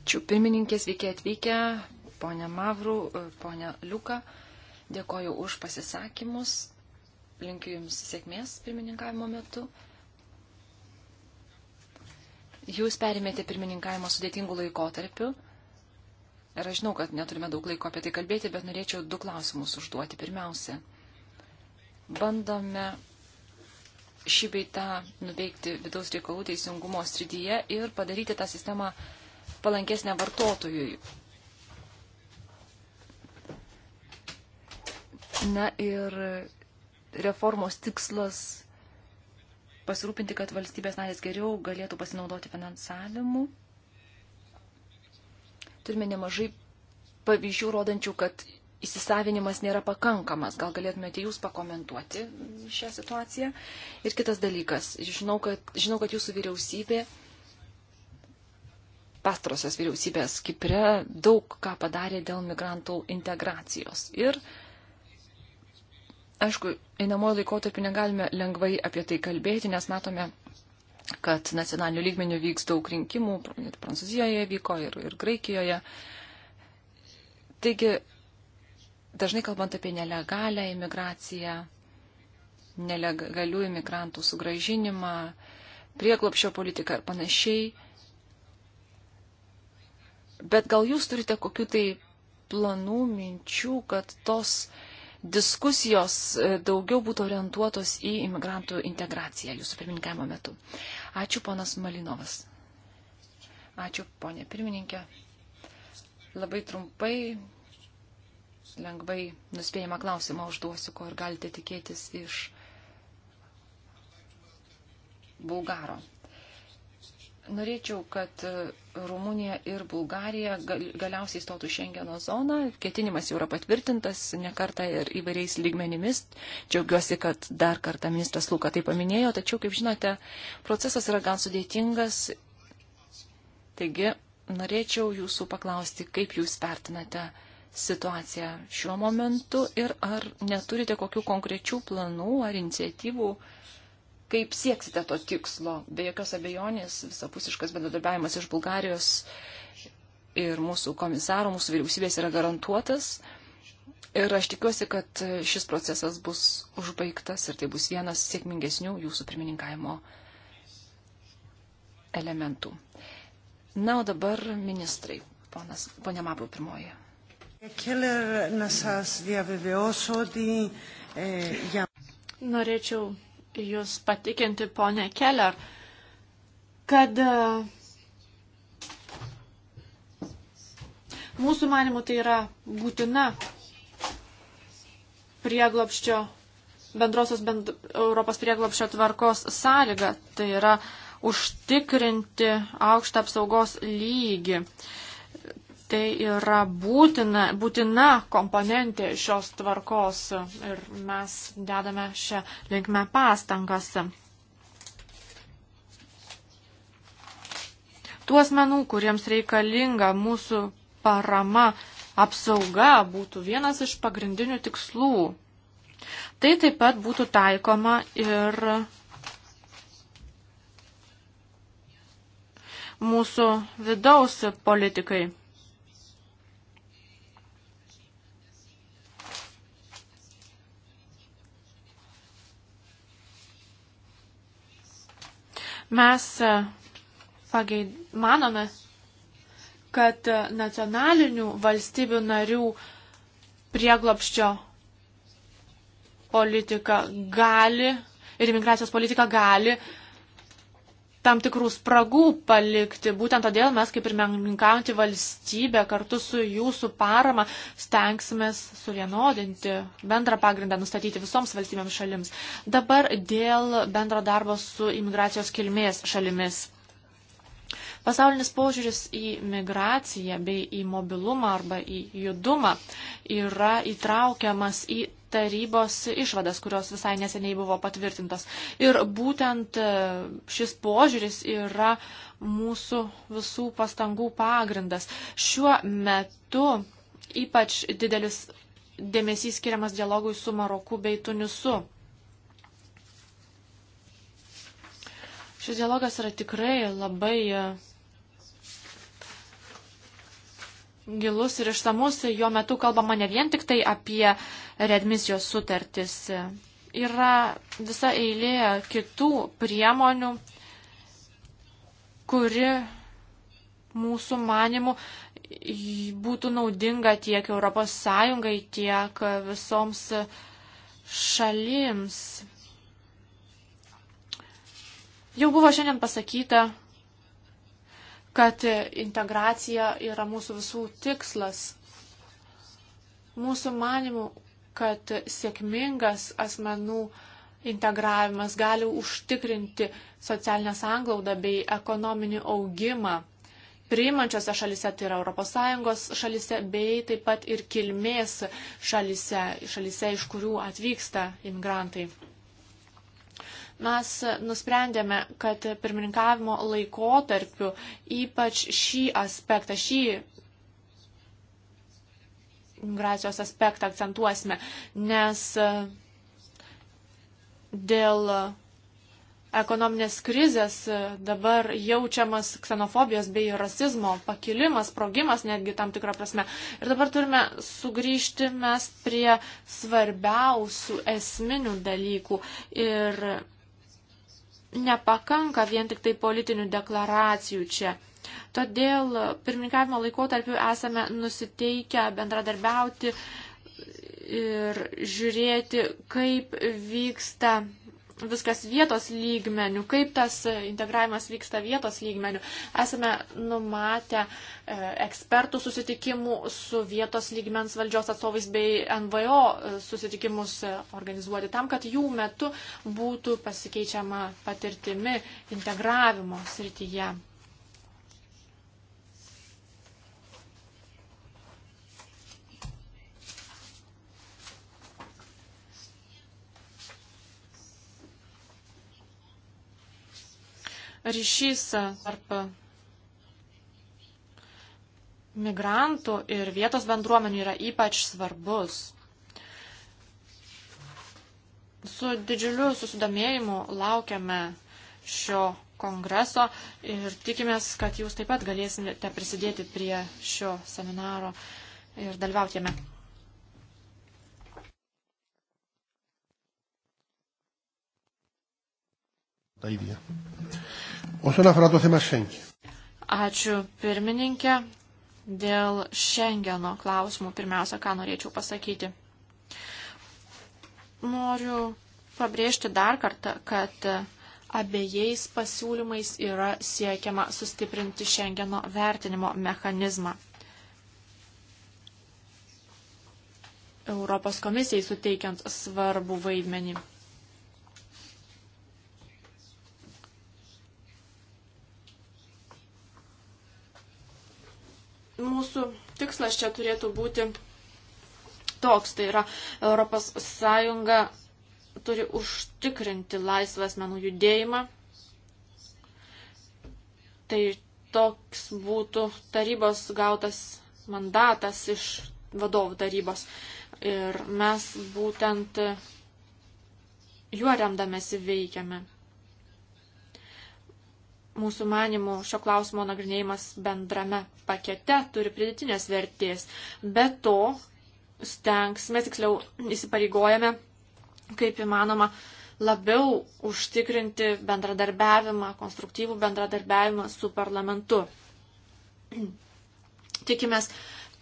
A: Ačiū pirmininkės, veikia atvykę, ponia Mavrų, e, ponia Liuka. Dėkoju už pasisakymus. Linkiu Jums sėkmės pirmininkavimo metu. Jūs perimėte pirmininkavimo sudėtingų laikotarpių. Ir aš žinau, kad neturime daug laiko apie tai kalbėti, bet norėčiau du klausimus užduoti. Pirmiausia, bandome šį beitą nuveikti vidaus reikalų teisingumo srityje ir padaryti tą sistemą palankesnė vartotojui. Na ir reformos tikslas pasirūpinti, kad valstybės narės geriau galėtų pasinaudoti finansavimu. Turime nemažai pavyzdžių rodančių, kad įsisavinimas nėra pakankamas. Gal galėtumėte jūs pakomentuoti šią situaciją? Ir kitas dalykas. Žinau, kad, žinau, kad jūsų vyriausybė pastarosios vyriausybės Kipre daug ką padarė dėl migrantų integracijos. Ir, aišku, einamojo laikotarpiu negalime lengvai apie tai kalbėti, nes matome, kad nacionaliniu lygmeniu vyks daug rinkimų, Prancūzijoje vyko ir, ir Graikijoje. Taigi, dažnai kalbant apie nelegalią imigraciją, nelegalių imigrantų sugražinimą, prieglopšio politiką ir panašiai, Bet gal jūs turite kokių tai planų, minčių, kad tos diskusijos e, daugiau būtų orientuotos į imigrantų integraciją jūsų pirmininkavimo metu. Ačiū, ponas Malinovas. Ačiū, ponė pirmininkė. Labai trumpai, lengvai nuspėjama klausimą užduosiu, ko ir galite tikėtis iš Bulgaro. Norėčiau, kad e, Rumunija ir Bulgarija galiausiai stotų Šengeno zoną. Ketinimas jau yra patvirtintas nekarta ir įvairiais lygmenimis. Džiaugiuosi, kad dar kartą ministras Luka tai paminėjo, tačiau, kaip žinote, procesas yra gan sudėtingas. Taigi, norėčiau jūsų paklausti, kaip jūs vertinate situaciją šiuo momentu ir ar neturite kokių konkrečių planų ar iniciatyvų, uh, kaip sieksite to tikslo. Be jokios abejonės visapusiškas bendradarbiavimas iš Bulgarijos ir mūsų komisaro, mūsų vyriausybės yra garantuotas. Ir aš tikiuosi, kad šis procesas bus užbaigtas ir tai bus vienas sėkmingesnių jūsų pirmininkavimo elementų. Na, o dabar ministrai. Ponas, ponia Mabrų pirmoji.
B: Eh, Norėčiau jūs patikinti, ponė Keller, kad e, mūsų manimų tai yra būtina prieglopščio, bendrosios bend, Europos prieglopščio tvarkos sąlyga, tai yra užtikrinti aukštą apsaugos lygį. Uh, Tai yra būtina, būtina komponentė šios tvarkos ir mes dedame šią linkmę pastangas. Tuo asmenų, kuriems reikalinga mūsų parama, apsauga būtų vienas iš pagrindinių tikslų. Tai taip pat būtų taikoma ir mūsų vidaus politikai. Mes e, pageid... manome, kad e, nacionalinių valstybių narių prieglopščio politika gali ir imigracijos politika gali uh, tam tikrų spragų palikti. Būtent todėl mes, kaip ir menkaujantį valstybę, kartu su jūsų parama stengsimės suvienodinti bendrą pagrindą, nustatyti visoms valstybėms šalims. Dabar dėl bendro darbo su imigracijos kilmės šalimis. Pasaulinis požiūris į migraciją bei į mobilumą arba į judumą yra įtraukiamas į tarybos išvadas, kurios visai neseniai buvo patvirtintos. Ir būtent e, šis požiūris yra mūsų visų pastangų pagrindas. Šiuo metu ypač didelis dėmesys skiriamas dialogui su Maroku bei Tunisu. Šis dialogas yra tikrai labai e, gilus ir išsamus. Jo metu kalbama ne vien tik tai apie redmisijos sutartis. Yra visa eilė kitų priemonių, kuri mūsų manimų būtų naudinga tiek ES, tiek visoms šalims. Jau buvo šiandien pasakyta, kad integracija yra mūsų visų tikslas. Mūsų manimų, kad sėkmingas asmenų integravimas gali užtikrinti socialinę sanglaudą bei ekonominį augimą. Priimančiose šalise, tai yra ES šalise, bei taip pat ir kilmės šalise, šalise, iš kurių atvyksta imigrantai mes nusprendėme, kad pirmininkavimo laikotarpiu ypač šį aspektą, šį migracijos aspektą akcentuosime, nes e, dėl ekonominės krizės e, dabar jaučiamas ksenofobijos bei rasizmo pakilimas, sprogimas netgi tam tikrą prasme. Ir dabar turime sugrįžti mes prie svarbiausių esminių dalykų. Ir nepakanka vien tik tai politinių deklaracijų čia. Todėl pirmininkavimo laikotarpiu esame nusiteikę bendradarbiauti ir žiūrėti, kaip vyksta viskas vietos lygmenių, kaip tas e, integravimas vyksta vietos lygmenių. Esame numatę e, ekspertų susitikimų su vietos lygmens valdžios atstovais bei NVO e, susitikimus organizuoti tam, kad jų metu būtų pasikeičiama patirtimi integravimo srityje. ryšys tarp migrantų ir vietos bendruomenių yra ypač svarbus. Su didžiuliu susidomėjimu laukiame šio kongreso ir tikimės, kad jūs taip pat galėsite prisidėti prie šio seminaro ir dalyvauti jame.
A: Daivija. Όσον αφορά το θέμα Σέγγεν.
B: Ačiū pirmininkė. Dėl Šengeno klausimų pirmiausia, ką norėčiau pasakyti. Noriu pabrėžti dar kartą, kad abiejais pasiūlymais yra siekiama sustiprinti Šengeno vertinimo mechanizmą. Europos komisijai suteikiant svarbų vaidmenį. mūsų tikslas čia turėtų būti toks, tai yra ES turi užtikrinti laisvą asmenų judėjimą. Tai toks būtų tarybos gautas mandatas iš vadovų tarybos. Ir mes būtent juo remdamėsi veikiame mūsų manimų šio klausimo nagrinėjimas bendrame pakete turi pridėtinės vertės. Be to, stengsime, tiksliau įsipareigojame, kaip įmanoma, labiau užtikrinti bendradarbiavimą, konstruktyvų bendradarbiavimą su parlamentu. Tikimės,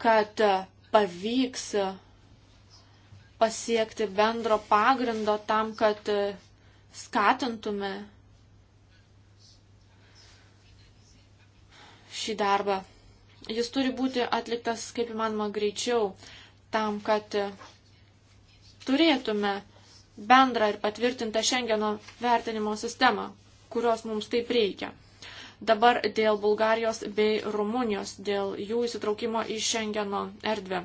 B: kad pavyks pasiekti bendro pagrindo tam, kad skatintume šį darbą. Jis turi būti atliktas kaip įmanoma greičiau, tam, kad turėtume bendrą ir patvirtintą Šengeno vertinimo sistemą, kurios mums taip reikia. Dabar dėl Bulgarijos bei Rumunijos, dėl jų įsitraukimo į Šengeno erdvę.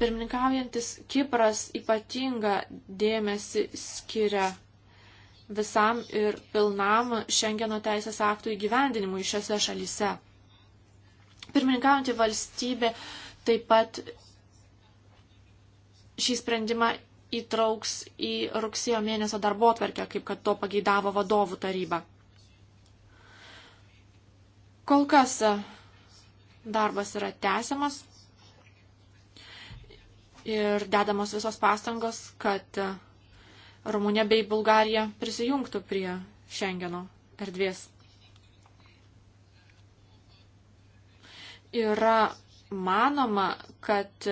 B: Pirmininkaujantis Kipras ypatinga dėmesį skiria visam ir pilnam Šengeno teisės aktų įgyvendinimui šiose šalyse. Pirmininkaujantį valstybę taip pat šį sprendimą įtrauks į rugsėjo mėnesio darbo atverkę, kaip kad to pageidavo vadovų taryba. Kol kas darbas yra tęsiamas ir dedamos visos pastangos, kad Rumunija bei Bulgarija prisijungtų prie Šengeno erdvės. Yra manoma, kad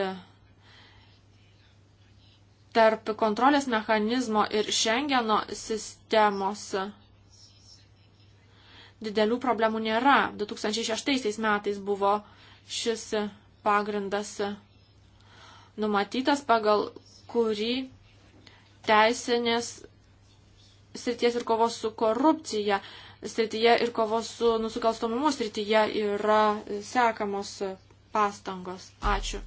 B: tarp kontrolės mechanizmo ir Šengeno sistemos didelių problemų nėra. 2006 metais buvo šis pagrindas numatytas, pagal kurį teisinės srities ir kovos su korupcija srityje ir kovos su nusikalstamumu srityje yra sekamos pastangos. Ačiū.